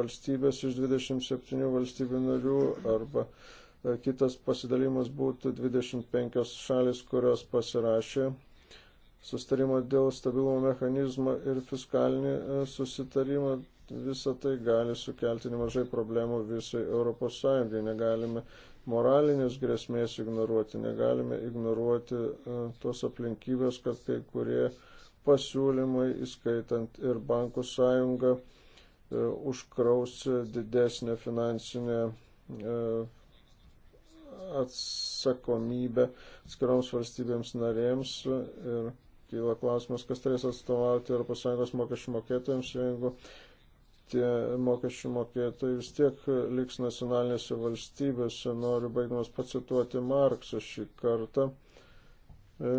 valstybės iš 27 valstybių narių arba E, kitas pasidalimas būtų 25 šalis, kurios pasirašė sustarimą dėl stabilumo mechanizmo ir fiskalinį e, susitarimą. Visą tai gali sukelti nemažai problemų visai Europos Sąjungai. Negalime moralinės grėsmės ignoruoti, negalime ignoruoti e, tos aplinkybės, kad kai kurie pasiūlymai, įskaitant ir bankų sąjungą, užkraus didesnę finansinę atsakomybę atskiroms valstybėms narėms ir kyla klausimas, kas turės atstovauti ES mokesčių mokėtojams, jeigu tie mokesčių mokėtojai vis tiek liks nacionalinėse valstybėse. Noriu baigdamas pacituoti Marksą šį kartą. E,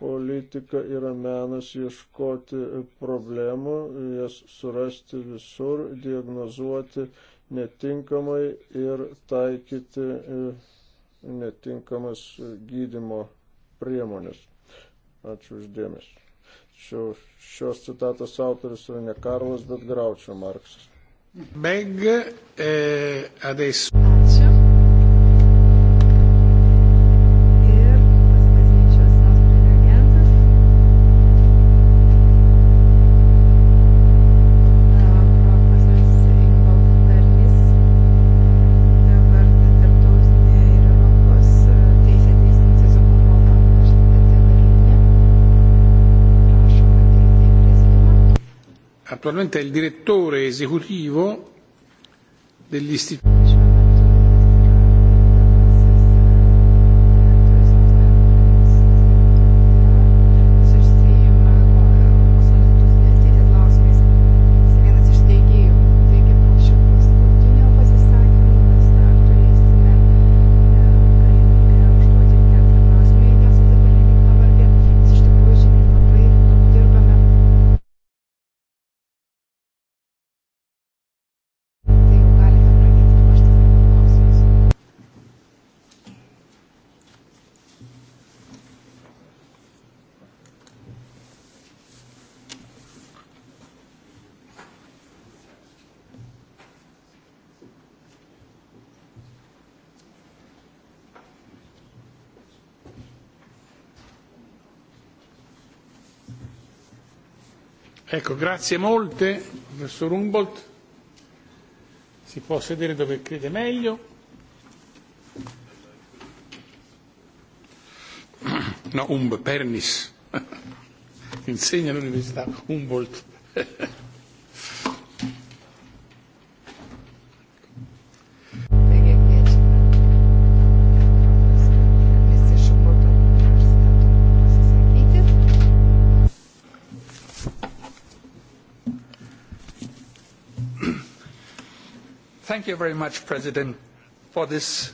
politika yra menas ieškoti problemų, jas surasti visur, diagnozuoti netinkamai ir taikyti e, netinkamas gydimo priemonės. Ačiū uždėmesi. Šio, šios citatos autoris yra ne Karlas, bet Graučio Marksas. Beg, eh, adesso. attualmente è il direttore esecutivo dell'istituto Ecco, grazie molte, professor Humboldt. Si può sedere dove crede meglio. No, Umb, Pernis. Insegna all'università Humboldt. Thank you very much, President, for this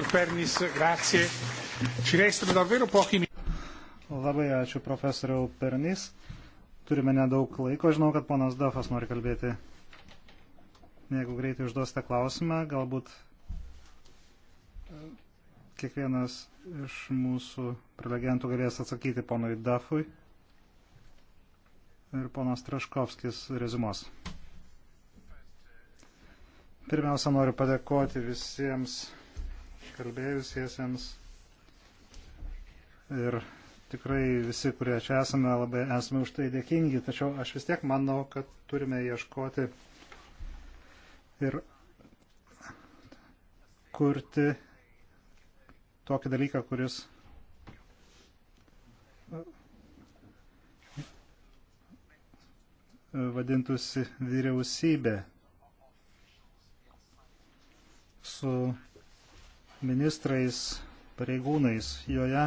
profesor Pernis, grazie. Ci restano davvero pochi minuti. Labai ačiū profesoriau Pernys. Turime nedaug laiko. Žinau, kad ponas Dafas nori kalbėti. Jeigu greitai užduosite klausimą, galbūt e, kiekvienas iš mūsų prelegentų galės atsakyti ponui Dafui. Ir ponas Traškovskis rezumos. Pirmiausia, noriu padėkoti visiems kalbėjusiesiems ir tikrai visi, kurie čia esame, labai esame už tai dėkingi, tačiau aš vis tiek manau, kad turime ieškoti ir kurti tokį dalyką, kuris vadintųsi vyriausybė su ministrais, pareigūnais. Joje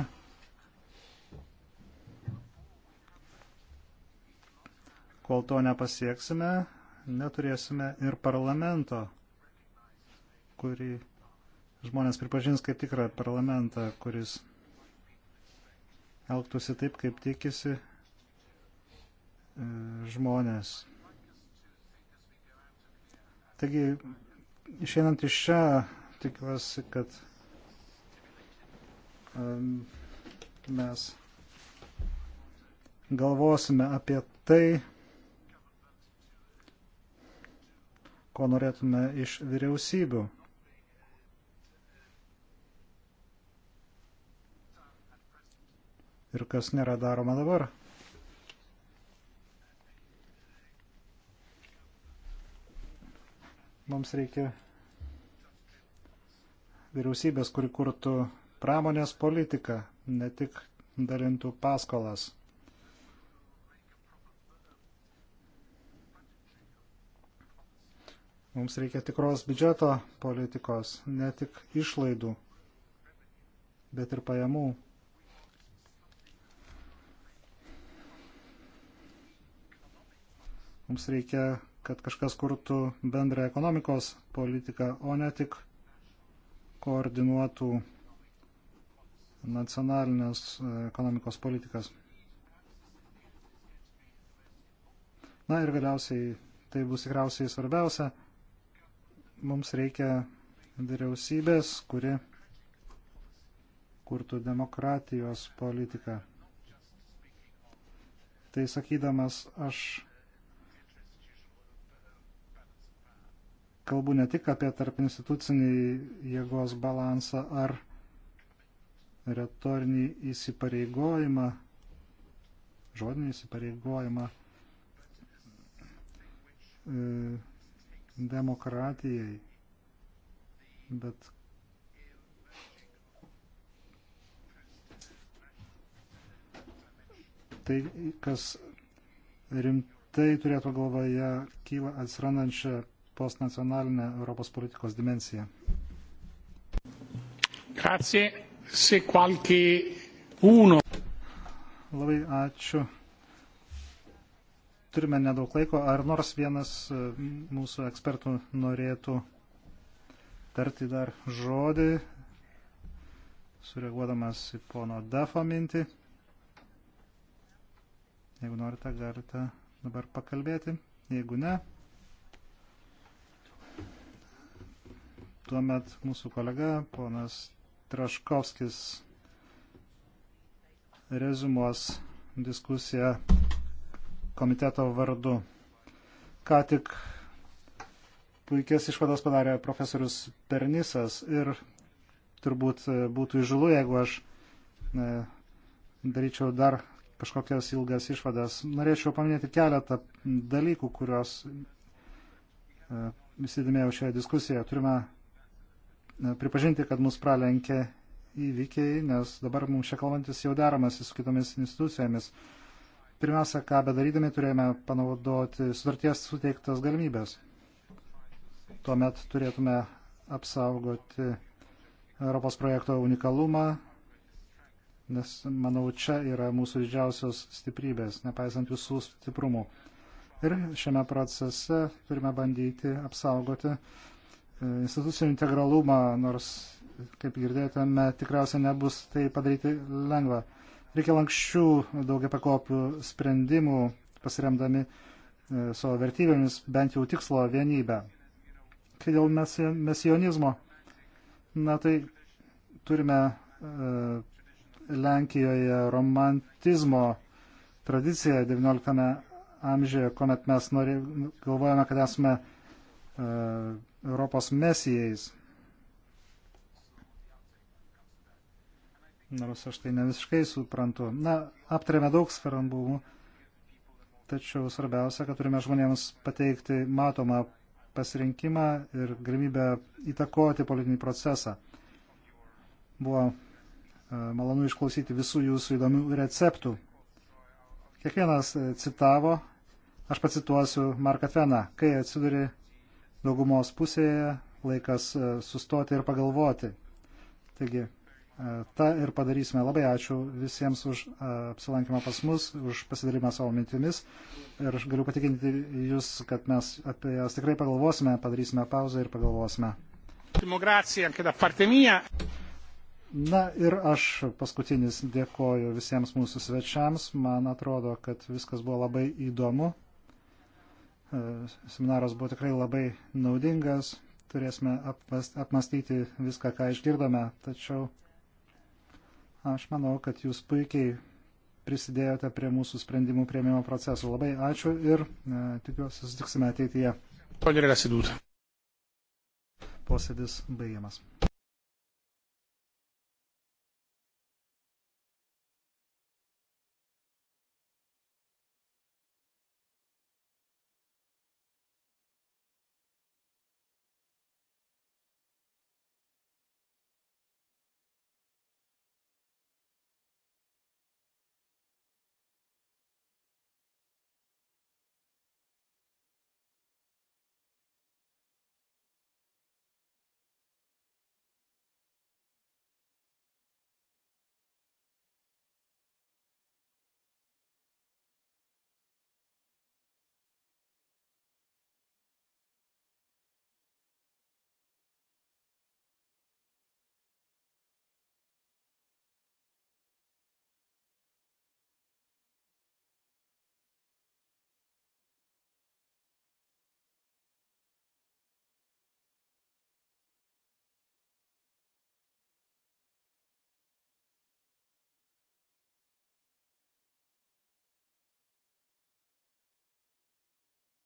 kol to nepasieksime, neturėsime ir parlamento, kurį žmonės pripažins kaip tikrą parlamentą, kuris elgtųsi taip, kaip tikisi e, žmonės. Taigi, išeinant iš šią tikiuosi, kad mes galvosime apie tai, ko norėtume iš vyriausybių. Ir kas nėra daroma dabar. Mums reikia vyriausybės, kuri kurtų pramonės politiką, ne tik dalintų paskolas. Mums reikia tikros biudžeto politikos, ne tik išlaidų, bet ir pajamų. Mums reikia, kad kažkas kurtų bendrą ekonomikos politiką, o ne tik koordinuotų nacionalinės e, ekonomikos politikas. Na ir galiausiai, tai bus tikriausiai svarbiausia, mums reikia vyriausybės, kuri kurtų demokratijos politiką. Tai sakydamas, aš kalbu ne tik apie tarp institucinį jėgos balansą ar retorinį įsipareigojimą, žodinį įsipareigojimą e, demokratijai, bet tai, kas rimtai turėtų galvoje kyla atsirandančią postnacionalinę Europos politikos dimensiją. Grazie. Se qualche uno. Labai ačiū. Turime nedaug laiko. Ar nors vienas e, mūsų ekspertų norėtų tarti dar žodį, sureaguodamas į pono Dafo mintį? Jeigu norite, galite dabar pakalbėti. Jeigu ne, Tuomet mūsų kolega, ponas Traškovskis, rezumuos diskusiją komiteto vardu. Ką tik puikias išvadas padarė profesorius Pernisas ir turbūt e, būtų įžulu, jeigu aš e, daryčiau dar kažkokias ilgas išvadas. Norėčiau paminėti keletą dalykų, kuriuos e, įsidėmėjau šioje diskusijoje. Turime pripažinti, kad mus pralenkė įvykiai, nes dabar mums čia kalbantis jau deramasi su kitomis institucijomis. Pirmiausia, ką bedarydami turėjome panaudoti sutarties suteiktas galimybės. Tuomet turėtume apsaugoti Europos projekto unikalumą, nes, manau, čia yra mūsų didžiausios stiprybės, nepaisant visų stiprumų. Ir šiame procese turime bandyti apsaugoti institucijų integralumą, nors, kaip girdėtume, tikriausiai nebus tai padaryti lengva. Reikia lankščių daugia pakopių sprendimų, pasiremdami e, savo vertybėmis, bent jau tikslo vienybę. Kai dėl mes, mesionizmo, na tai turime e, Lenkijoje romantizmo tradiciją XIX amžiuje, kuomet mes norė, galvojame, kad esame e, Europos mesijais. Nors aš tai ne visiškai suprantu. Na, aptarėme daug svarbių, tačiau svarbiausia, kad turime žmonėms pateikti matomą pasirinkimą ir galimybę įtakoti politinį procesą. Buvo e, malonu išklausyti visų jūsų įdomių receptų. Kiekvienas e, citavo, aš pacituosiu Marką Tveną, kai atsiduri daugumos pusėje, laikas e, sustoti ir pagalvoti. Taigi, e, tą ir padarysime. Labai ačiū visiems už e, apsilankymą pas mus, už pasidalimą savo mintimis. Ir aš galiu patikinti Jūs, kad mes apie jas tikrai pagalvosime, padarysime pauzę ir pagalvosime. Na ir aš paskutinis dėkoju visiems mūsų svečiams. Man atrodo, kad viskas buvo labai įdomu. E, seminaras buvo tikrai labai naudingas, turėsime apmastyti viską, ką išgirdome, tačiau aš manau, kad jūs puikiai prisidėjote prie mūsų sprendimų prieimimo procesų. Labai ačiū ir e, tikiuosi susitiksime ateityje. Toliau yra sidūta. Posėdis baigiamas.